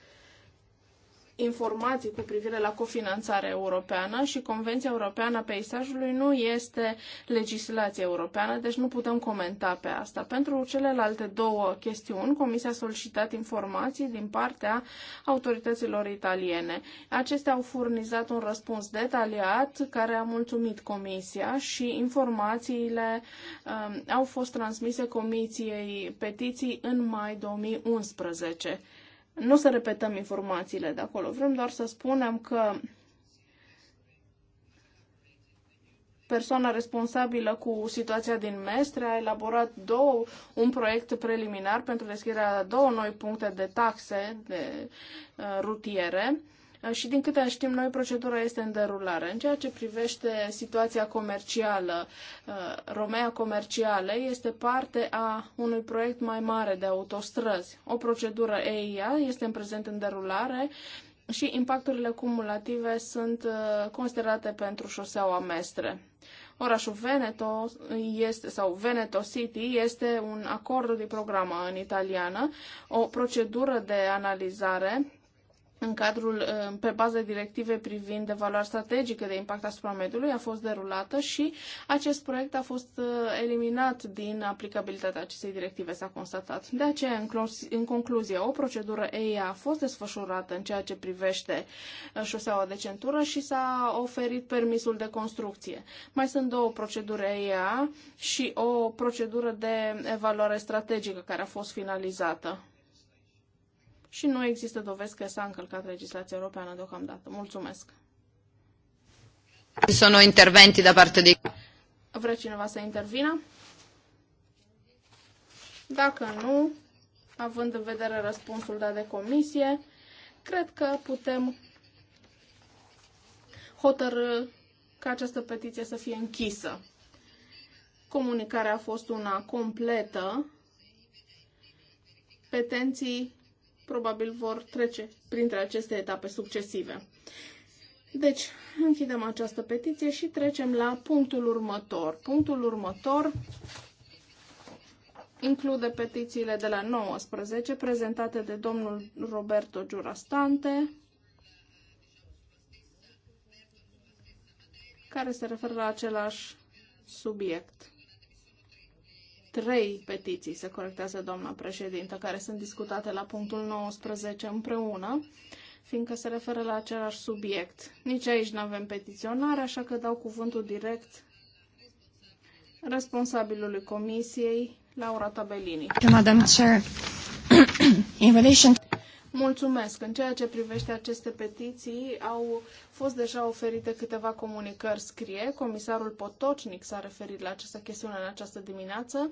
informații cu privire la cofinanțarea europeană și Convenția Europeană a Peisajului nu este legislație europeană, deci nu putem comenta pe asta. Pentru celelalte două chestiuni, Comisia a solicitat informații din partea autorităților italiene. Acestea au furnizat un răspuns detaliat care a mulțumit Comisia și informațiile um, au fost transmise Comisiei Petiții în mai 2011. Nu să repetăm informațiile de acolo, vrem doar să spunem că persoana responsabilă cu situația din Mestre a elaborat două, un proiect preliminar pentru deschiderea a două noi puncte de taxe de uh, rutiere Uh, și din câte știm noi, procedura este în derulare. În ceea ce privește situația comercială, uh, Romea Comercială este parte a unui proiect mai mare de autostrăzi. O procedură EIA este în prezent în derulare și impacturile cumulative sunt uh, considerate pentru șoseaua mestre. Orașul Veneto este, sau Veneto City este un acord de programă în italiană, o procedură de analizare în cadrul, ă, pe bază directive privind evaluarea strategică de impact asupra mediului a fost derulată și acest proiect a fost ă, eliminat din aplicabilitatea acestei directive, s-a constatat. De aceea, în concluzie, o procedură EIA a fost desfășurată în ceea ce privește ă, șoseaua de centură și s-a oferit permisul de construcție. Mai sunt două proceduri EIA și o procedură de evaluare strategică care a fost finalizată și nu există dovezi că s-a încălcat legislația europeană deocamdată. Mulțumesc! Sono interventi da parte di... Vrea cineva să intervină? Dacă nu, având în vedere răspunsul dat de comisie, cred că putem hotărâ ca această petiție să fie închisă. Comunicarea a fost una completă. Petenții probabil vor trece printre aceste etape succesive. Deci, închidem această petiție și trecem la punctul următor. Punctul următor include petițiile de la 19 prezentate de domnul Roberto Giurastante, care se referă la același subiect trei petiții, se corectează doamna președintă, care sunt discutate la punctul 19 împreună, fiindcă se referă la același subiect. Nici aici nu avem petiționare, așa că dau cuvântul direct responsabilului comisiei, Laura Tabellini. Madam Chair, [CLEARS THROAT] in relation Mulțumesc. În ceea ce privește aceste petiții, au fost deja oferite câteva comunicări scrie. Comisarul Potocnic s-a referit la această chestiune în această dimineață.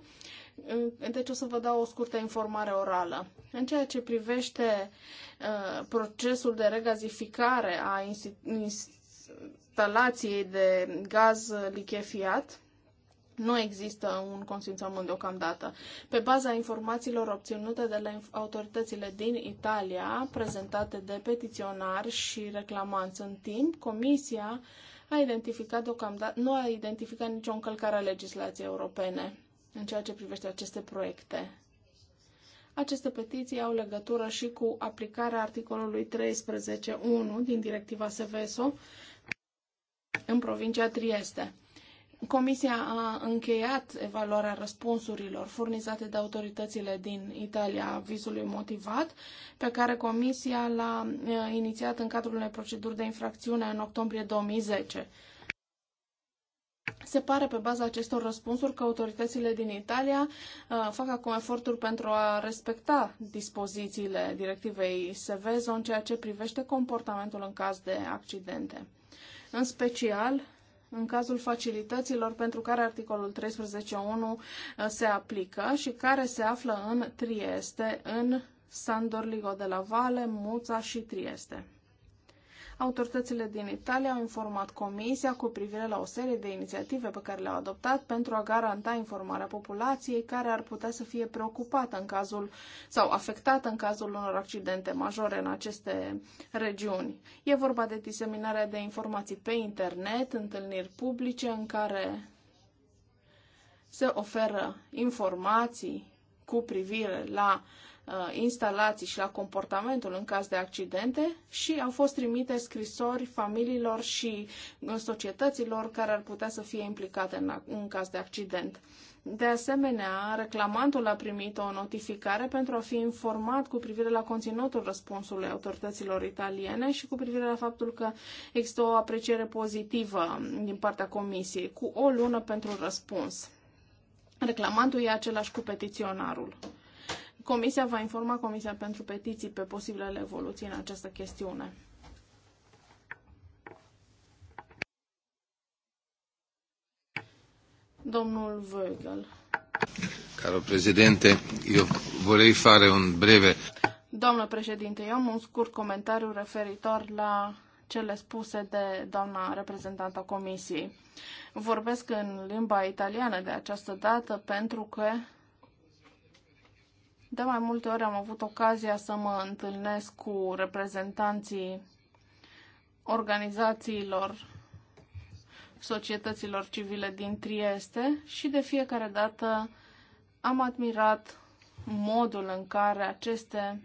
Deci o să vă dau o scurtă informare orală. În ceea ce privește uh, procesul de regazificare a instalației de gaz lichefiat, nu există un consimțământ deocamdată. Pe baza informațiilor obținute de la autoritățile din Italia, prezentate de petiționari și reclamanți în timp, Comisia a identificat deocamdată, nu a identificat nicio încălcare a legislației europene în ceea ce privește aceste proiecte. Aceste petiții au legătură și cu aplicarea articolului 13.1 din directiva SVSO în provincia Trieste. Comisia a încheiat evaluarea răspunsurilor furnizate de autoritățile din Italia avizului motivat, pe care Comisia l-a inițiat în cadrul unei proceduri de infracțiune în octombrie 2010. Se pare pe baza acestor răspunsuri că autoritățile din Italia uh, fac acum eforturi pentru a respecta dispozițiile directivei Sevezo în ceea ce privește comportamentul în caz de accidente. În special, în cazul facilităților pentru care articolul 13.1 uh, se aplică și care se află în Trieste, în Sandorligo de la Vale, Muța și Trieste. Autoritățile din Italia au informat Comisia cu privire la o serie de inițiative pe care le-au adoptat pentru a garanta informarea populației care ar putea să fie preocupată în cazul sau afectată în cazul unor accidente majore în aceste regiuni. E vorba de diseminarea de informații pe internet, întâlniri publice în care se oferă informații cu privire la uh, Uh, instalații și la comportamentul în caz de accidente și au fost trimite scrisori familiilor și uh, societăților care ar putea să fie implicate în, caz de accident. De asemenea, reclamantul a primit o notificare pentru a fi informat cu privire la conținutul răspunsului autorităților italiene și cu privire la faptul că există o apreciere pozitivă din partea comisiei, cu o lună pentru răspuns. Reclamantul e același cu petiționarul. Comisia va informa Comisia pentru Petiții pe posibilele evoluții în această chestiune. Domnul Vögel. Caro președinte, eu vorrei fare un breve. Doamnă președinte, eu am un scurt comentariu referitor la cele spuse de doamna reprezentanta Comisiei. Vorbesc în limba italiană de această dată pentru că de mai multe ori am avut ocazia să mă întâlnesc cu reprezentanții organizațiilor societăților civile din Trieste și de fiecare dată am admirat modul în care aceste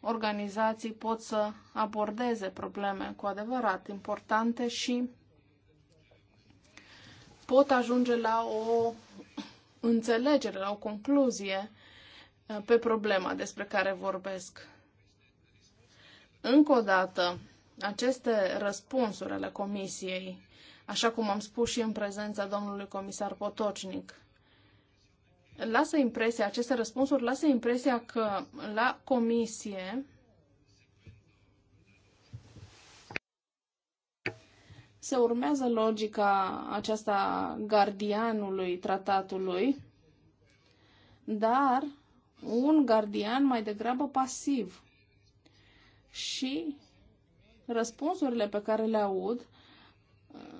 organizații pot să abordeze probleme cu adevărat importante și pot ajunge la o înțelegere, la o concluzie Uh, pe problema despre care vorbesc. Încă o dată, aceste răspunsuri ale Comisiei, așa cum am spus și în prezența domnului comisar Potocnic, lasă impresia, aceste răspunsuri lasă impresia că la Comisie se urmează logica aceasta gardianului tratatului, dar un gardian mai degrabă pasiv. Și răspunsurile pe care le aud uh,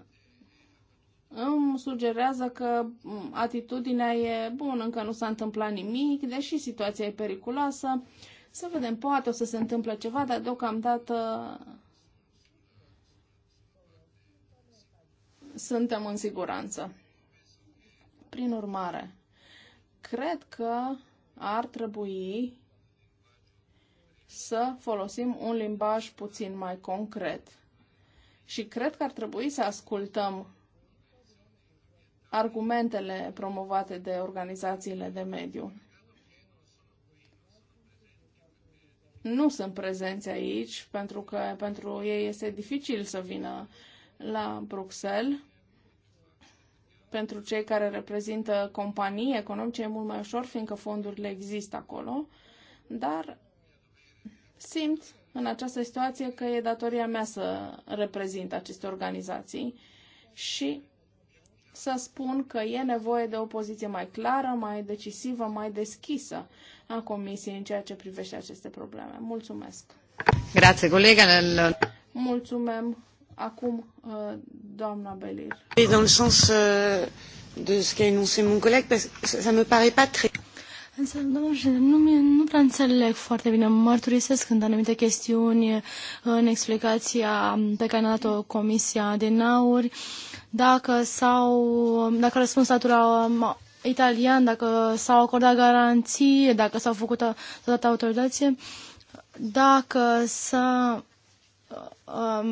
îmi sugerează că mm, atitudinea e bună, încă nu s-a întâmplat nimic, deși situația e periculoasă. Să vedem, poate o să se întâmple ceva, dar deocamdată suntem în siguranță. Prin urmare, cred că ar trebui să folosim un limbaj puțin mai concret. Și cred că ar trebui să ascultăm argumentele promovate de organizațiile de mediu. Nu sunt prezenți aici pentru că pentru ei este dificil să vină la Bruxelles pentru cei care reprezintă companii economice e mult mai ușor, fiindcă fondurile există acolo, dar simt în această situație că e datoria mea să reprezint aceste organizații și să spun că e nevoie de o poziție mai clară, mai decisivă, mai deschisă a Comisiei în ceea ce privește aceste probleme. Mulțumesc! Grazie, colega! Mulțumim, Acum, uh, doamna Belir. Dans le sens euh, de ce qu'a énoncé mon collègue, parce que ça me paraît pas très... Însă, domnul nu, nu prea înțeleg foarte bine. Mărturisesc în anumite chestiuni în explicația pe care a dat-o Comisia de Nauri. Dacă, sau, dacă răspunsul um, italian, dacă s-au acordat garanții, dacă s-au făcut toată autorizație, dacă s-a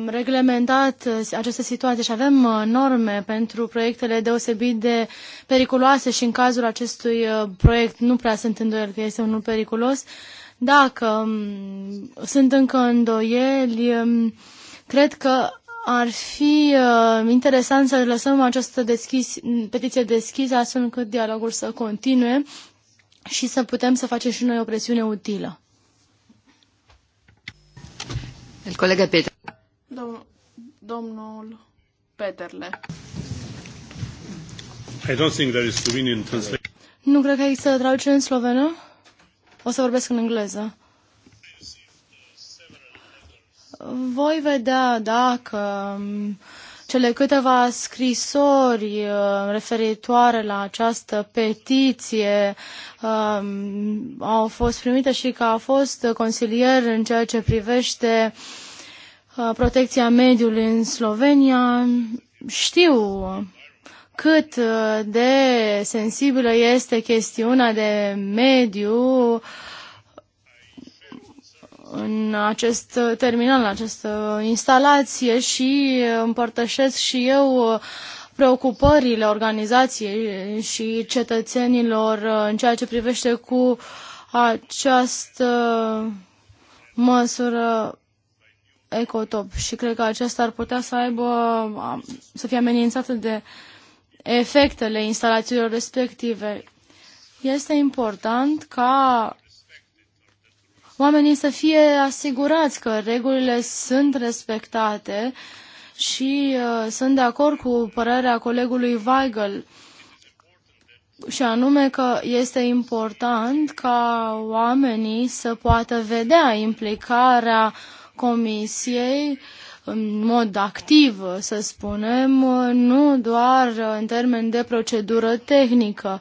reglementat uh, această situație și avem uh, norme pentru proiectele deosebit de periculoase și în cazul acestui uh, proiect nu prea sunt îndoieli că este unul periculos. Dacă um, sunt încă îndoieli, um, cred că ar fi interesant să lăsăm această deschis, petiție deschisă astfel încât dialogul să continue și să putem să facem și noi o presiune utilă. El colegă Peter. Domnul, domnul Peterle. I don't think there is Slovenian translation. Nu cred că există traducere în slovenă. O să vorbesc în engleză. Voi vedea dacă cele câteva scrisori uh, referitoare la această petiție um, au fost primite și că a fost consilier în ceea ce privește uh, protecția mediului în Slovenia. Știu cât uh, de sensibilă este chestiunea de mediu uh, în acest terminal, în această instalație și împărtășesc și eu preocupările organizației și cetățenilor în ceea ce privește cu această măsură ecotop și cred că aceasta ar putea să aibă, să fie amenințată de efectele instalațiilor respective. Este important ca oamenii să fie asigurați că regulile sunt respectate și uh, sunt de acord cu părerea colegului Weigel și anume că este important ca oamenii să poată vedea implicarea comisiei în mod activ, să spunem, nu doar în termen de procedură tehnică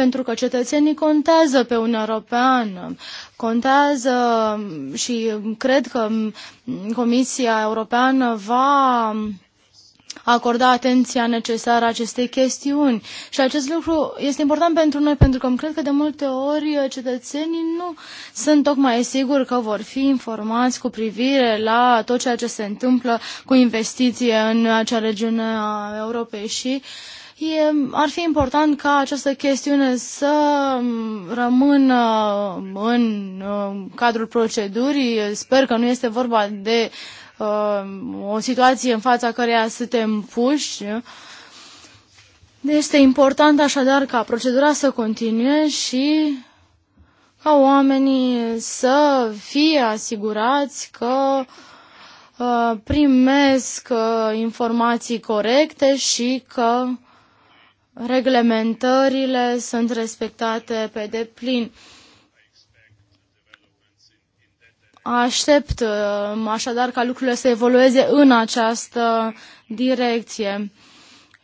pentru că cetățenii contează pe Uniunea Europeană, contează și cred că Comisia Europeană va acorda atenția necesară acestei chestiuni. Și acest lucru este important pentru noi, pentru că cred că de multe ori cetățenii nu sunt tocmai siguri că vor fi informați cu privire la tot ceea ce se întâmplă cu investiție în acea regiune a Europei și uh, E, ar fi important ca această chestiune să mm, rămână în mm, cadrul procedurii. Sper că nu este vorba de uh, o situație în fața căreia suntem puși. Este important așadar ca procedura să continue și ca oamenii să fie asigurați că primesc informații corecte și că reglementările sunt respectate pe deplin. Aștept uh, așadar ca lucrurile să evolueze în această direcție.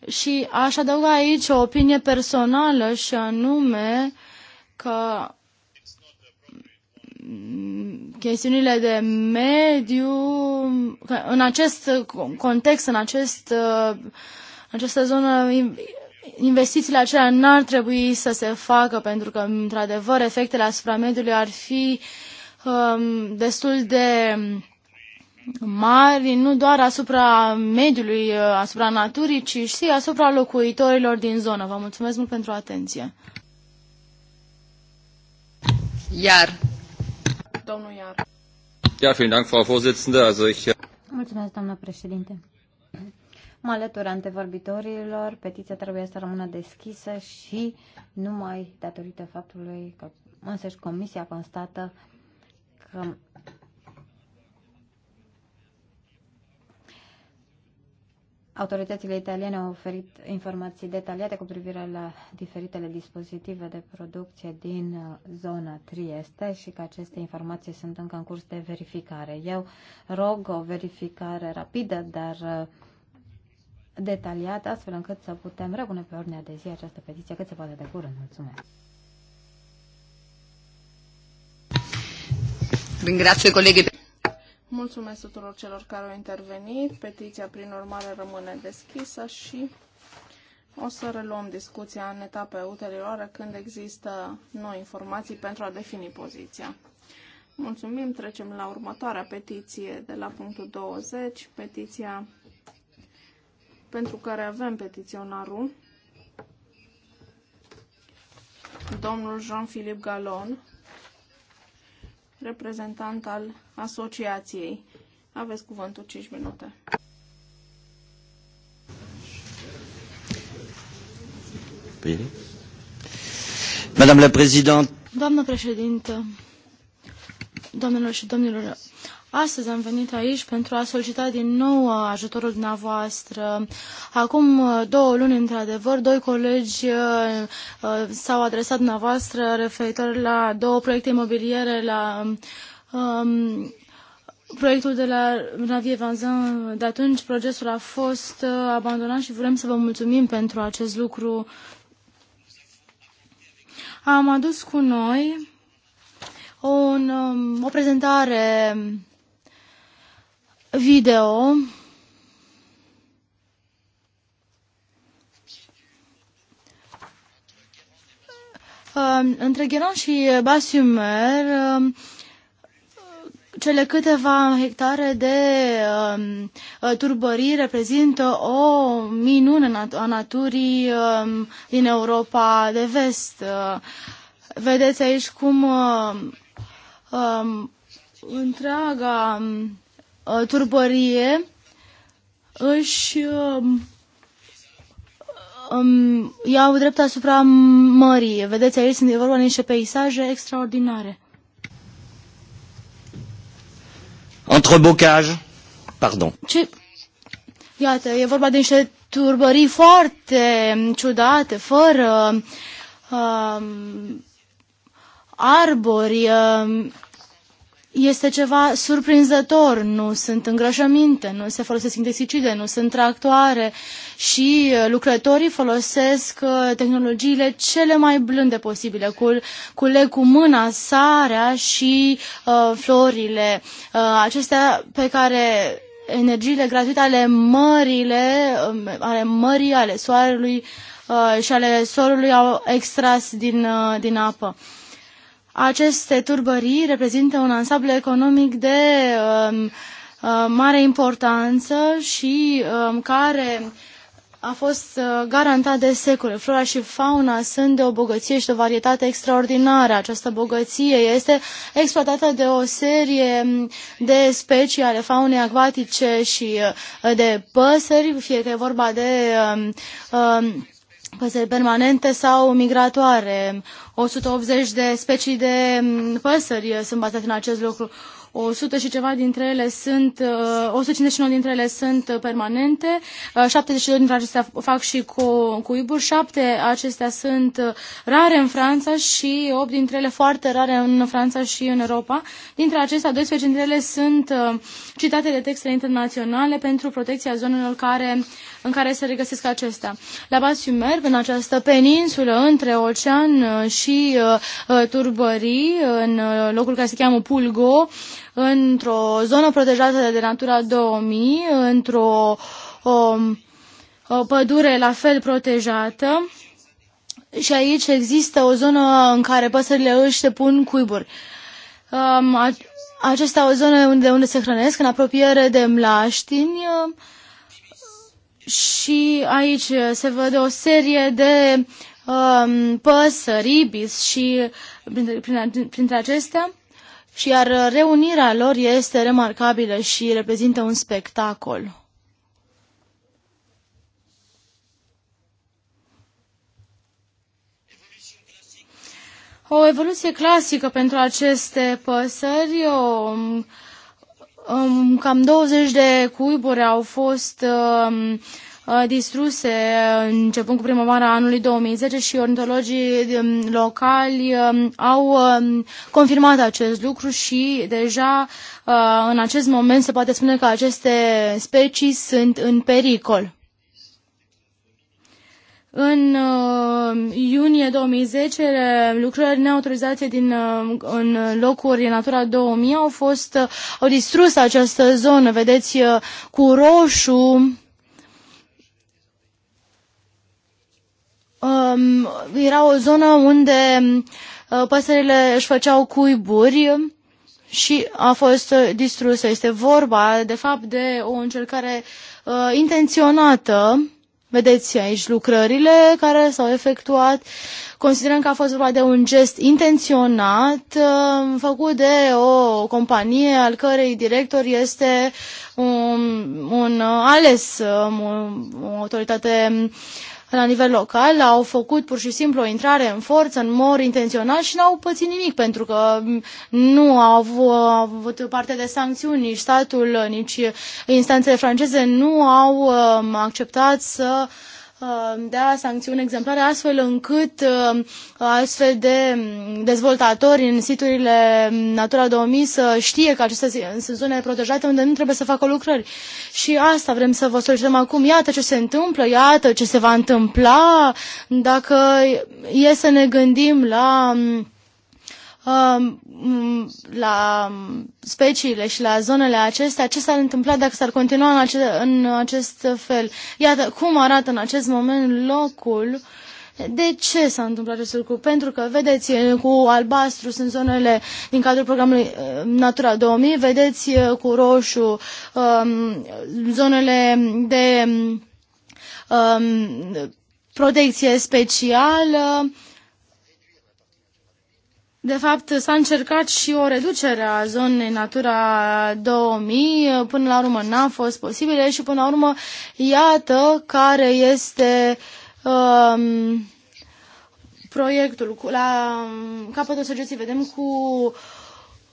Și aș adăuga aici o opinie personală și anume că chestiunile de mediu, în acest context, în acest, uh, în această zonă investițiile acelea n-ar trebui să se facă pentru că, într-adevăr, efectele asupra mediului ar fi um, destul de mari, nu doar asupra mediului, uh, asupra naturii, ci și asupra locuitorilor din zonă. Vă mulțumesc mult pentru atenție. Iar. Domnul Iar. Ja, vielen Dank, Frau Vorsitzende. Also ich... Mulțumesc, doamnă președinte. Mă alătur antevorbitorilor, petiția trebuie să rămână deschisă și numai datorită faptului că însăși Comisia constată că Autoritățile italiene au oferit informații detaliate cu privire la diferitele dispozitive de producție din uh, zona Trieste și că aceste informații sunt încă în curs de verificare. Eu rog o verificare rapidă, dar uh, detaliat, astfel încât să putem răgune pe ordinea de zi această petiție cât se poate de curând. Mulțumesc! Mulțumesc tuturor celor care au intervenit. Petiția, prin urmare, rămâne deschisă și o să reluăm discuția în etape ulterioare când există noi informații pentru a defini poziția. Mulțumim, trecem la următoarea petiție de la punctul 20, petiția pentru care avem petiționarul, domnul Jean-Philippe Galon, reprezentant al asociației. Aveți cuvântul 5 minute. Madame la Présidente. Doamnă președintă, doamnelor și domnilor, Astăzi am venit aici pentru a solicita din nou ajutorul dumneavoastră. Acum uh, două luni, într-adevăr, doi colegi uh, uh, s-au adresat dumneavoastră referitor la două proiecte imobiliare la um, proiectul de la Ravie Vanzan, de atunci procesul a fost abandonat și vrem să vă mulțumim pentru acest lucru. Am adus cu noi un, um, o prezentare video um, între Gheron și Basiumer, um, cele câteva hectare de um, uh, turbării reprezintă o minune a naturii din Europa de vest. Uh, vedeți aici cum uh, întreaga Uh, turbărie își um, um, iau drept asupra mării. Vedeți, aici sunt de vorba niște peisaje extraordinare. Între bocaj, pardon. Ce? Iată, e vorba de niște turbării foarte ciudate, fără um, arbori, um, este ceva surprinzător, nu sunt îngrășăminte, nu se folosesc insecticide, nu sunt tractoare și uh, lucrătorii folosesc uh, tehnologiile cele mai blânde posibile, cu, culeg cu mâna sarea și uh, florile, uh, acestea pe care energiile gratuite ale mările, um, ale mării, ale soarelui uh, și ale solului au extras din, uh, din apă. Aceste turbării reprezintă un ansamblu economic de um, uh, mare importanță și um, care a fost uh, garantat de secole. Flora și fauna sunt de o bogăție și de o varietate extraordinară. Această bogăție este exploatată de o serie um, de specii ale faunei acvatice și uh, de păsări, fie că e vorba de um, um păsări permanente sau migratoare. 180 de specii de mm, păsări sunt bazate în acest lucru. 100 și ceva dintre ele sunt, 159 uh, dintre ele sunt permanente, 72 uh, dintre acestea fac și cu, cu 7 acestea sunt uh, rare în Franța și 8 dintre ele foarte rare în Franța și în Europa. Dintre acestea, 12 dintre ele sunt citate de textele internaționale pentru protecția zonelor care în care se regăsesc acestea. La Basiumer, în această peninsulă între ocean uh, și uh, uh, turbării, în uh, locul care se cheamă Pulgo, într-o zonă protejată de Natura 2000, într-o um, o pădure la fel protejată și aici există o zonă în care păsările își se pun cuiburi. Um, a, acesta o zonă unde, unde se hrănesc, în apropiere de mlaștini, și aici uh, se vede o serie de um, păsări, ibis și printre, printre, acestea. Și iar uh, reunirea lor este remarcabilă și reprezintă un spectacol. O evoluție clasică pentru aceste păsări, o um, cam 20 de cuiburi au fost um, uh, distruse uh, începând cu primăvara anului 2010 și ornitologii um, locali um, au um, confirmat acest lucru și deja uh, în acest moment se poate spune că aceste specii sunt în pericol. În uh, iunie 2010, lucrări neautorizate din, uh, în locuri Natura 2000 au fost uh, au distrus această zonă, vedeți, uh, cu roșu. Um, era o zonă unde uh, păsările își făceau cuiburi și a fost uh, distrusă. Este vorba, de fapt, de o încercare uh, intenționată Vedeți aici lucrările care s-au efectuat. Considerăm că a fost vorba de un gest intenționat um, făcut de o companie al cărei director este un, un ales, um, o autoritate la nivel local, au făcut pur și simplu o intrare în forță, în mor intenționat și n-au pățit nimic pentru că mm, nu au avut, avut parte de sancțiuni, nici statul, nici instanțele franceze nu au mm, acceptat să da sancțiuni exemplare, astfel încât uh, astfel de um, dezvoltatori în siturile um, Natura 2000 să știe că acestea sunt zone protejate unde nu trebuie să facă lucrări. Și asta vrem să vă solicităm acum. Iată ce se întâmplă, iată ce se va întâmpla dacă e să ne gândim la um, Um, mm, la speciile și la zonele acestea, ce s-ar întâmpla dacă s-ar continua în, acest, în acest fel. Iată cum arată în acest moment locul. De ce s-a întâmplat acest lucru? Pentru că, vedeți, cu albastru sunt zonele din cadrul programului uh, Natura 2000, vedeți cu roșu um, zonele de um, protecție specială, de fapt, s-a încercat și o reducere a zonei Natura 2000, până la urmă n-a fost posibilă și până la urmă iată care este um, proiectul. La capătul săgeții vedem cu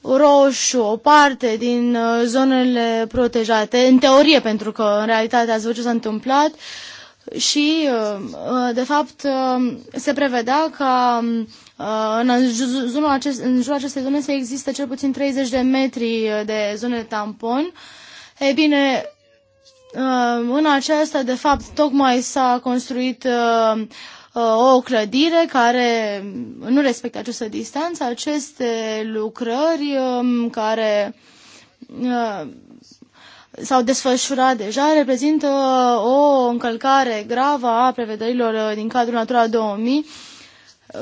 roșu o parte din uh, zonele protejate, în teorie pentru că în realitate ați văzut ce s-a întâmplat, uh, și, uh, de fapt, uh, se prevedea că uh, în, jurul acest, în jurul acestei zone să există cel puțin 30 de metri de zone tampon. E bine, în aceasta, de fapt, tocmai s-a construit o clădire care nu respectă această distanță, aceste lucrări um, care s-au desfășurat deja reprezintă uh, o încălcare gravă a prevederilor uh, din cadrul Natura 2000.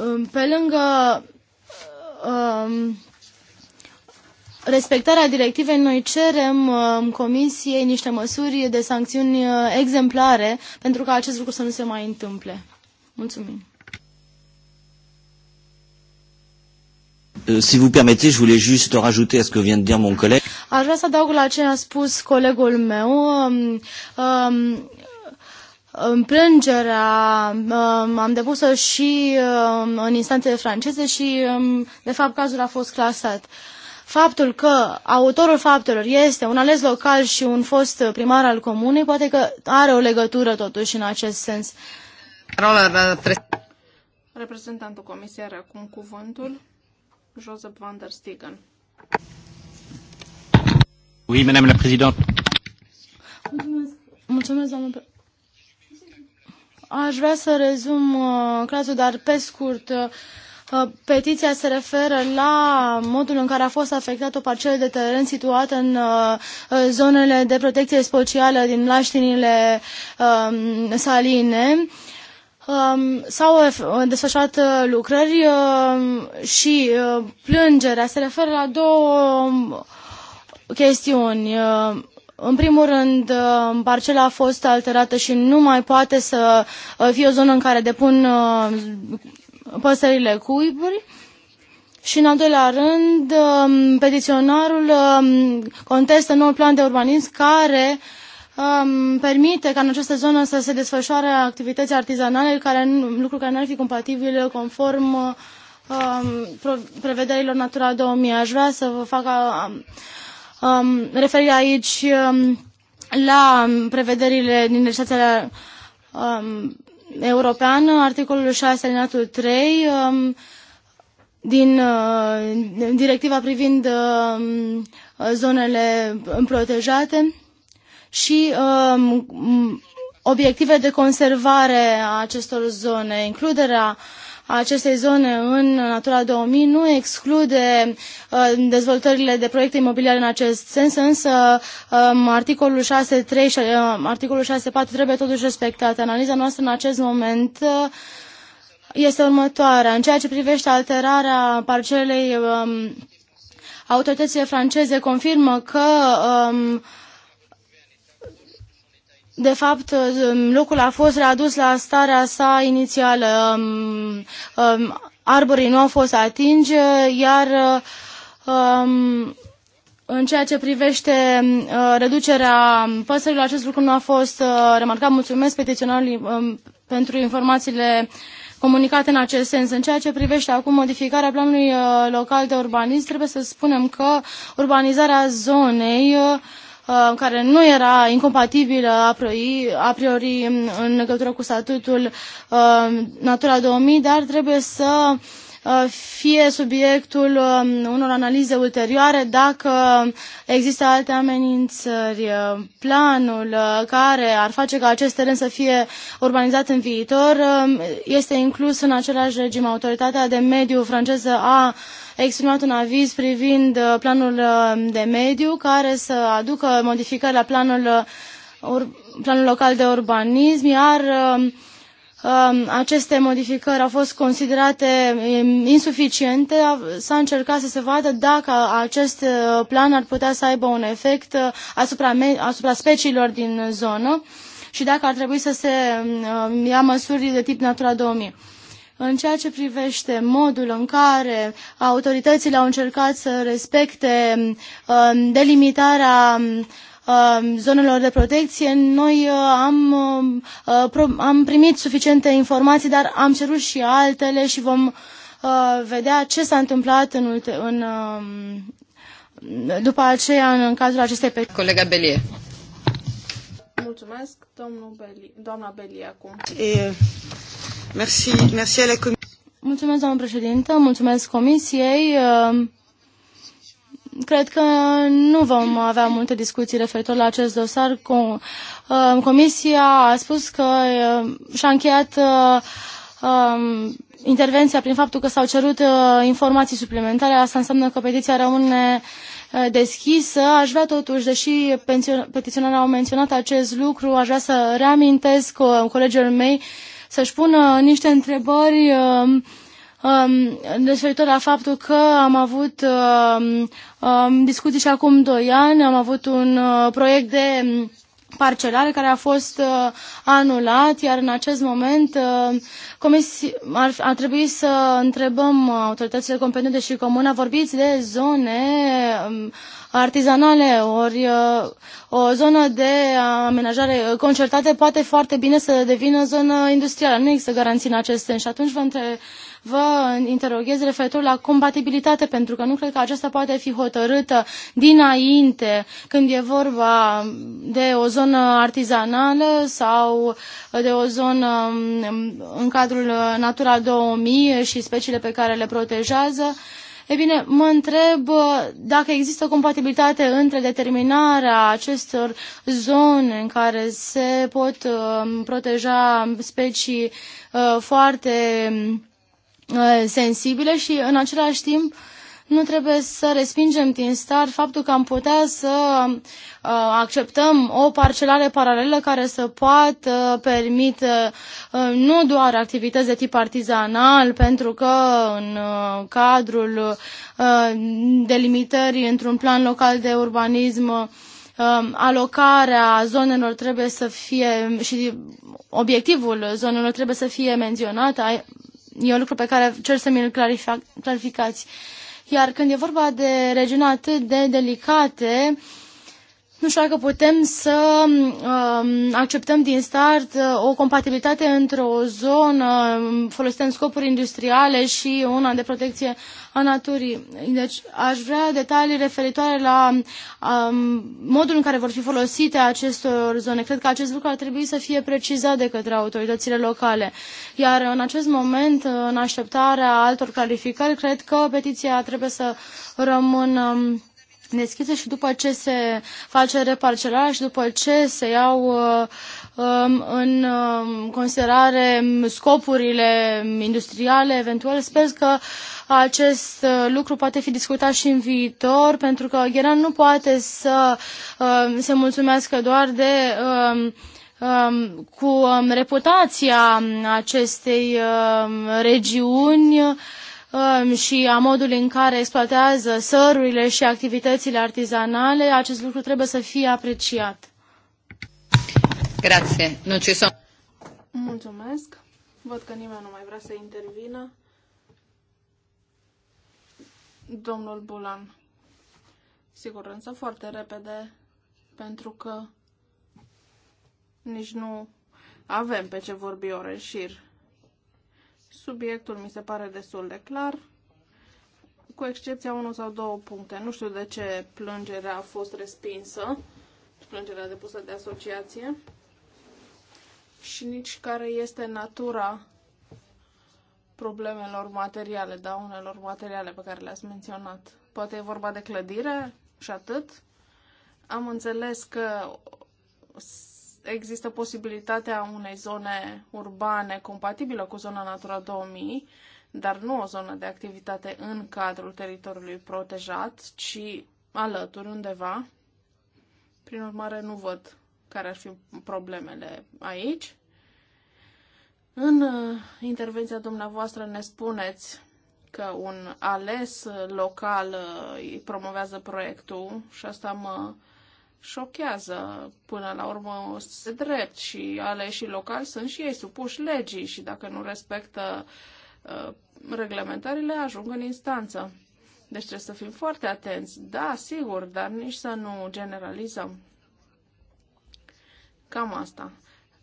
Um, pe lângă um, respectarea directivei, noi cerem um, Comisiei niște măsuri de sancțiuni uh, exemplare pentru ca acest lucru să nu se mai întâmple. Mulțumim. Euh, si vous permettez, je voulais juste rajouter à ce que vient de dire mon collègue. Aș vrea să adaug la ce a spus colegul meu. Um, um, în plângerea um, am depus-o și um, în instanțele franceze și, um, de fapt, cazul a fost clasat. Faptul că autorul faptelor este un ales local și un fost primar al comunei, poate că are o legătură totuși în acest sens. reprezentantul comisiei are acum cuvântul. Joseph van der Stegen. Oui, madame la présidente. Mulțumesc, doamnă Aș vrea să rezum uh, cazul, dar pe scurt. Uh, petiția se referă la modul în care a fost afectată o parcelă de teren situată în uh, zonele de protecție specială din laștinile um, saline Um, s-au desfășurat uh, lucrări um, și uh, plângerea se referă la două um, chestiuni. Uh, în primul rând, parcela a fost alterată și nu mai poate să fie o zonă în care depun păsările cuiburi. Și în al doilea rând, petiționarul contestă noul plan de urbanism care um, permite ca în această zonă să se desfășoare activități artizanale, care, lucru care nu ar fi compatibil conform um, prevederilor Natura 2000. Aș vrea să vă fac um, um, referire aici um, la prevederile din legislația um, europeană, articolul 6, alineatul 3, um, din uh, directiva privind uh, zonele protejate și um, obiective de conservare a acestor zone. Includerea acestei zone în Natura 2000 nu exclude uh, dezvoltările de proiecte imobiliare în acest sens, însă um, articolul 6.3 și uh, articolul 6.4 trebuie totuși respectate. Analiza noastră în acest moment uh, este următoarea. În ceea ce privește alterarea parcelei, um, autoritățile franceze confirmă că um, de fapt, um, locul a fost readus la starea sa inițială. Um, um, arborii nu au fost atingi, iar în ceea ce privește reducerea păsărilor, acest lucru nu a fost uh, remarcat. Mulțumesc petiționarului pentru informațiile comunicate în acest sens. În ceea ce privește acum modificarea planului uh, local de urbanism, trebuie să spunem că urbanizarea zonei uh, Uh, care nu era incompatibilă a priori, a priori um, în legătură cu statutul uh, Natura 2000, dar trebuie să uh, fie subiectul um, unor analize ulterioare dacă există alte amenințări. Planul care ar face ca acest teren să fie urbanizat în viitor um, este inclus în același regim. Autoritatea de mediu franceză a exprimat un aviz privind uh, planul uh, de mediu care să aducă modificări la planul, uh, planul local de urbanism, iar um, aceste modificări au fost considerate um, insuficiente, s-a încercat să se vadă dacă acest plan ar putea să aibă un efect asupra, asupra speciilor din zonă și dacă ar trebui să se um, ia măsuri de tip Natura 2000. În ceea ce privește modul în care autoritățile au încercat să respecte um, delimitarea um, zonelor de protecție, noi uh, am, uh, am primit suficiente informații, dar am cerut și altele și vom uh, vedea ce s-a întâmplat în, în, um, după aceea în, în cazul acestei pe... Colega Belie. Mulțumesc, domnul Belie, doamna Belie acum. E... Merci, merci la Mulțumesc, doamnă președintă, mulțumesc comisiei. Um, cred că nu vom avea multe discuții referitor la acest dosar. Um, comisia a spus că um, și-a încheiat intervenția prin faptul că s-au cerut uh, informații suplimentare. Asta înseamnă că petiția rămâne uh, deschisă. Aș vrea totuși, deși petiționarea au menționat acest lucru, aș vrea să reamintesc colegilor mei să-și pună niște întrebări um, um, referitor la faptul că am avut um, discuții și acum doi ani, am avut un uh, proiect de parcelare care a fost uh, anulat, iar în acest moment uh, ar, ar trebui să întrebăm autoritățile competente și comuna, vorbiți de zone artizanale, ori uh, o zonă de amenajare concertată poate foarte bine să devină zonă industrială. Nu există garanții în acest sens și atunci vă, între, vă interoghez referitor la compatibilitate, pentru că nu cred că aceasta poate fi hotărâtă dinainte, când e vorba de o zonă artizanală sau de o zonă mm, în cadrul Natura 2000 și speciile pe care le protejează E bine, mă întreb uh, dacă există compatibilitate între determinarea acestor zone în care se pot um, proteja specii uh, foarte uh, sensibile și în același timp nu trebuie să respingem din start faptul că am putea să uh, acceptăm o parcelare paralelă care să poată permite uh, nu doar activități de tip artizanal, pentru că în uh, cadrul delimitării într-un plan local de urbanism alocarea zonelor trebuie să fie și obiectivul zonelor trebuie să fie menționat. E un lucru pe care cer să mi-l clarificați. Iar când e vorba de regiuni atât de delicate, nu știu dacă putem să um, acceptăm din start uh, o compatibilitate între o zonă um, folosită în scopuri industriale și una de protecție a naturii. Deci aș vrea detalii referitoare la um, modul în care vor fi folosite aceste zone. Cred că acest lucru ar trebui să fie precizat de către autoritățile locale. Iar în acest moment, în așteptarea altor calificări, cred că petiția trebuie să rămână um, deschise și după ce se face reparcelarea și după ce se iau uh, um, în um, considerare scopurile industriale eventual. Sper că acest uh, lucru poate fi discutat și în viitor, pentru că Gheran nu poate să um, se mulțumească doar de cu reputația acestei regiuni Um, și a modului în care exploatează sărurile și activitățile artizanale, acest lucru trebuie să fie apreciat. Grazie. Nu ci sunt. Mulțumesc. Văd că nimeni nu mai vrea să intervină. Domnul Bulan. Sigur, însă foarte repede, pentru că nici nu avem pe ce vorbi o reșir. Subiectul mi se pare destul de clar, cu excepția unul sau două puncte. Nu știu de ce plângerea a fost respinsă, plângerea depusă de asociație, și nici care este natura problemelor materiale, daunelor materiale pe care le-ați menționat. Poate e vorba de clădire și atât. Am înțeles că există posibilitatea unei zone urbane compatibilă cu zona Natura 2000, dar nu o zonă de activitate în cadrul teritoriului protejat, ci alături undeva. Prin urmare, nu văd care ar fi problemele aici. În uh, intervenția dumneavoastră ne spuneți că un ales local uh, îi promovează proiectul și asta mă șochează. Până la urmă se drept și aleșii locali sunt și ei supuși legii și dacă nu respectă uh, reglementările ajung în instanță. Deci trebuie să fim foarte atenți. Da, sigur, dar nici să nu generalizăm. Cam asta.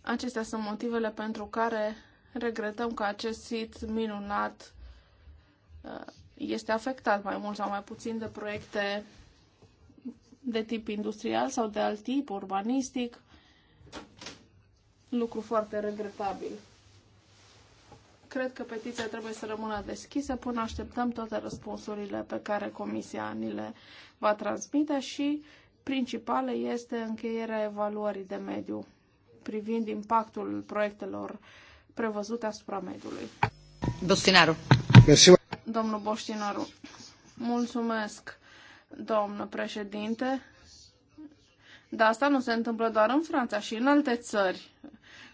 Acestea sunt motivele pentru care regretăm că acest sit minunat uh, este afectat mai mult sau mai puțin de proiecte de tip industrial sau de alt tip, urbanistic. Lucru foarte regretabil. Cred că petiția trebuie să rămână deschisă până așteptăm toate răspunsurile pe care Comisia ni le va transmite și principală este încheierea evaluării de mediu privind impactul proiectelor prevăzute asupra mediului. Bostinaru. Domnul Boștinaru, mulțumesc doamnă președinte. Dar asta nu se întâmplă doar în Franța, și în alte țări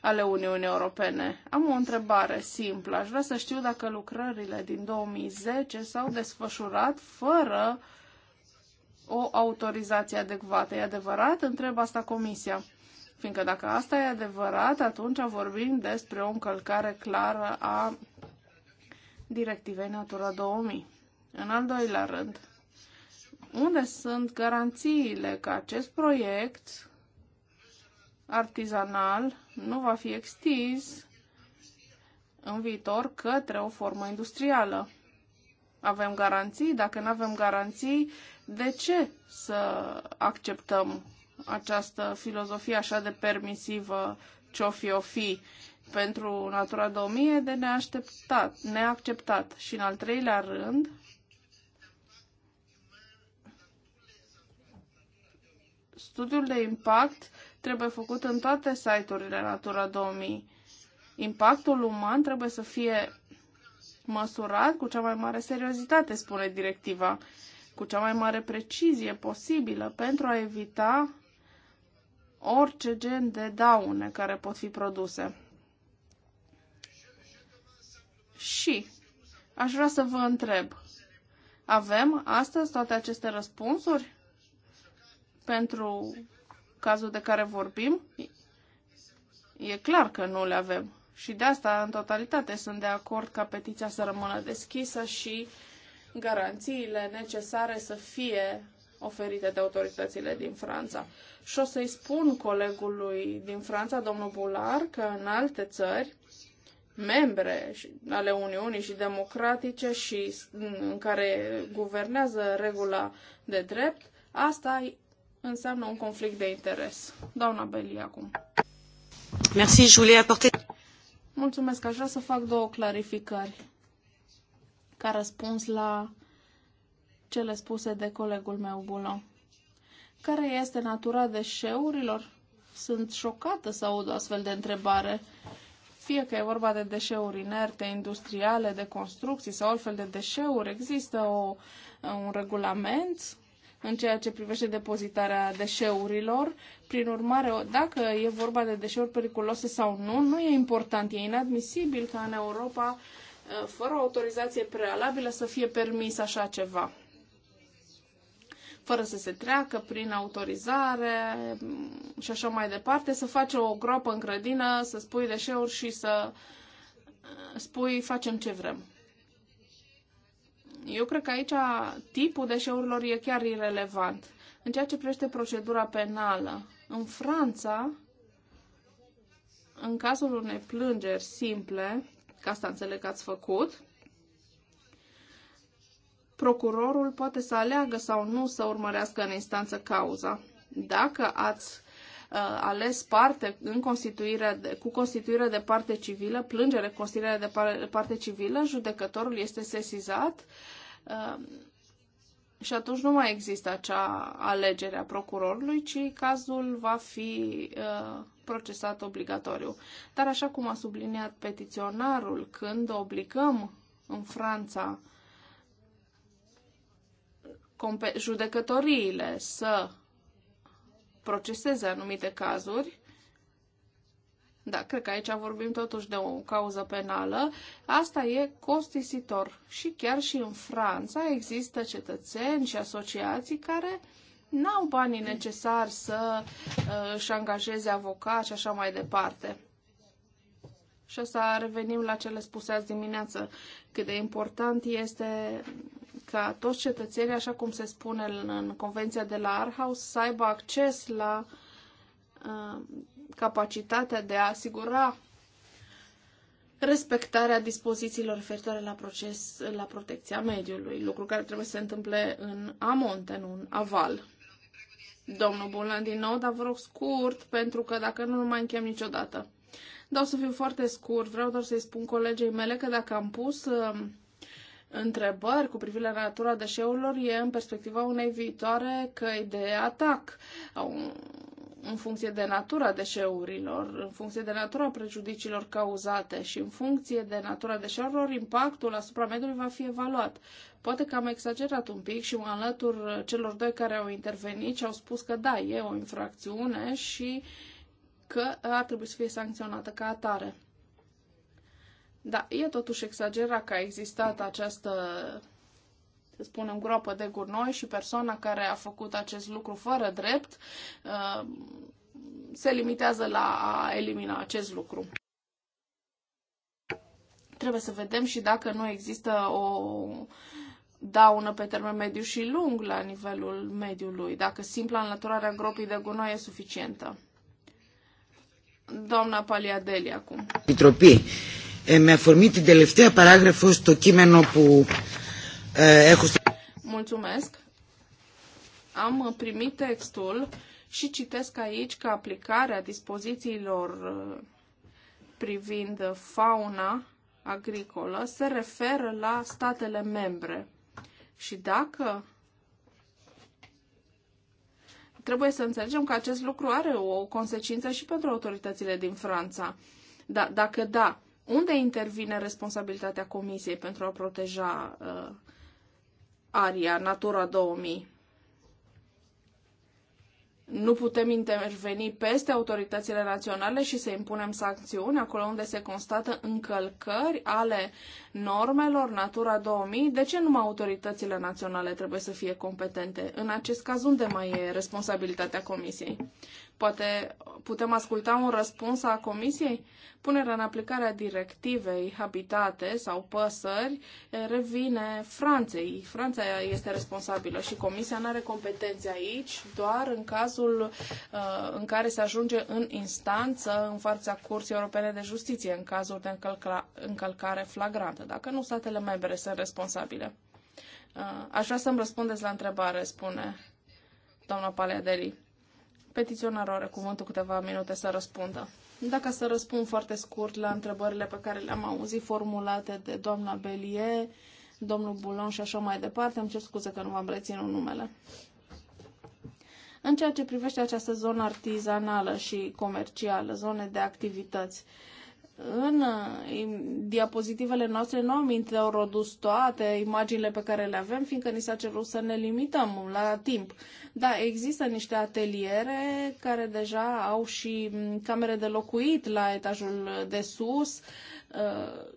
ale Uniunii Europene. Am o întrebare simplă. Aș vrea să știu dacă lucrările din 2010 s-au desfășurat fără o autorizație adecvată. E adevărat? Întreb asta Comisia. Fiindcă dacă asta e adevărat, atunci vorbim despre o încălcare clară a directivei Natura 2000. În al doilea rând, unde sunt garanțiile că acest proiect artizanal nu va fi extins în viitor către o formă industrială? Avem garanții? Dacă nu avem garanții, de ce să acceptăm această filozofie așa de permisivă ce-o fi o fi pentru Natura 2000 de neașteptat, neacceptat. Și în al treilea rând, Studiul de impact trebuie făcut în toate site-urile Natura 2000. Impactul uman trebuie să fie măsurat cu cea mai mare seriozitate, spune directiva, cu cea mai mare precizie posibilă pentru a evita orice gen de daune care pot fi produse. Și aș vrea să vă întreb, avem astăzi toate aceste răspunsuri? pentru cazul de care vorbim, e clar că nu le avem. Și de asta, în totalitate, sunt de acord ca petiția să rămână deschisă și garanțiile necesare să fie oferite de autoritățile din Franța. Și o să-i spun colegului din Franța, domnul Bular, că în alte țări, membre ale Uniunii și democratice și în care guvernează regula de drept, asta înseamnă un conflict de interes. Doamna Beli, acum. Merci, Julie, apporte... Mulțumesc, aș vrea să fac două clarificări ca răspuns la cele spuse de colegul meu, Bulon. Care este natura deșeurilor? Sunt șocată să aud o astfel de întrebare. Fie că e vorba de deșeuri inerte, industriale, de construcții sau altfel de deșeuri, există o, un regulament în ceea ce privește depozitarea deșeurilor. Prin urmare, dacă e vorba de deșeuri periculoase sau nu, nu e important. E inadmisibil ca în Europa, ă, fără autorizație prealabilă, să fie permis așa ceva fără să se treacă prin autorizare și așa mai departe, să face o groapă în grădină, să spui deșeuri și să ă, spui facem ce vrem. Eu cred că aici tipul deșeurilor e chiar irelevant. În ceea ce privește procedura penală, în Franța, în cazul unei plângeri simple, ca asta înțeleg că ați făcut, procurorul poate să aleagă sau nu să urmărească în instanță cauza. Dacă ați Uh, ales parte în constituirea de, cu constituirea de parte civilă, plângere constituirea de parte civilă, judecătorul este sesizat uh, și atunci nu mai există acea alegere a procurorului, ci cazul va fi uh, procesat obligatoriu. Dar așa cum a subliniat petiționarul, când obligăm în Franța judecătoriile să proceseze anumite cazuri. Da, cred că aici vorbim totuși de o cauză penală. Asta e costisitor. Și chiar și în Franța există cetățeni și asociații care n-au banii necesari să uh, își angajeze avocați, și așa mai departe. Și asta revenim la cele spuse azi dimineață, cât de important este ca toți cetățenii, așa cum se spune în Convenția de la Arhaus, să aibă acces la uh, capacitatea de a asigura respectarea dispozițiilor referitoare la, proces, la protecția mediului, lucru care trebuie să se întâmple în amonte, nu în aval. Domnul Bulan din nou, dar vă rog scurt, pentru că dacă nu, nu mai închem niciodată. Dar o să fiu foarte scurt, vreau doar să-i spun colegei mele că dacă am pus uh, întrebări cu privire la natura deșeurilor e în perspectiva unei viitoare căi de atac în funcție de natura deșeurilor, în funcție de natura prejudiciilor cauzate și în funcție de natura deșeurilor, impactul asupra mediului va fi evaluat. Poate că am exagerat un pic și mă alătur celor doi care au intervenit și au spus că da, e o infracțiune și că ar trebui să fie sancționată ca atare. Da, e totuși exagerat că a existat această, să spunem, groapă de gunoi și persoana care a făcut acest lucru fără drept uh, se limitează la a elimina acest lucru. Trebuie să vedem și dacă nu există o daună pe termen mediu și lung la nivelul mediului, dacă simpla înlăturarea gropii de gunoi e suficientă. Doamna Paliadeli acum. Pitropie ε, με αφορμή την τελευταία παράγραφο στο κείμενο που ε, έχω στο... Mulțumesc! Am primit textul și citesc aici că aplicarea dispozițiilor uh, privind fauna agricolă se referă la statele membre. Și dacă trebuie să înțelegem că acest lucru are o consecință și pentru autoritățile din Franța. Da, dacă da, unde intervine responsabilitatea Comisiei pentru a proteja uh, aria Natura 2000? Nu putem interveni peste autoritățile naționale și să impunem sancțiuni acolo unde se constată încălcări ale normelor Natura 2000. De ce numai autoritățile naționale trebuie să fie competente? În acest caz, unde mai e responsabilitatea Comisiei? Poate putem asculta un răspuns a Comisiei? Punerea în aplicare a directivei habitate sau păsări eh, revine Franței. Franța este responsabilă și Comisia nu are competențe aici, doar în cazul eh, în care se ajunge în instanță în fața Curții Europene de Justiție, în cazul de încălca, încălcare flagrantă, dacă nu statele membre sunt responsabile. Așa eh, aș vrea să-mi răspundeți la întrebare, spune doamna Paleadeli. Petiționarul are cuvântul câteva minute să răspundă. Dacă să răspund foarte scurt la întrebările pe care le-am auzit formulate de doamna Belie, domnul Bulon și așa mai departe, îmi cer scuze că nu v-am reținut numele. În ceea ce privește această zonă artizanală și comercială, zone de activități, uh, în uh, diapozitivele noastre nu am introdus toate imaginile pe care le avem, fiindcă ni s-a cerut să ne limităm la timp. Da, există niște ateliere care deja au și mm, camere de locuit la etajul de sus, uh,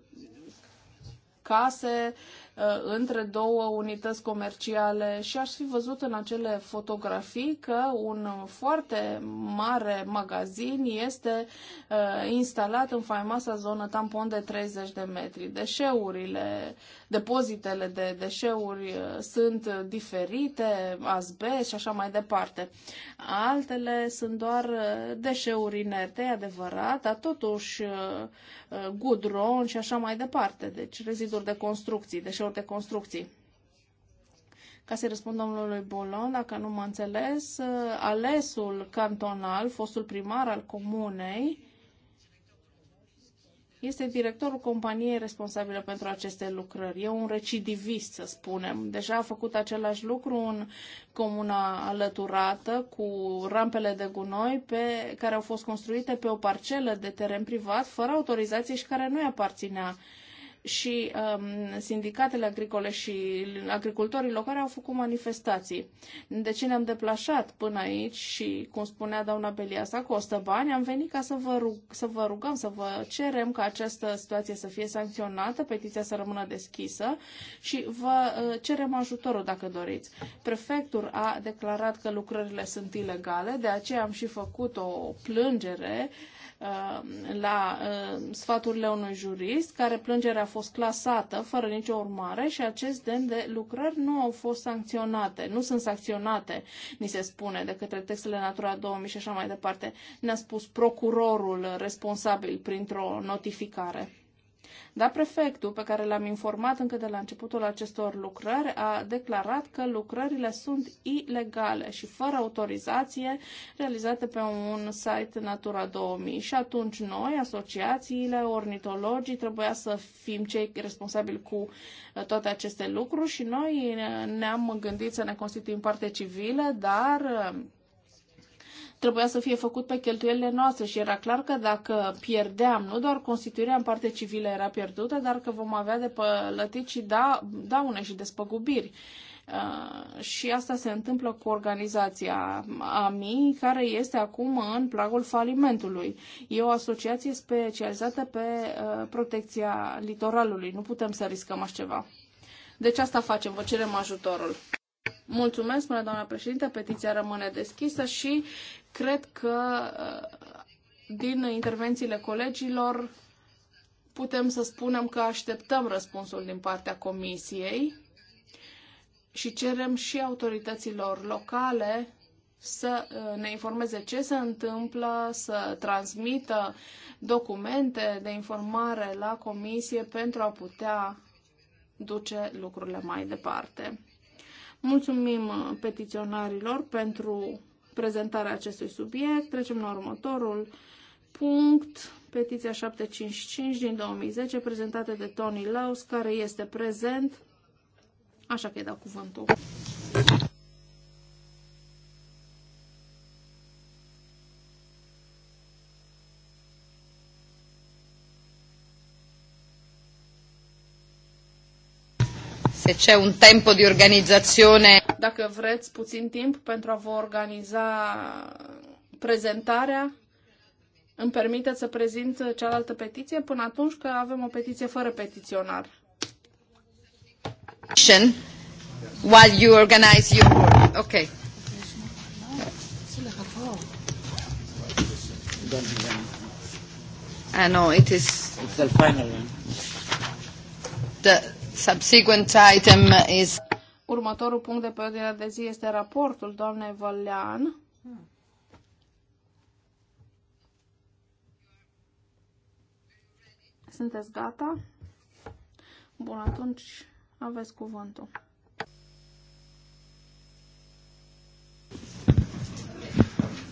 case, Uh, între două unități comerciale și aș fi văzut în acele fotografii că un foarte mare magazin este uh, instalat în faimoasa zonă tampon de 30 de metri. Deșeurile depozitele de deșeuri uh, sunt diferite, azbe și așa mai departe. Altele sunt doar uh, deșeuri inerte, adevărat, dar totuși uh, gudron și așa mai departe, deci reziduri de construcții, deșeuri de construcții ca să-i răspund domnului Bolon, dacă nu mă înțeles, alesul cantonal, fostul primar al comunei, este directorul companiei responsabilă pentru aceste lucrări. E un recidivist, să spunem. Deja a făcut același lucru în comuna alăturată cu rampele de gunoi pe, care au fost construite pe o parcelă de teren privat fără autorizație și care nu i aparținea uh, și um, sindicatele agricole și agricultorii locali au făcut manifestații. De ce ne-am deplasat până aici și, cum spunea doamna Beliasa, costă bani, am venit ca să vă, rug, să vă rugăm, să vă cerem ca această situație să fie sancționată, petiția să rămână deschisă și vă uh, cerem ajutorul dacă doriți. Prefectul a declarat că lucrările sunt ilegale, de aceea am și făcut o plângere uh, Uh, la uh, sfaturile unui jurist, care plângerea a fost clasată fără nicio urmare și acest den de lucrări nu au fost sancționate, nu sunt sancționate, ni se spune, de către textele Natura 2000 și așa mai departe. Ne-a spus procurorul responsabil printr-o notificare. Dar prefectul, pe care l-am informat încă de la începutul acestor lucrări, a declarat că lucrările sunt ilegale și fără autorizație realizate pe un site Natura 2000. Și atunci noi, asociațiile, ornitologii, trebuia să fim cei responsabili cu uh, toate aceste lucruri și noi uh, ne-am gândit să ne constituim parte civilă, dar uh, trebuia să fie făcut pe cheltuielile noastre și era clar că dacă pierdeam, nu doar constituirea în parte civilă era pierdută, dar că vom avea de plătit și da, daune și despăgubiri. Uh, și asta se întâmplă cu organizația AMI, care este acum în plagul falimentului. E o asociație specializată pe uh, protecția litoralului. Nu putem să riscăm așa ceva. Deci asta facem, vă cerem ajutorul. Mulțumesc, până doamna președinte, petiția rămâne deschisă și Cred că uh, din intervențiile colegilor putem să spunem că așteptăm răspunsul din partea Comisiei și cerem și autorităților locale să uh, ne informeze ce se întâmplă, să transmită documente de informare la comisie pentru a putea duce lucrurile mai departe. Mulțumim uh, petiționarilor pentru prezentarea acestui subiect. Trecem la următorul punct, petiția 755 din 2010, prezentată de Tony Laus, care este prezent. Așa că îi dau cuvântul. se c'è un tempo di organizzazione. Dacă vreți puțin timp pentru a vă organiza prezentarea, îmi permiteți să prezint cealaltă petiție până atunci că avem o petiție fără petiționar. While you organize your work. Okay. I ah, know it is. It's the final one. The Subsequent item is... Următorul punct de pe ordinea de zi este raportul doamnei Vălean. Sunteți gata? Bun, atunci aveți cuvântul.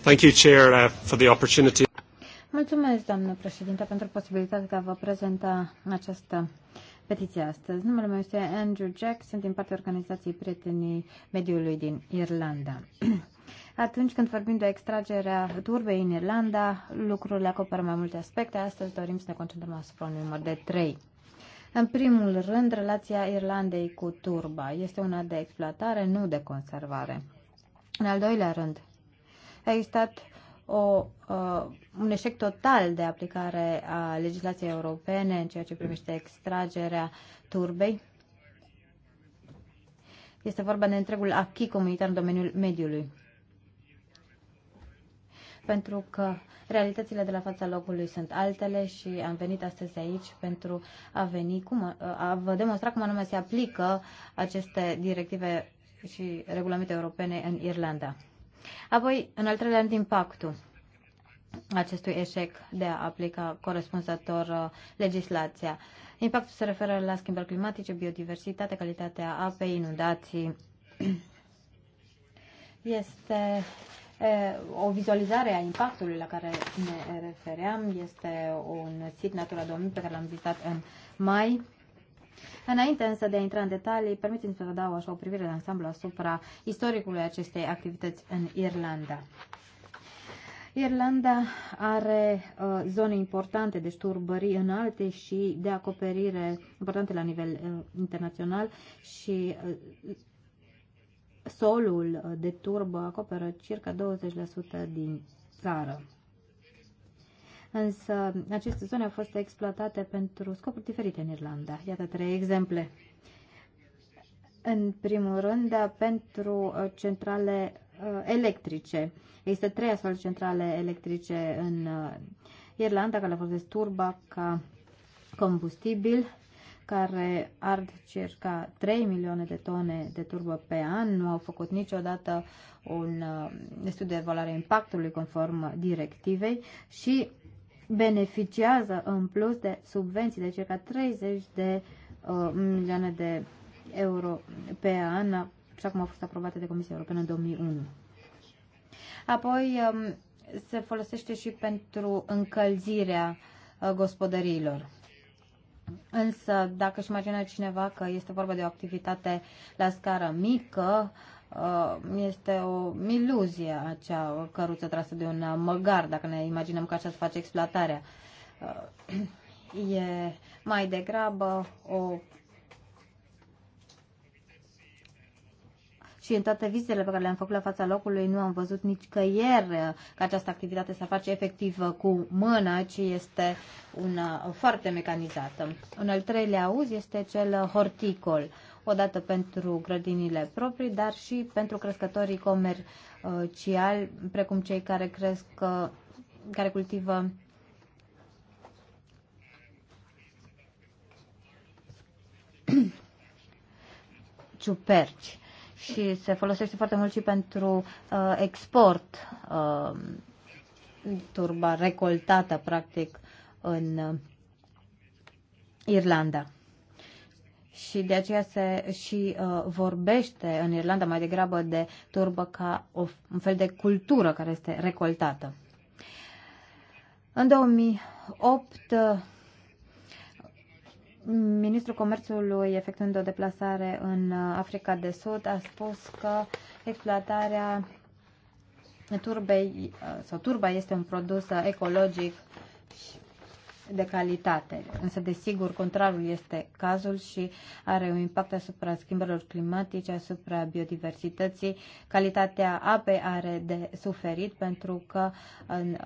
Thank you, Chair, uh, for the opportunity. Mulțumesc, doamnă președinte, pentru posibilitatea de a vă prezenta această uh, petiția astăzi. Numele meu este Andrew Jack, sunt din partea organizației Prietenii Mediului din Irlanda. [CLEARS THROAT] Atunci când vorbim de extragerea turbei în Irlanda, lucrurile acoperă mai multe aspecte. Astăzi dorim să ne concentrăm asupra unui număr de trei. În primul rând, relația Irlandei cu turba este una de exploatare, nu de conservare. În al doilea rând, a existat o, uh, un eșec total de aplicare a legislației europene în ceea ce privește extragerea turbei. Este vorba de întregul acquis comunitar în domeniul mediului. Pentru că realitățile de la fața locului sunt altele și am venit astăzi aici pentru a, veni cum, a vă demonstra cum anume se aplică aceste directive și regulamente europene în Irlanda. Apoi, în al treilea rând, impactul acestui eșec de a aplica corespunzător uh, legislația. Impactul se referă la schimbări climatice, biodiversitate, calitatea apei, inundații. [CLEARS THROAT] Este o vizualizare a impactului la care ne refeream. Este un sit Natura 2000 pe care l-am vizitat în mai Înainte însă de a intra în detalii, permiteți-mi să vă dau așa o privire de ansamblu asupra istoricului acestei activități în Irlanda. Irlanda are uh, zone importante de deci șturbării înalte și de acoperire importante la nivel uh, internațional și uh, solul uh, de turbă acoperă circa 20% din țară însă aceste zone au fost exploatate pentru scopuri diferite în Irlanda. Iată trei exemple. În primul rând, pentru uh, centrale uh, electrice. Există trei astfel de centrale electrice în uh, Irlanda care folosesc turba ca combustibil care ard circa 3 milioane de tone de turbă pe an. Nu au făcut niciodată un studiu de evaluare a impactului conform directivei și beneficiază în plus de subvenții de circa 30 de uh, milioane de euro pe an, așa cum au fost aprobate de Comisia Europeană în 2001. Apoi um, se folosește și pentru încălzirea uh, gospodăriilor. Însă, dacă își imagina cineva că este vorba de o activitate la scară mică, uh, Uh, este o iluzie acea căruță trasă de un măgar, dacă ne imaginăm că așa se face exploatarea. Uh, e mai degrabă o și în toate vizitele pe care le-am făcut la fața locului nu am văzut nici că ieri uh, că această activitate se face efectiv cu mâna, ci este una foarte mecanizată. Un al treilea auz este cel horticol odată pentru grădinile proprii, dar și pentru crescătorii comerciali, precum cei care cresc, care cultivă [CLEARS THROAT] ciuperci și se folosește foarte mult și pentru uh, export uh, turba recoltată practic în uh, Irlanda și de aceea se și uh, vorbește în Irlanda mai degrabă de turbă ca o, un fel de cultură care este recoltată. În 2008, ministrul comerțului, efectuând o deplasare în uh, Africa de Sud, a spus că exploatarea turbei uh, sau turba este un produs uh, ecologic de calitate. Însă, desigur, contrarul este cazul și are un impact asupra schimbărilor climatice, asupra biodiversității. Calitatea apei are de suferit pentru că în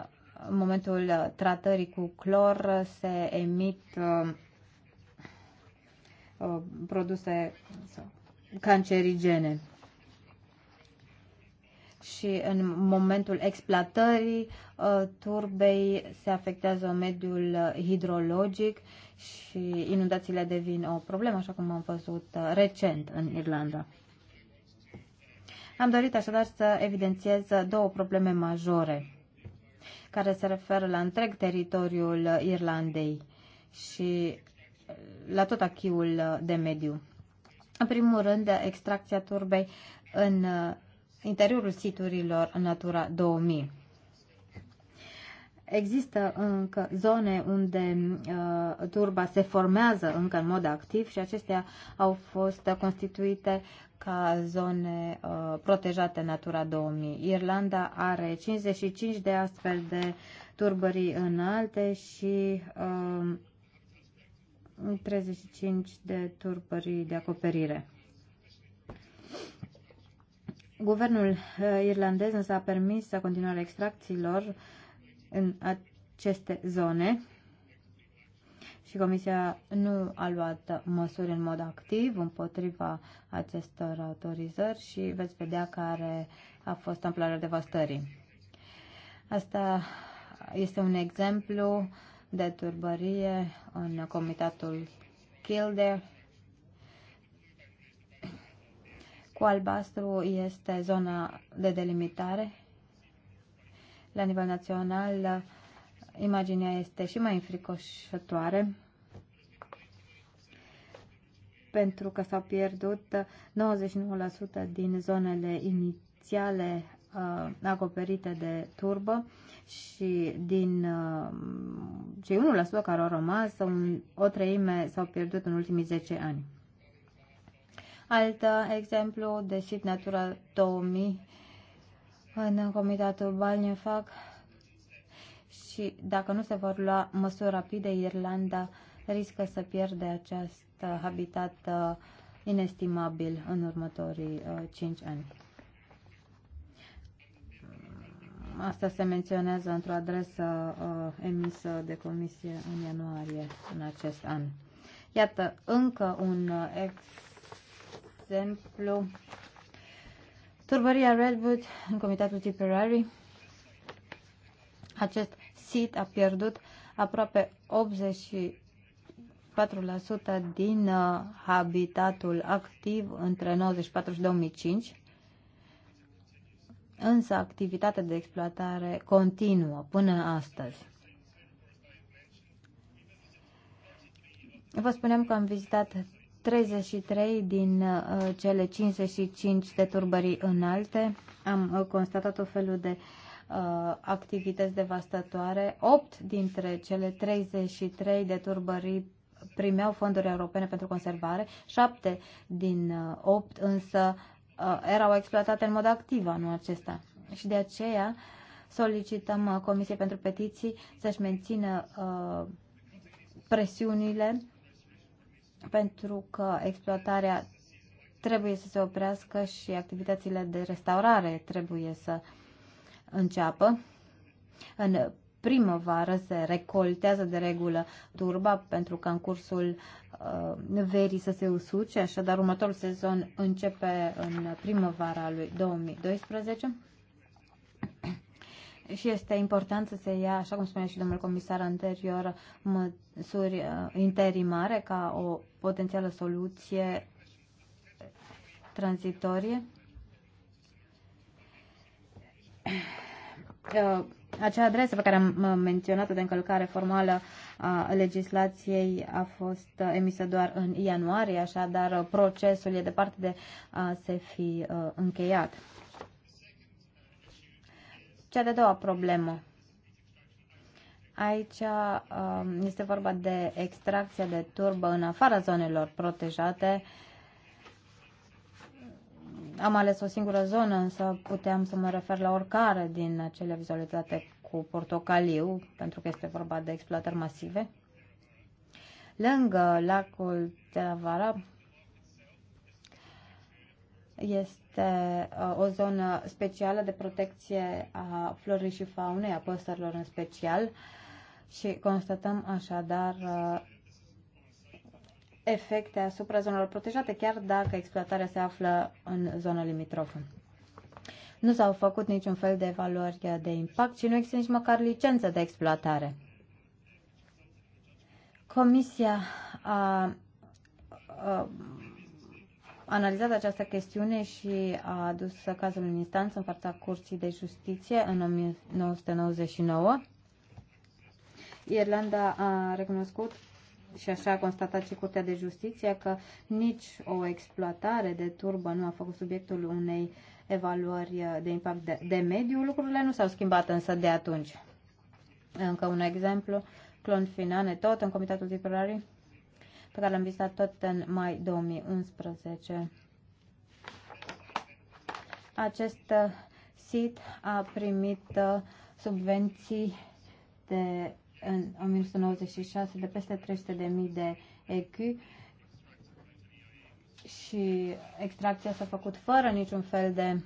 momentul tratării cu clor se emit uh, uh, produse cancerigene și în momentul exploatării uh, turbei se afectează mediul uh, hidrologic și inundațiile devin o problemă, așa cum am văzut uh, recent în Irlanda. Am dorit așadar să evidențiez două probleme majore care se referă la întreg teritoriul Irlandei și la tot achiul de mediu. În primul rând, extracția turbei în interiorul siturilor Natura 2000. Există încă zone unde uh, turba se formează încă în mod activ și acestea au fost constituite ca zone uh, protejate Natura 2000. Irlanda are 55 de astfel de turbări înalte și uh, 35 de turbări de acoperire. Guvernul uh, irlandez însă a permis să continuare extracțiilor în aceste zone și Comisia nu a luat măsuri în mod activ împotriva acestor autorizări și veți vedea care a fost amplarea devastării. Asta este un exemplu de turbărie în comitatul Kildare Cu albastru este zona de delimitare. La nivel național, imaginea este și mai înfricoșătoare pentru că s-au pierdut 99% din zonele inițiale uh, acoperite de turbă și din uh, cei 1% care au rămas, un, o treime s-au pierdut în ultimii 10 ani. Alt exemplu de sit Natura 2000 în comitatul Balne și dacă nu se vor lua măsuri rapide, Irlanda riscă să pierde acest habitat uh, inestimabil în următorii 5 uh, ani. Asta se menționează într-o adresă uh, emisă de comisie în ianuarie în acest an. Iată, încă un uh, ex exemplu, turbăria Redwood în comitatul Tipperary. Acest sit a pierdut aproape 84% din uh, habitatul activ între 94 și 2005, însă activitatea de exploatare continuă până astăzi. Vă spuneam că am vizitat 33 din uh, cele 55 de turbării înalte am uh, constatat o felul de uh, activități devastatoare. 8 dintre cele 33 de turbării primeau fonduri europene pentru conservare, 7 din 8 însă erau exploatate în mod activ anul acesta. Și de aceea solicităm Comisiei pentru Petiții să-și mențină presiunile pentru că exploatarea trebuie să se oprească și activitățile de restaurare trebuie să înceapă. În primăvară se recoltează de regulă turba pentru că în cursul uh, verii să se usuce, așadar următorul sezon începe în primăvara lui 2012 și este important să se ia, așa cum spunea și domnul comisar anterior, măsuri uh, interimare ca o potențială soluție tranzitorie. Uh, acea adresă pe care am uh, menționat-o de încălcare formală a legislației a fost emisă doar în ianuarie, așadar procesul e departe de a se fi încheiat. Cea de-a doua problemă. Aici um, este vorba de extracția de turbă în afara zonelor protejate. Am ales o singură zonă, însă puteam să mă refer la oricare din cele vizualizate cu portocaliu, pentru că este vorba de exploatări masive. Lângă lacul Telavara este uh, o zonă specială de protecție a florii și faunei, a păsărilor în special și constatăm așadar uh, efecte asupra zonelor protejate, chiar dacă exploatarea se află în zonă limitrofă. Nu s-au făcut niciun fel de evaluări de impact și nu există nici măcar licență de exploatare. Comisia a, a analizat această chestiune și a adus cazul în instanță în fața Curții de Justiție în 1999. Irlanda a recunoscut și așa a constatat și Curtea de Justiție că nici o exploatare de turbă nu a făcut subiectul unei evaluări de impact de, de mediu. Lucrurile nu s-au schimbat însă de atunci. Încă un exemplu, Clonfinane, tot în Comitatul Tipărării, pe care l-am vizitat tot în mai 2011. Acest uh, sit a primit uh, subvenții de în 1996 de peste 300.000 de ecu și extracția s-a făcut fără niciun fel de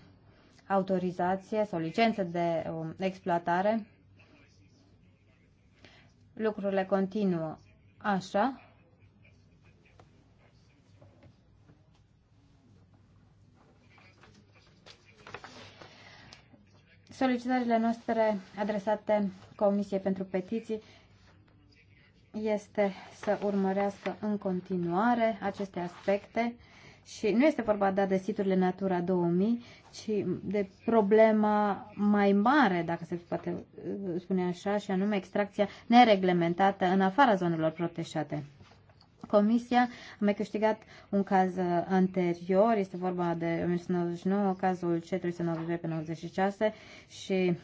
autorizație sau licență de um, exploatare. Lucrurile continuă așa Solicitările noastre adresate Comisiei pentru Petiții este să urmărească în continuare aceste aspecte și nu este vorba da de siturile Natura 2000, ci de problema mai mare, dacă se poate spune așa, și anume extracția nereglementată în afara zonelor protejate. Comisia a mai câștigat un caz uh, anterior, este vorba de 1999, cazul C392 pe 96 și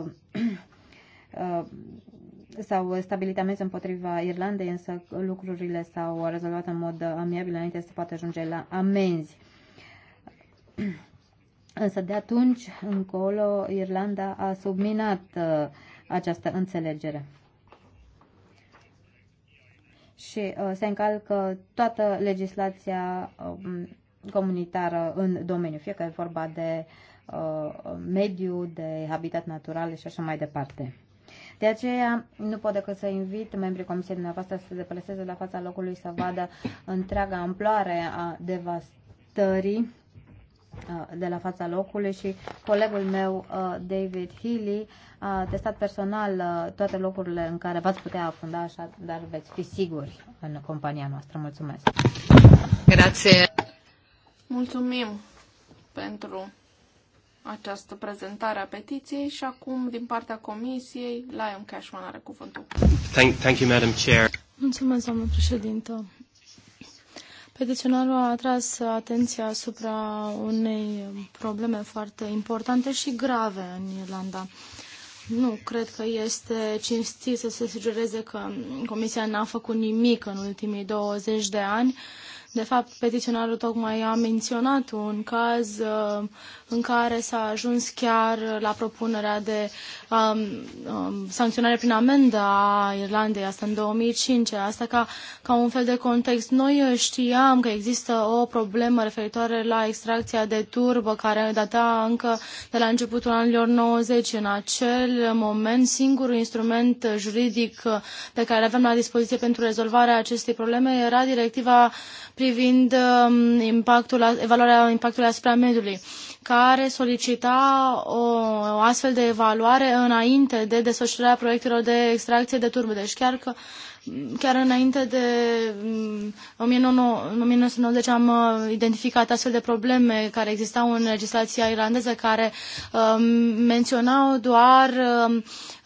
uh, [CLEARS THROAT] uh, s-au stabilit amenzi împotriva Irlandei, însă lucrurile s-au rezolvat în mod amiabil înainte să poată ajunge la amenzi. [CLEARS THROAT] Însă de atunci încolo Irlanda a subminat uh, această înțelegere și uh, se încalcă toată legislația um, comunitară în domeniu, fie că e vorba de uh, mediu, de habitat natural și așa mai departe. De aceea, nu pot decât să invit membrii Comisiei dumneavoastră să se deplaseze la fața locului să vadă întreaga amploare a devastării Uh, de la fața locului și colegul meu, uh, David Healy, a testat personal uh, toate locurile în care v-ați putea afunda, așa, dar veți fi siguri în compania noastră. Mulțumesc! Grație! Mulțumim pentru această prezentare a petiției și acum, din partea comisiei, Lion Cashman are cuvântul. Thank, thank you, Madam Chair. Mulțumesc, doamnă președintă. Petiționarul a atras atenția asupra unei probleme foarte importante și grave în Irlanda. Nu, cred că este cinstit să se sugereze că Comisia n-a făcut nimic în ultimii 20 de ani. De fapt, petiționarul tocmai a menționat un caz uh, în care s-a ajuns chiar la propunerea de um, um, sancționare prin amendă a Irlandei, asta în 2005, asta ca, ca un fel de context. Noi știam că există o problemă referitoare la extracția de turbă care data încă de la începutul anilor 90. În acel moment, singurul instrument juridic pe care îl aveam la dispoziție pentru rezolvarea acestei probleme era directiva privind um, impactul, evaluarea impactului asupra mediului care solicita o, o astfel de evaluare înainte de desfășurarea proiectelor de extracție de turbe. Deci chiar că Chiar înainte de 1990 mm, am uh, identificat astfel de probleme care existau în legislația irlandeză care um, menționau doar um,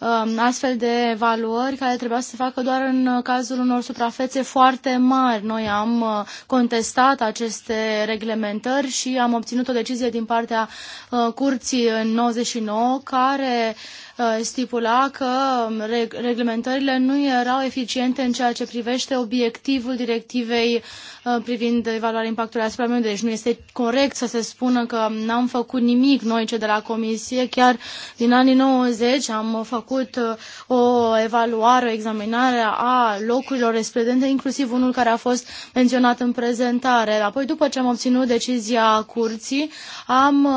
um, astfel de evaluări care trebuiau să se facă doar în cazul unor suprafețe foarte mari. Noi am uh, contestat aceste reglementări și am obținut o decizie din partea uh, curții în 99 care Uh, stipula că um, reglementările nu erau eficiente în ceea ce privește obiectivul directivei uh, privind evaluarea impactului asupra mediului. Deci nu este corect să se spună că n-am făcut nimic noi cei de la Comisie. Chiar din anii 90 am făcut uh, o evaluare, o examinare a locurilor respredente, inclusiv unul care a fost menționat în prezentare. Apoi, după ce am obținut decizia curții, am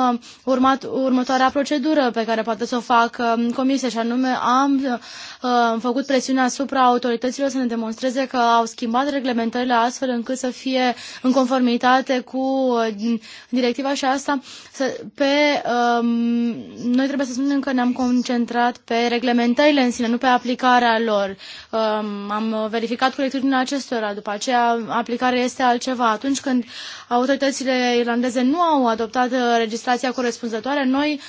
urmat următoarea procedură pe care poate să o fac. Um, în comisie și anume am uh, făcut presiune asupra autorităților să ne demonstreze că au schimbat reglementările astfel încât să fie în conformitate cu uh, directiva și asta să, pe um, noi trebuie să spunem că ne-am concentrat pe reglementările în sine, nu pe aplicarea lor. Um, am verificat corectitudinea acestora, după aceea aplicarea este altceva. Atunci când autoritățile irlandeze nu au adoptat uh, legislația corespunzătoare, noi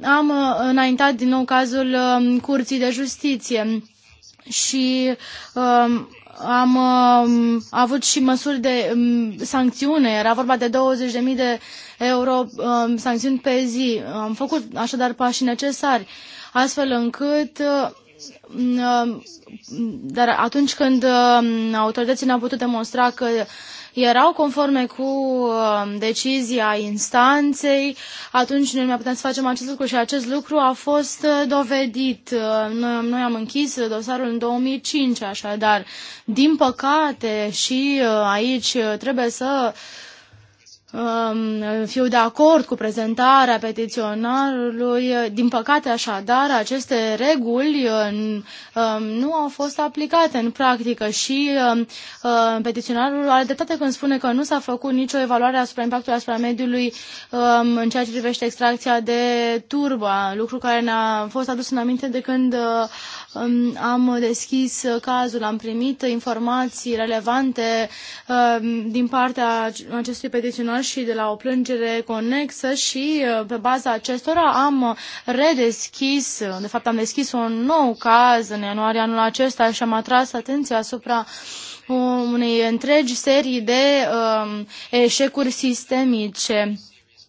am uh, înaintat din nou cazul um, Curții de Justiție și um, am um, avut și măsuri de um, sancțiune, era vorba de 20.000 de euro um, sancțiuni pe zi. Am făcut așadar pașii necesari, astfel încât. Um, um dar atunci când um, autoritățile ne-au putut demonstra că erau conforme cu um, decizia instanței, atunci noi nu mai putut să facem acest lucru și acest lucru a fost uh, dovedit. Uh, noi, noi am închis dosarul în 2005, așadar, din păcate și uh, aici trebuie să Um, fiu de acord cu prezentarea petiționarului. Din păcate, așadar, aceste reguli uh, um, nu au fost aplicate în practică și um, uh, petiționarul are dreptate când spune că nu s-a făcut nicio evaluare asupra impactului asupra mediului în ceea ce privește extracția de turba, lucru care ne-a fost adus în aminte de când uh, am deschis cazul, am primit informații relevante um, din partea acestui petiționar și de la o plângere conexă și uh, pe baza acestora am redeschis, de fapt am deschis un nou caz în ianuarie anul acesta și am atras atenția asupra unei întregi serii de um, eșecuri sistemice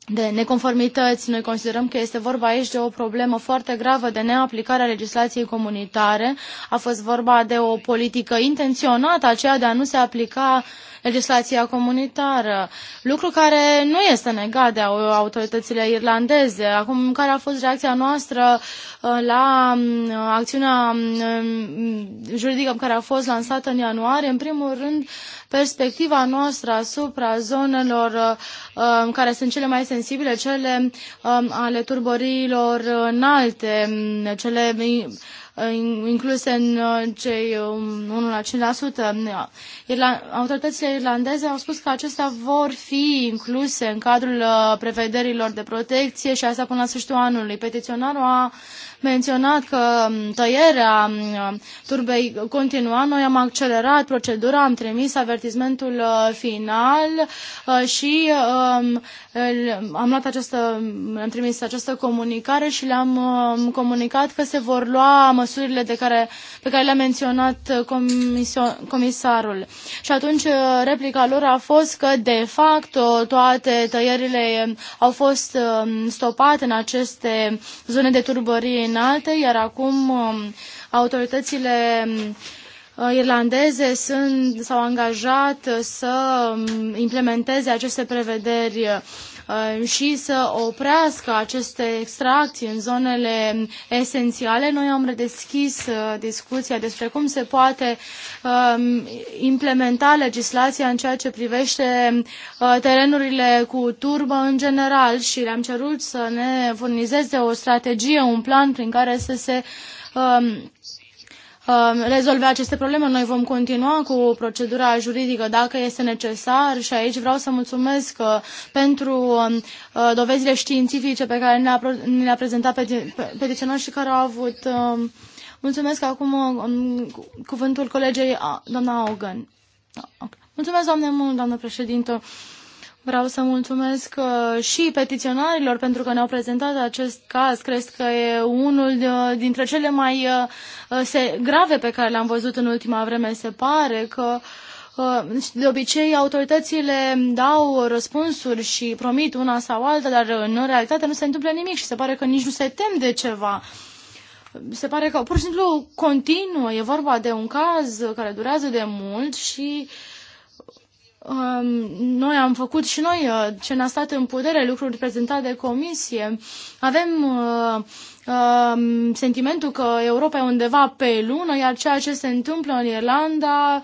de neconformități. Noi considerăm că este vorba aici de o problemă foarte gravă de neaplicare a legislației comunitare. A fost vorba de o politică intenționată aceea de a nu se aplica uh, legislația comunitară, lucru care nu este negat de autoritățile irlandeze. Acum, care a fost reacția noastră uh, la uh, acțiunea um, um, juridică care a fost lansată în ianuarie? În primul rând, perspectiva noastră asupra zonelor uh, um, care sunt cele mai sensibile, cele ale turborilor înalte, cele Uh, incluse în uh, cei 1 um, la 5%. autoritățile irlandeze au spus că acestea vor fi incluse în cadrul uh, prevederilor de protecție și asta până la sfârșitul anului. Petiționarul a menționat că mm, tăierea mm, turbei continua, noi am accelerat procedura, am trimis avertismentul uh, final uh, și um, am luat această, mm, am trimis această comunicare și le-am um, comunicat că se vor lua măsurile de care, pe care le-a menționat uh, comisarul. Și atunci replica lor a fost că de fapt toate tăierile um, au fost stopate în aceste zone de turbărie înalte, iar acum um, autoritățile um, uh, irlandeze sunt, s-au angajat să um, implementeze aceste prevederi Um, și să oprească aceste extracții în zonele esențiale. Noi am redeschis uh, discuția despre cum se poate um, implementa legislația în ceea ce privește uh, terenurile cu turbă în general și le-am cerut să ne furnizeze o strategie, un plan prin care să se um, Um, rezolve aceste probleme. Noi vom continua cu procedura juridică dacă este necesar și aici vreau să mulțumesc uh, pentru um, uh, dovezile științifice pe care ne le-a prezentat petiționarul și care au avut. Um, mulțumesc acum cuvântul colegei uh, doamna Augen. Mulțumesc, doamne, mult, doamnă președintă. Vreau să mulțumesc uh, și petiționarilor pentru că ne-au prezentat acest caz. Cred că e unul uh, dintre cele mai uh, grave pe care le-am văzut în ultima vreme. Se pare că de obicei autoritățile dau răspunsuri și promit una sau alta, dar în realitate nu se întâmplă nimic și se pare că nici nu se tem de ceva. Se pare că pur și simplu continuă. E vorba de un caz care durează de mult și uh, Um, noi am făcut și noi uh, ce ne-a stat în putere, lucruri prezentate de comisie. Avem uh, um, sentimentul că Europa e undeva pe lună, iar ceea ce se întâmplă în Irlanda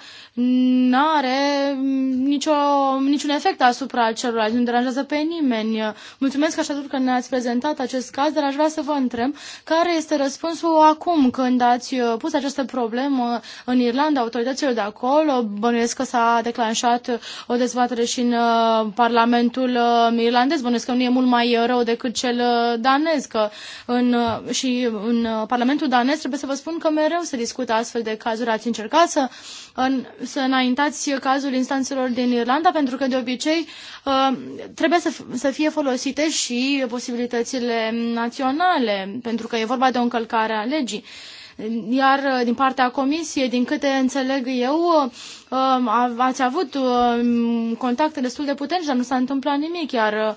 nu are nicio, niciun efect asupra celorlalți, nu deranjează pe nimeni. Mulțumesc așadar că ne-ați prezentat acest caz, dar aș vrea să vă întreb care este răspunsul acum când ați pus această problemă în Irlanda, autorităților de acolo. Bănuiesc că s-a declanșat o dezbatere și în uh, Parlamentul uh, irlandez. Bănuiesc că nu e mult mai rău decât cel uh, danez, că în, și în Parlamentul danez trebuie să vă spun că mereu se discută astfel de cazuri. Ați încercat să, în, să înaintați cazul instanțelor din Irlanda, pentru că de obicei uh, trebuie să, fie folosite și posibilitățile naționale, pentru că e vorba de o încălcare a legii. Iar uh, din partea comisiei, din câte înțeleg eu, uh, ați avut contacte destul de puternice, dar nu s-a întâmplat nimic, iar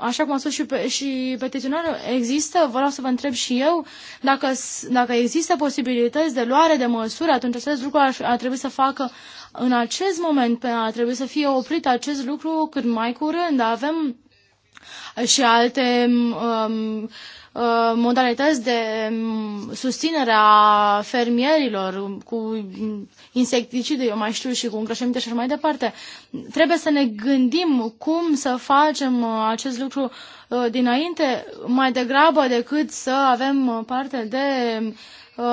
așa cum a spus și, pe, și petiționarul, există, vreau să vă întreb și eu, dacă, dacă există posibilități de luare de măsuri, atunci acest lucru ar, trebui să facă în acest moment, ar trebui să fie oprit acest lucru cât mai curând. Avem și alte um, Uh, modalități de mm, susținere a fermierilor cu insecticide, eu mai știu, și cu îngrășăminte și așa mai departe. Trebuie să ne gândim cum să facem uh, acest lucru uh, dinainte, mai degrabă decât să avem parte de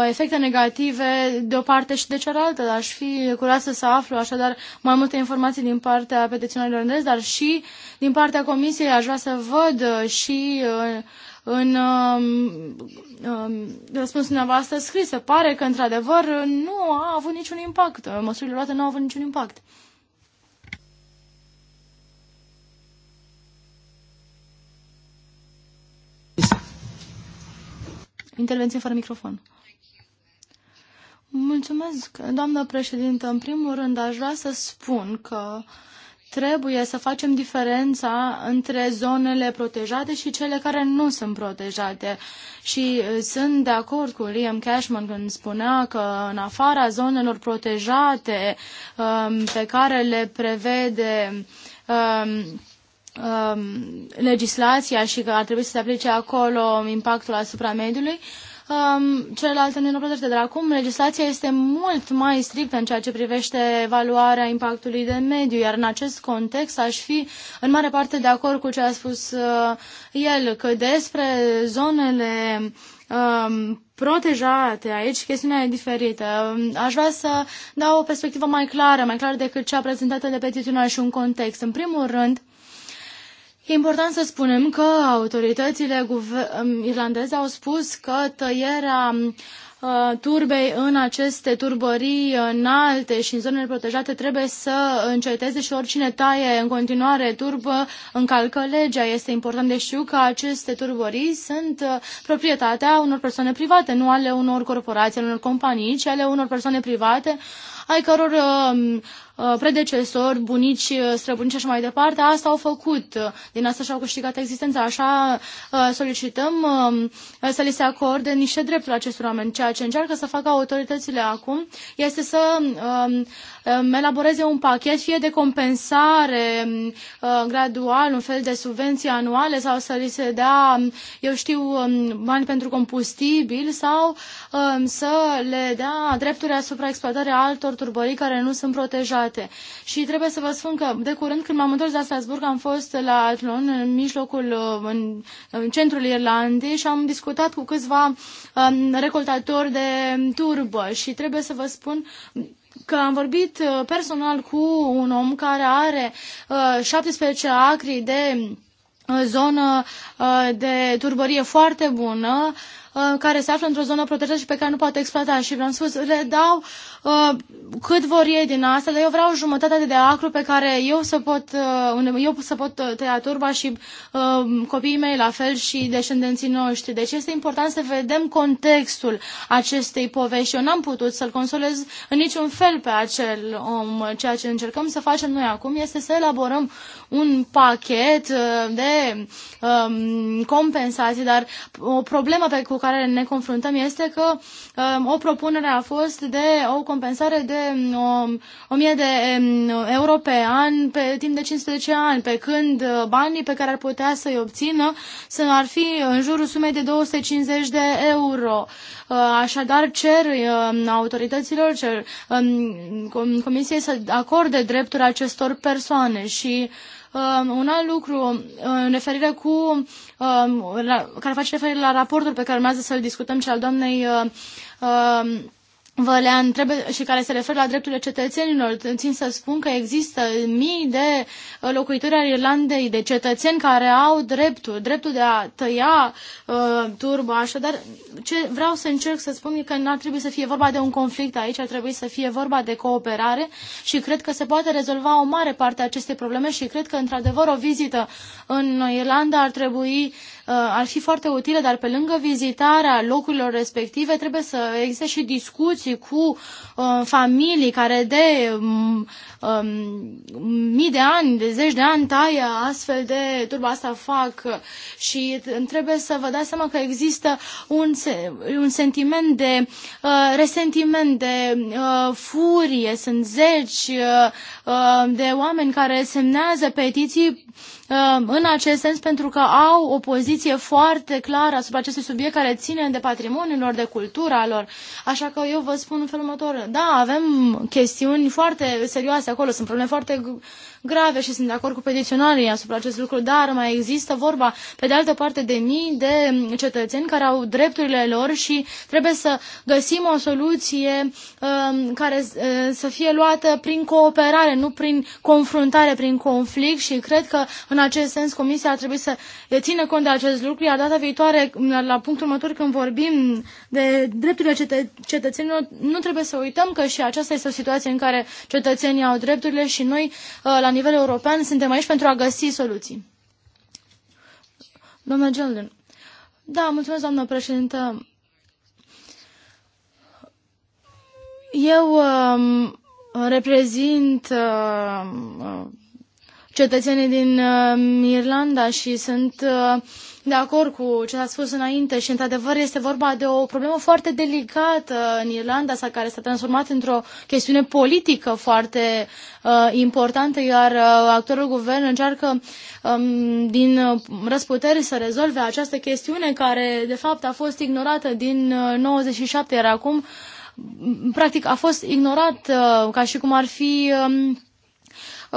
efecte negative de o parte și de cealaltă. Aș fi curioasă să aflu așadar mai multe informații din partea petiționarilor dar și din partea comisiei aș vrea să văd și în um, um, răspunsul dumneavoastră scris. Se pare că, într-adevăr, nu a avut niciun impact. Măsurile luate nu au avut niciun impact. Intervenție fără microfon. Mulțumesc, doamnă președintă. În primul rând, aș vrea să spun că uh, trebuie să facem diferența între zonele protejate și cele care nu sunt protejate. Și uh, sunt de acord cu Liam Cashman când spunea că în afara zonelor protejate um, pe care le prevede um, um, legislația și că ar trebui să se aplice acolo impactul asupra mediului, um, celelalte neînrăplătește. Dar acum legislația este mult mai strictă în ceea ce privește evaluarea impactului de mediu, iar în acest context aș fi în mare parte de acord cu ce a spus uh, el, că despre zonele um, protejate aici, chestiunea e diferită. Um, aș vrea să dau o perspectivă mai clară, mai clară decât cea prezentată de petiționar și un context. În primul rând, E important să spunem că autoritățile um, irlandeze au spus că tăierea uh, turbei în aceste turbării înalte și în zonele protejate trebuie să înceteze și oricine taie în continuare turbă încalcă legea. Este important de știu că aceste turbării sunt uh, proprietatea unor persoane private, nu ale unor corporații, ale unor companii, ci ale unor persoane private ai căror um, Uh, predecesori, bunici, uh, străbunici și așa mai departe, asta au făcut. Uh, din asta și-au câștigat existența. Așa solicităm să li se acorde niște drepturi acestor oameni. Ceea ce încearcă să facă autoritățile acum este să um, um, elaboreze un pachet fie de compensare gradual, un fel de subvenții anuale sau să li se dea, um, eu știu, bani pentru combustibil sau să le dea drepturi asupra exploatării altor turbării care nu sunt protejate date. Și trebuie să vă spun că de curând când m-am întors la Strasburg am fost la Athlon, în mijlocul, uh, în, în centrul Irlandei și am discutat cu câțiva um, recoltatori de turbă și trebuie să vă spun că am vorbit uh, personal cu un om care are uh, 17 acri de uh, zonă de turbărie foarte bună Uh, care se află într-o zonă protejată și pe care nu poate exploata. Și v-am spus, le dau uh, cât vor ei din asta, dar eu vreau jumătate de acru pe care eu să pot, uh, eu să pot tăia turba și copiii mei la fel și descendenții noștri. Deci este important să vedem contextul acestei povești. Eu n-am putut să-l consolez în niciun fel pe acel om. Ceea ce încercăm să facem noi acum este să elaborăm un pachet de um, compensații, dar o problemă pe care care ne confruntăm este că um, o propunere a fost de o compensare de um, 1000 de um, euro pe an pe timp de 15 ani, pe când uh, banii pe care ar putea să-i obțină să ar fi în jurul sumei de 250 de euro. Uh, așadar, cer um, autorităților, cer um, Comisiei să acorde drepturi acestor persoane și Um, un alt lucru um, în referire cu, um, la, care face referire la raportul pe care urmează să-l discutăm, cel al doamnei uh, vă le întreb și care se referă la drepturile cetățenilor. Țin să spun că există mii de locuitori al Irlandei, de cetățeni care au dreptul, dreptul de a tăia uh, turba, așadar ce vreau să încerc să spun e că nu ar trebui să fie vorba de un conflict aici, ar trebui să fie vorba de cooperare și cred că se poate rezolva o mare parte a acestei probleme și cred că într-adevăr o vizită în Irlanda ar trebui uh, ar fi foarte utile, dar pe lângă vizitarea locurilor respective trebuie să existe și discuții relații cu uh, familii care de mm, um, mii de ani, de zeci de ani taie astfel de turba asta fac și trebuie să vă dați seama că există un, un sentiment de uh, resentiment, de uh, furie, sunt zeci uh, uh de oameni care semnează petiții uh, în acest sens pentru că au o poziție foarte clară asupra acestui subiect care ține de patrimoniul lor, de cultura lor. Așa că eu vă spun în felul următor. Da, avem chestiuni foarte serioase acolo, sunt probleme foarte grave și sunt de acord cu petiționarii asupra acest lucru, dar mai există vorba, pe de altă parte, de mii de mm, cetățeni care au drepturile lor și trebuie să găsim o soluție um, care uh, să fie luată prin cooperare, nu prin confruntare, prin conflict și cred că în acest sens Comisia ar trebui să țină cont de acest lucru, iar data viitoare, mm, la punctul următor, când vorbim de drepturile cetă cetățenilor, nu trebuie să uităm că și aceasta este o situație în care cetățenii au drepturile și noi, uh, la nivel european, suntem aici pentru a găsi soluții. Doamna Gelden. Da, mulțumesc, doamnă președintă. Eu um, reprezint um, cetățenii din uh, Irlanda și sunt uh, de acord cu ce s-a spus înainte și, într-adevăr, este vorba de o problemă foarte delicată în Irlanda, sa care s-a transformat într-o chestiune politică foarte uh, importantă, iar uh, actorul guvern încearcă um, din răsputeri să rezolve această chestiune care, de fapt, a fost ignorată din uh, 97, iar acum, practic, a fost ignorat uh, ca și cum ar fi... Um,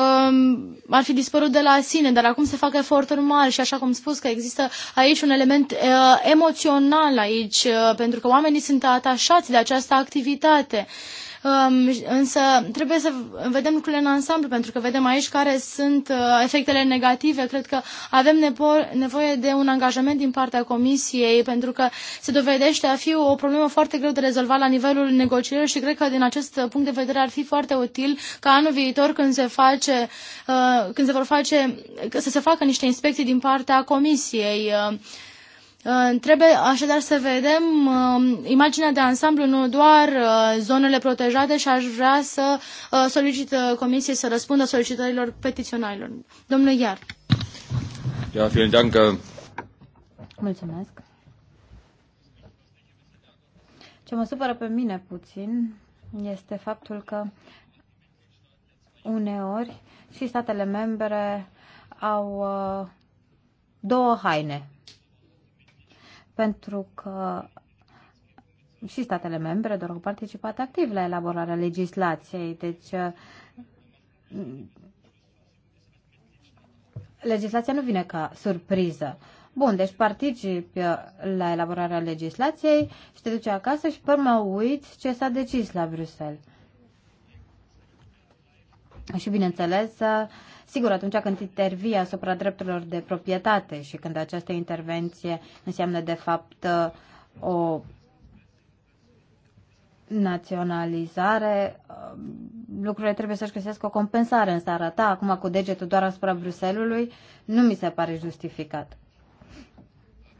um, ar fi dispărut de la sine, dar acum se fac eforturi mari și așa cum spus că există aici un element uh, emoțional aici, uh, pentru că oamenii sunt atașați de această activitate. Uh, Um, însă trebuie să vedem lucrurile în ansamblu, pentru că vedem aici care sunt uh, efectele negative. Cred că avem nevoie de un angajament din partea Comisiei, pentru că se dovedește a fi o problemă foarte greu de rezolvat la nivelul negocierilor și cred că din acest punct de vedere ar fi foarte util ca anul viitor când se face, uh, când se vor face, să se facă niște inspecții din partea Comisiei. Uh, Uh, trebuie așadar să vedem uh, imaginea de ansamblu, nu doar uh, zonele protejate și aș vrea să solicit Comisiei să răspundă solicitărilor petiționarilor. Domnule Iar. Ja, vielen Dank. Mulțumesc. Ce mă supără pe mine puțin este faptul că uneori și statele membre au două haine pentru că și statele membre doar au participat activ la elaborarea legislației. Deci, legislația nu vine ca surpriză. Bun, deci participi la elaborarea legislației și te duci acasă și pe urmă uiți ce s-a decis la Bruxelles. Și bineînțeles, Sigur, atunci când intervii asupra drepturilor de proprietate și când această intervenție înseamnă de fapt o naționalizare, lucrurile trebuie să-și găsească o compensare, în însă ta, acum cu degetul doar asupra Bruselului nu mi se pare justificat.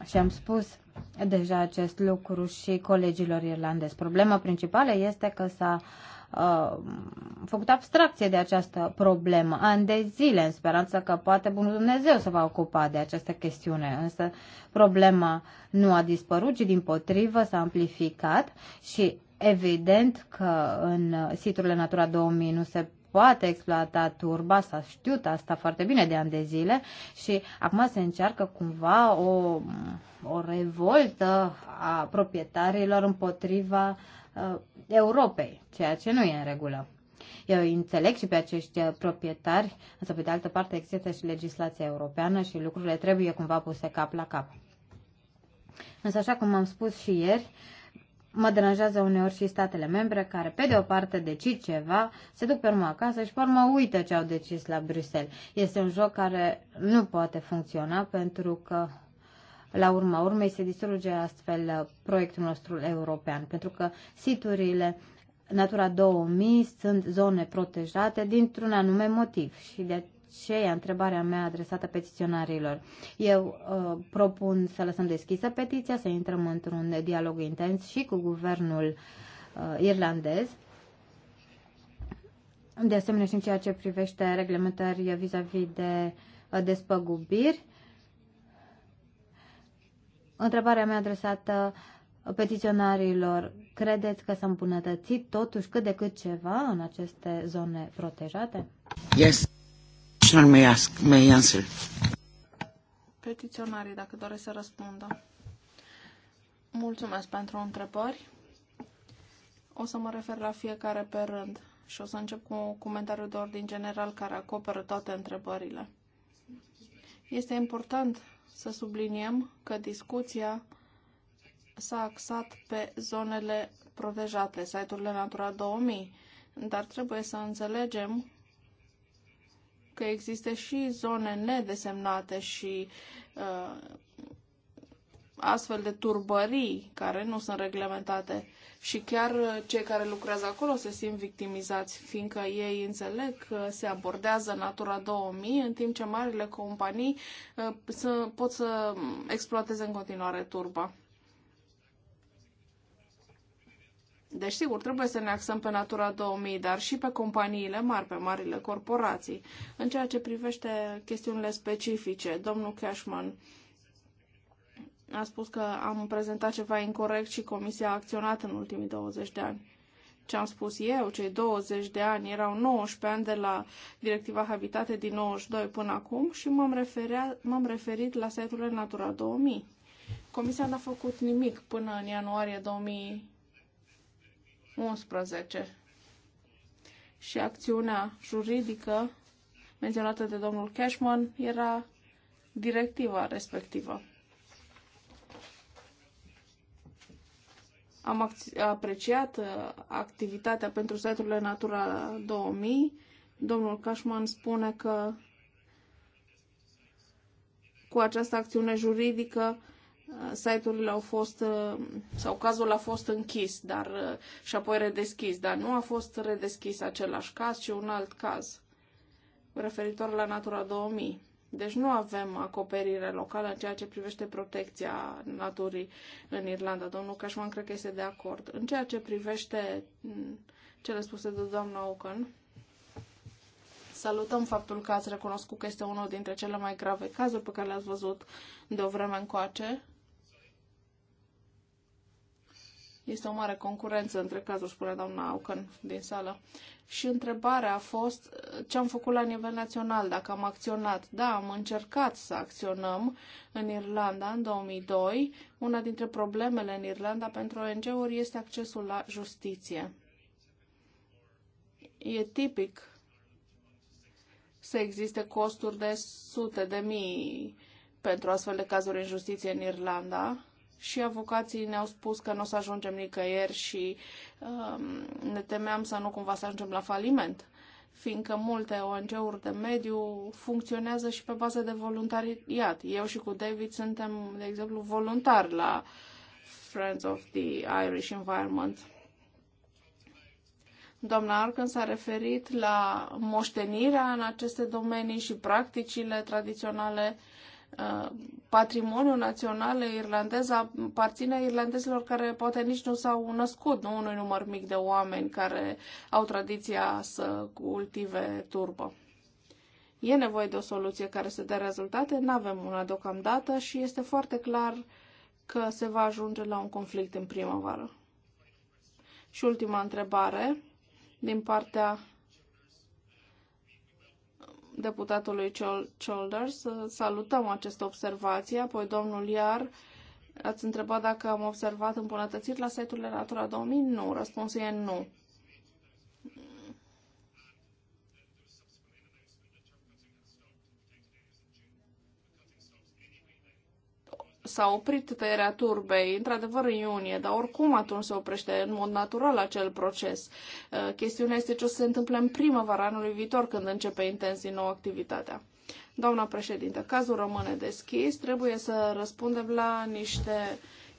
Și am spus deja acest lucru și colegilor irlandezi. Problema principală este că s-a uh, uh, făcut abstracție de această problemă ani de zile, în speranța că poate Bunul Dumnezeu se va ocupa de această chestiune. Însă problema nu a dispărut, ci din potrivă s-a amplificat și evident că în siturile Natura 2000 nu se poate exploata turba, s-a știut asta foarte bine de ani de zile și acum se încearcă cumva o, o revoltă a proprietarilor împotriva uh, Europei, ceea ce nu e în regulă. Eu înțeleg și pe acești uh, proprietari, însă pe de altă parte există și legislația europeană și lucrurile trebuie cumva puse cap la cap. Însă așa cum am spus și ieri, mă deranjează uneori și statele membre care pe de o parte decid ceva, se duc pe urmă acasă și pe urmă uită ce au decis la Bruxelles. Este un joc care nu poate funcționa pentru că la urma urmei se distruge astfel uh, proiectul nostru european, pentru că siturile Natura 2000 sunt zone protejate dintr-un anume motiv și de ce e întrebarea mea adresată petiționarilor. Eu uh, propun să lăsăm deschisă petiția, să intrăm într-un dialog intens și cu guvernul uh, irlandez. De asemenea și în ceea ce privește reglementări vis-a-vis -vis de uh, despăgubiri Întrebarea mea adresată petiționarilor, credeți că s-a îmbunătățit totuși cât de cât ceva în aceste zone protejate? Yes. Petitioner may ask, may answer. Petiționarii, dacă doresc să răspundă. Mulțumesc pentru întrebări. O să mă refer la fiecare pe rând și o să încep cu un de ordin general care acoperă toate întrebările. Este important să subliniem că discuția s-a axat pe zonele protejate, site-urile Natura 2000, dar trebuie să înțelegem că există și zone nedesemnate și uh, astfel de turbării care nu sunt reglementate și chiar uh, cei care lucrează acolo se simt victimizați, fiindcă ei înțeleg că se abordează Natura 2000, în timp ce marile companii uh, pot să exploateze în continuare turba. Deci, sigur, trebuie să ne axăm pe Natura 2000, dar și pe companiile mari, pe marile corporații. În ceea ce privește chestiunile specifice, domnul Cashman, uh, a spus că am prezentat ceva incorrect și Comisia a acționat în ultimii 20 de ani. Ce am spus eu, cei 20 de ani, erau 19 ani de la Directiva Habitate din 92 până acum și m-am, referea, m-am referit la site-urile Natura 2000. Comisia n-a făcut nimic până în ianuarie 2011. Și acțiunea juridică menționată de domnul Cashman era directiva respectivă. Am apreciat uh, activitatea pentru site-urile Natura 2000. Domnul Cashman spune că cu această acțiune juridică uh, site-urile au fost, uh, sau cazul a fost închis, dar și apoi redeschis, dar nu a fost redeschis același caz, ci un alt caz referitor la Natura 2000. Deci nu avem acoperire locală în ceea ce privește protecția naturii în Irlanda. Domnul Cashman cred că este de acord. În ceea ce privește cele spuse de doamna Ocan, salutăm faptul că ați recunoscut că este unul dintre cele mai grave cazuri pe care le-ați văzut de o vreme încoace Este o mare concurență între cazuri, spune doamna Aucan din sală. Și întrebarea a fost uh, ce am făcut la nivel național, dacă am acționat. Da, am încercat să acționăm în Irlanda în 2002. Una dintre problemele în Irlanda pentru ONG-uri este accesul la justiție. E tipic să existe costuri de sute de mii pentru astfel de cazuri în justiție în Irlanda și avocații ne-au spus că nu o să ajungem nicăieri și um, ne temeam să nu cumva să ajungem la faliment, fiindcă multe ONG-uri de mediu funcționează și pe bază de voluntariat. Eu și cu David suntem, de exemplu, voluntari la Friends of the Irish Environment. Doamna Arcan s-a referit la moștenirea în aceste domenii și practicile tradiționale Uh, patrimoniul național irlandez aparține irlandezilor care poate nici nu s-au născut, nu unui număr mic de oameni care au tradiția să cultive turbă. E nevoie de o soluție care să dea rezultate, nu avem una deocamdată și este foarte clar că se va ajunge la un conflict în primăvară. Și ultima întrebare din partea deputatului Childers. Salutăm această observație. Apoi, domnul Iar, ați întrebat dacă am observat îmbunătățiri la site-urile Natura 2000? Nu. Răspunsul e nu. s-a oprit tăierea turbei, într-adevăr în iunie, dar oricum atunci se oprește în mod natural acel proces. Uh, chestiunea este ce o să se întâmple în primăvara anului viitor, când începe intens din nou activitatea. Doamna președinte, cazul rămâne deschis, trebuie să răspundem la niște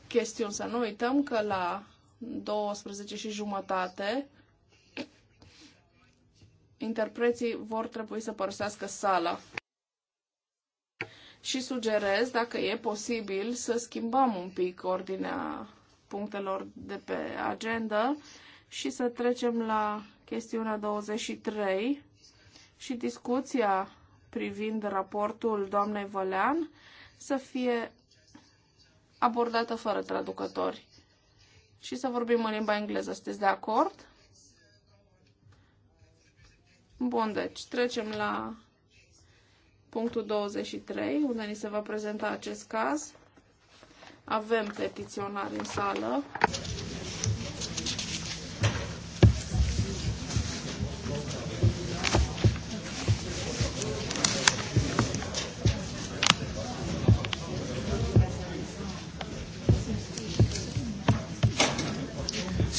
chestiuni. Să nu uităm că la 12 și jumătate interpreții vor trebui să părăsească sala și sugerez, dacă e posibil, să schimbăm un pic ordinea punctelor de pe agenda și să trecem la chestiunea 23 și discuția privind raportul doamnei Vălean să fie abordată fără traducători. Și să vorbim în limba engleză. Sunteți de acord? Bun, deci trecem la punctul 23, unde ni se va prezenta acest caz. Avem petiționari în sală.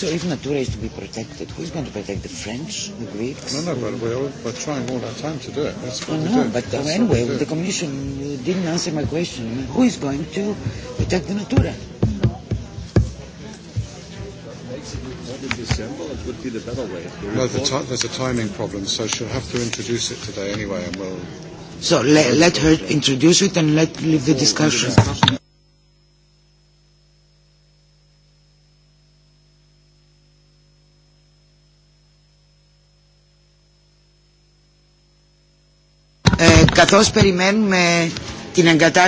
So if Natura is to be protected, who's going to protect the French, the Greeks? No, no, but we're, all, we're trying all our time to do it. That's what oh, no, do. but That's anyway, the Commission uh, didn't answer my question. who is going to protect the Natura? December, it would be the better way. no, the there's a timing problem, so she'll have to introduce it today anyway, and we'll. So le- let her introduce it and let leave the discussion. καθώς περιμένουμε την εγκατάσταση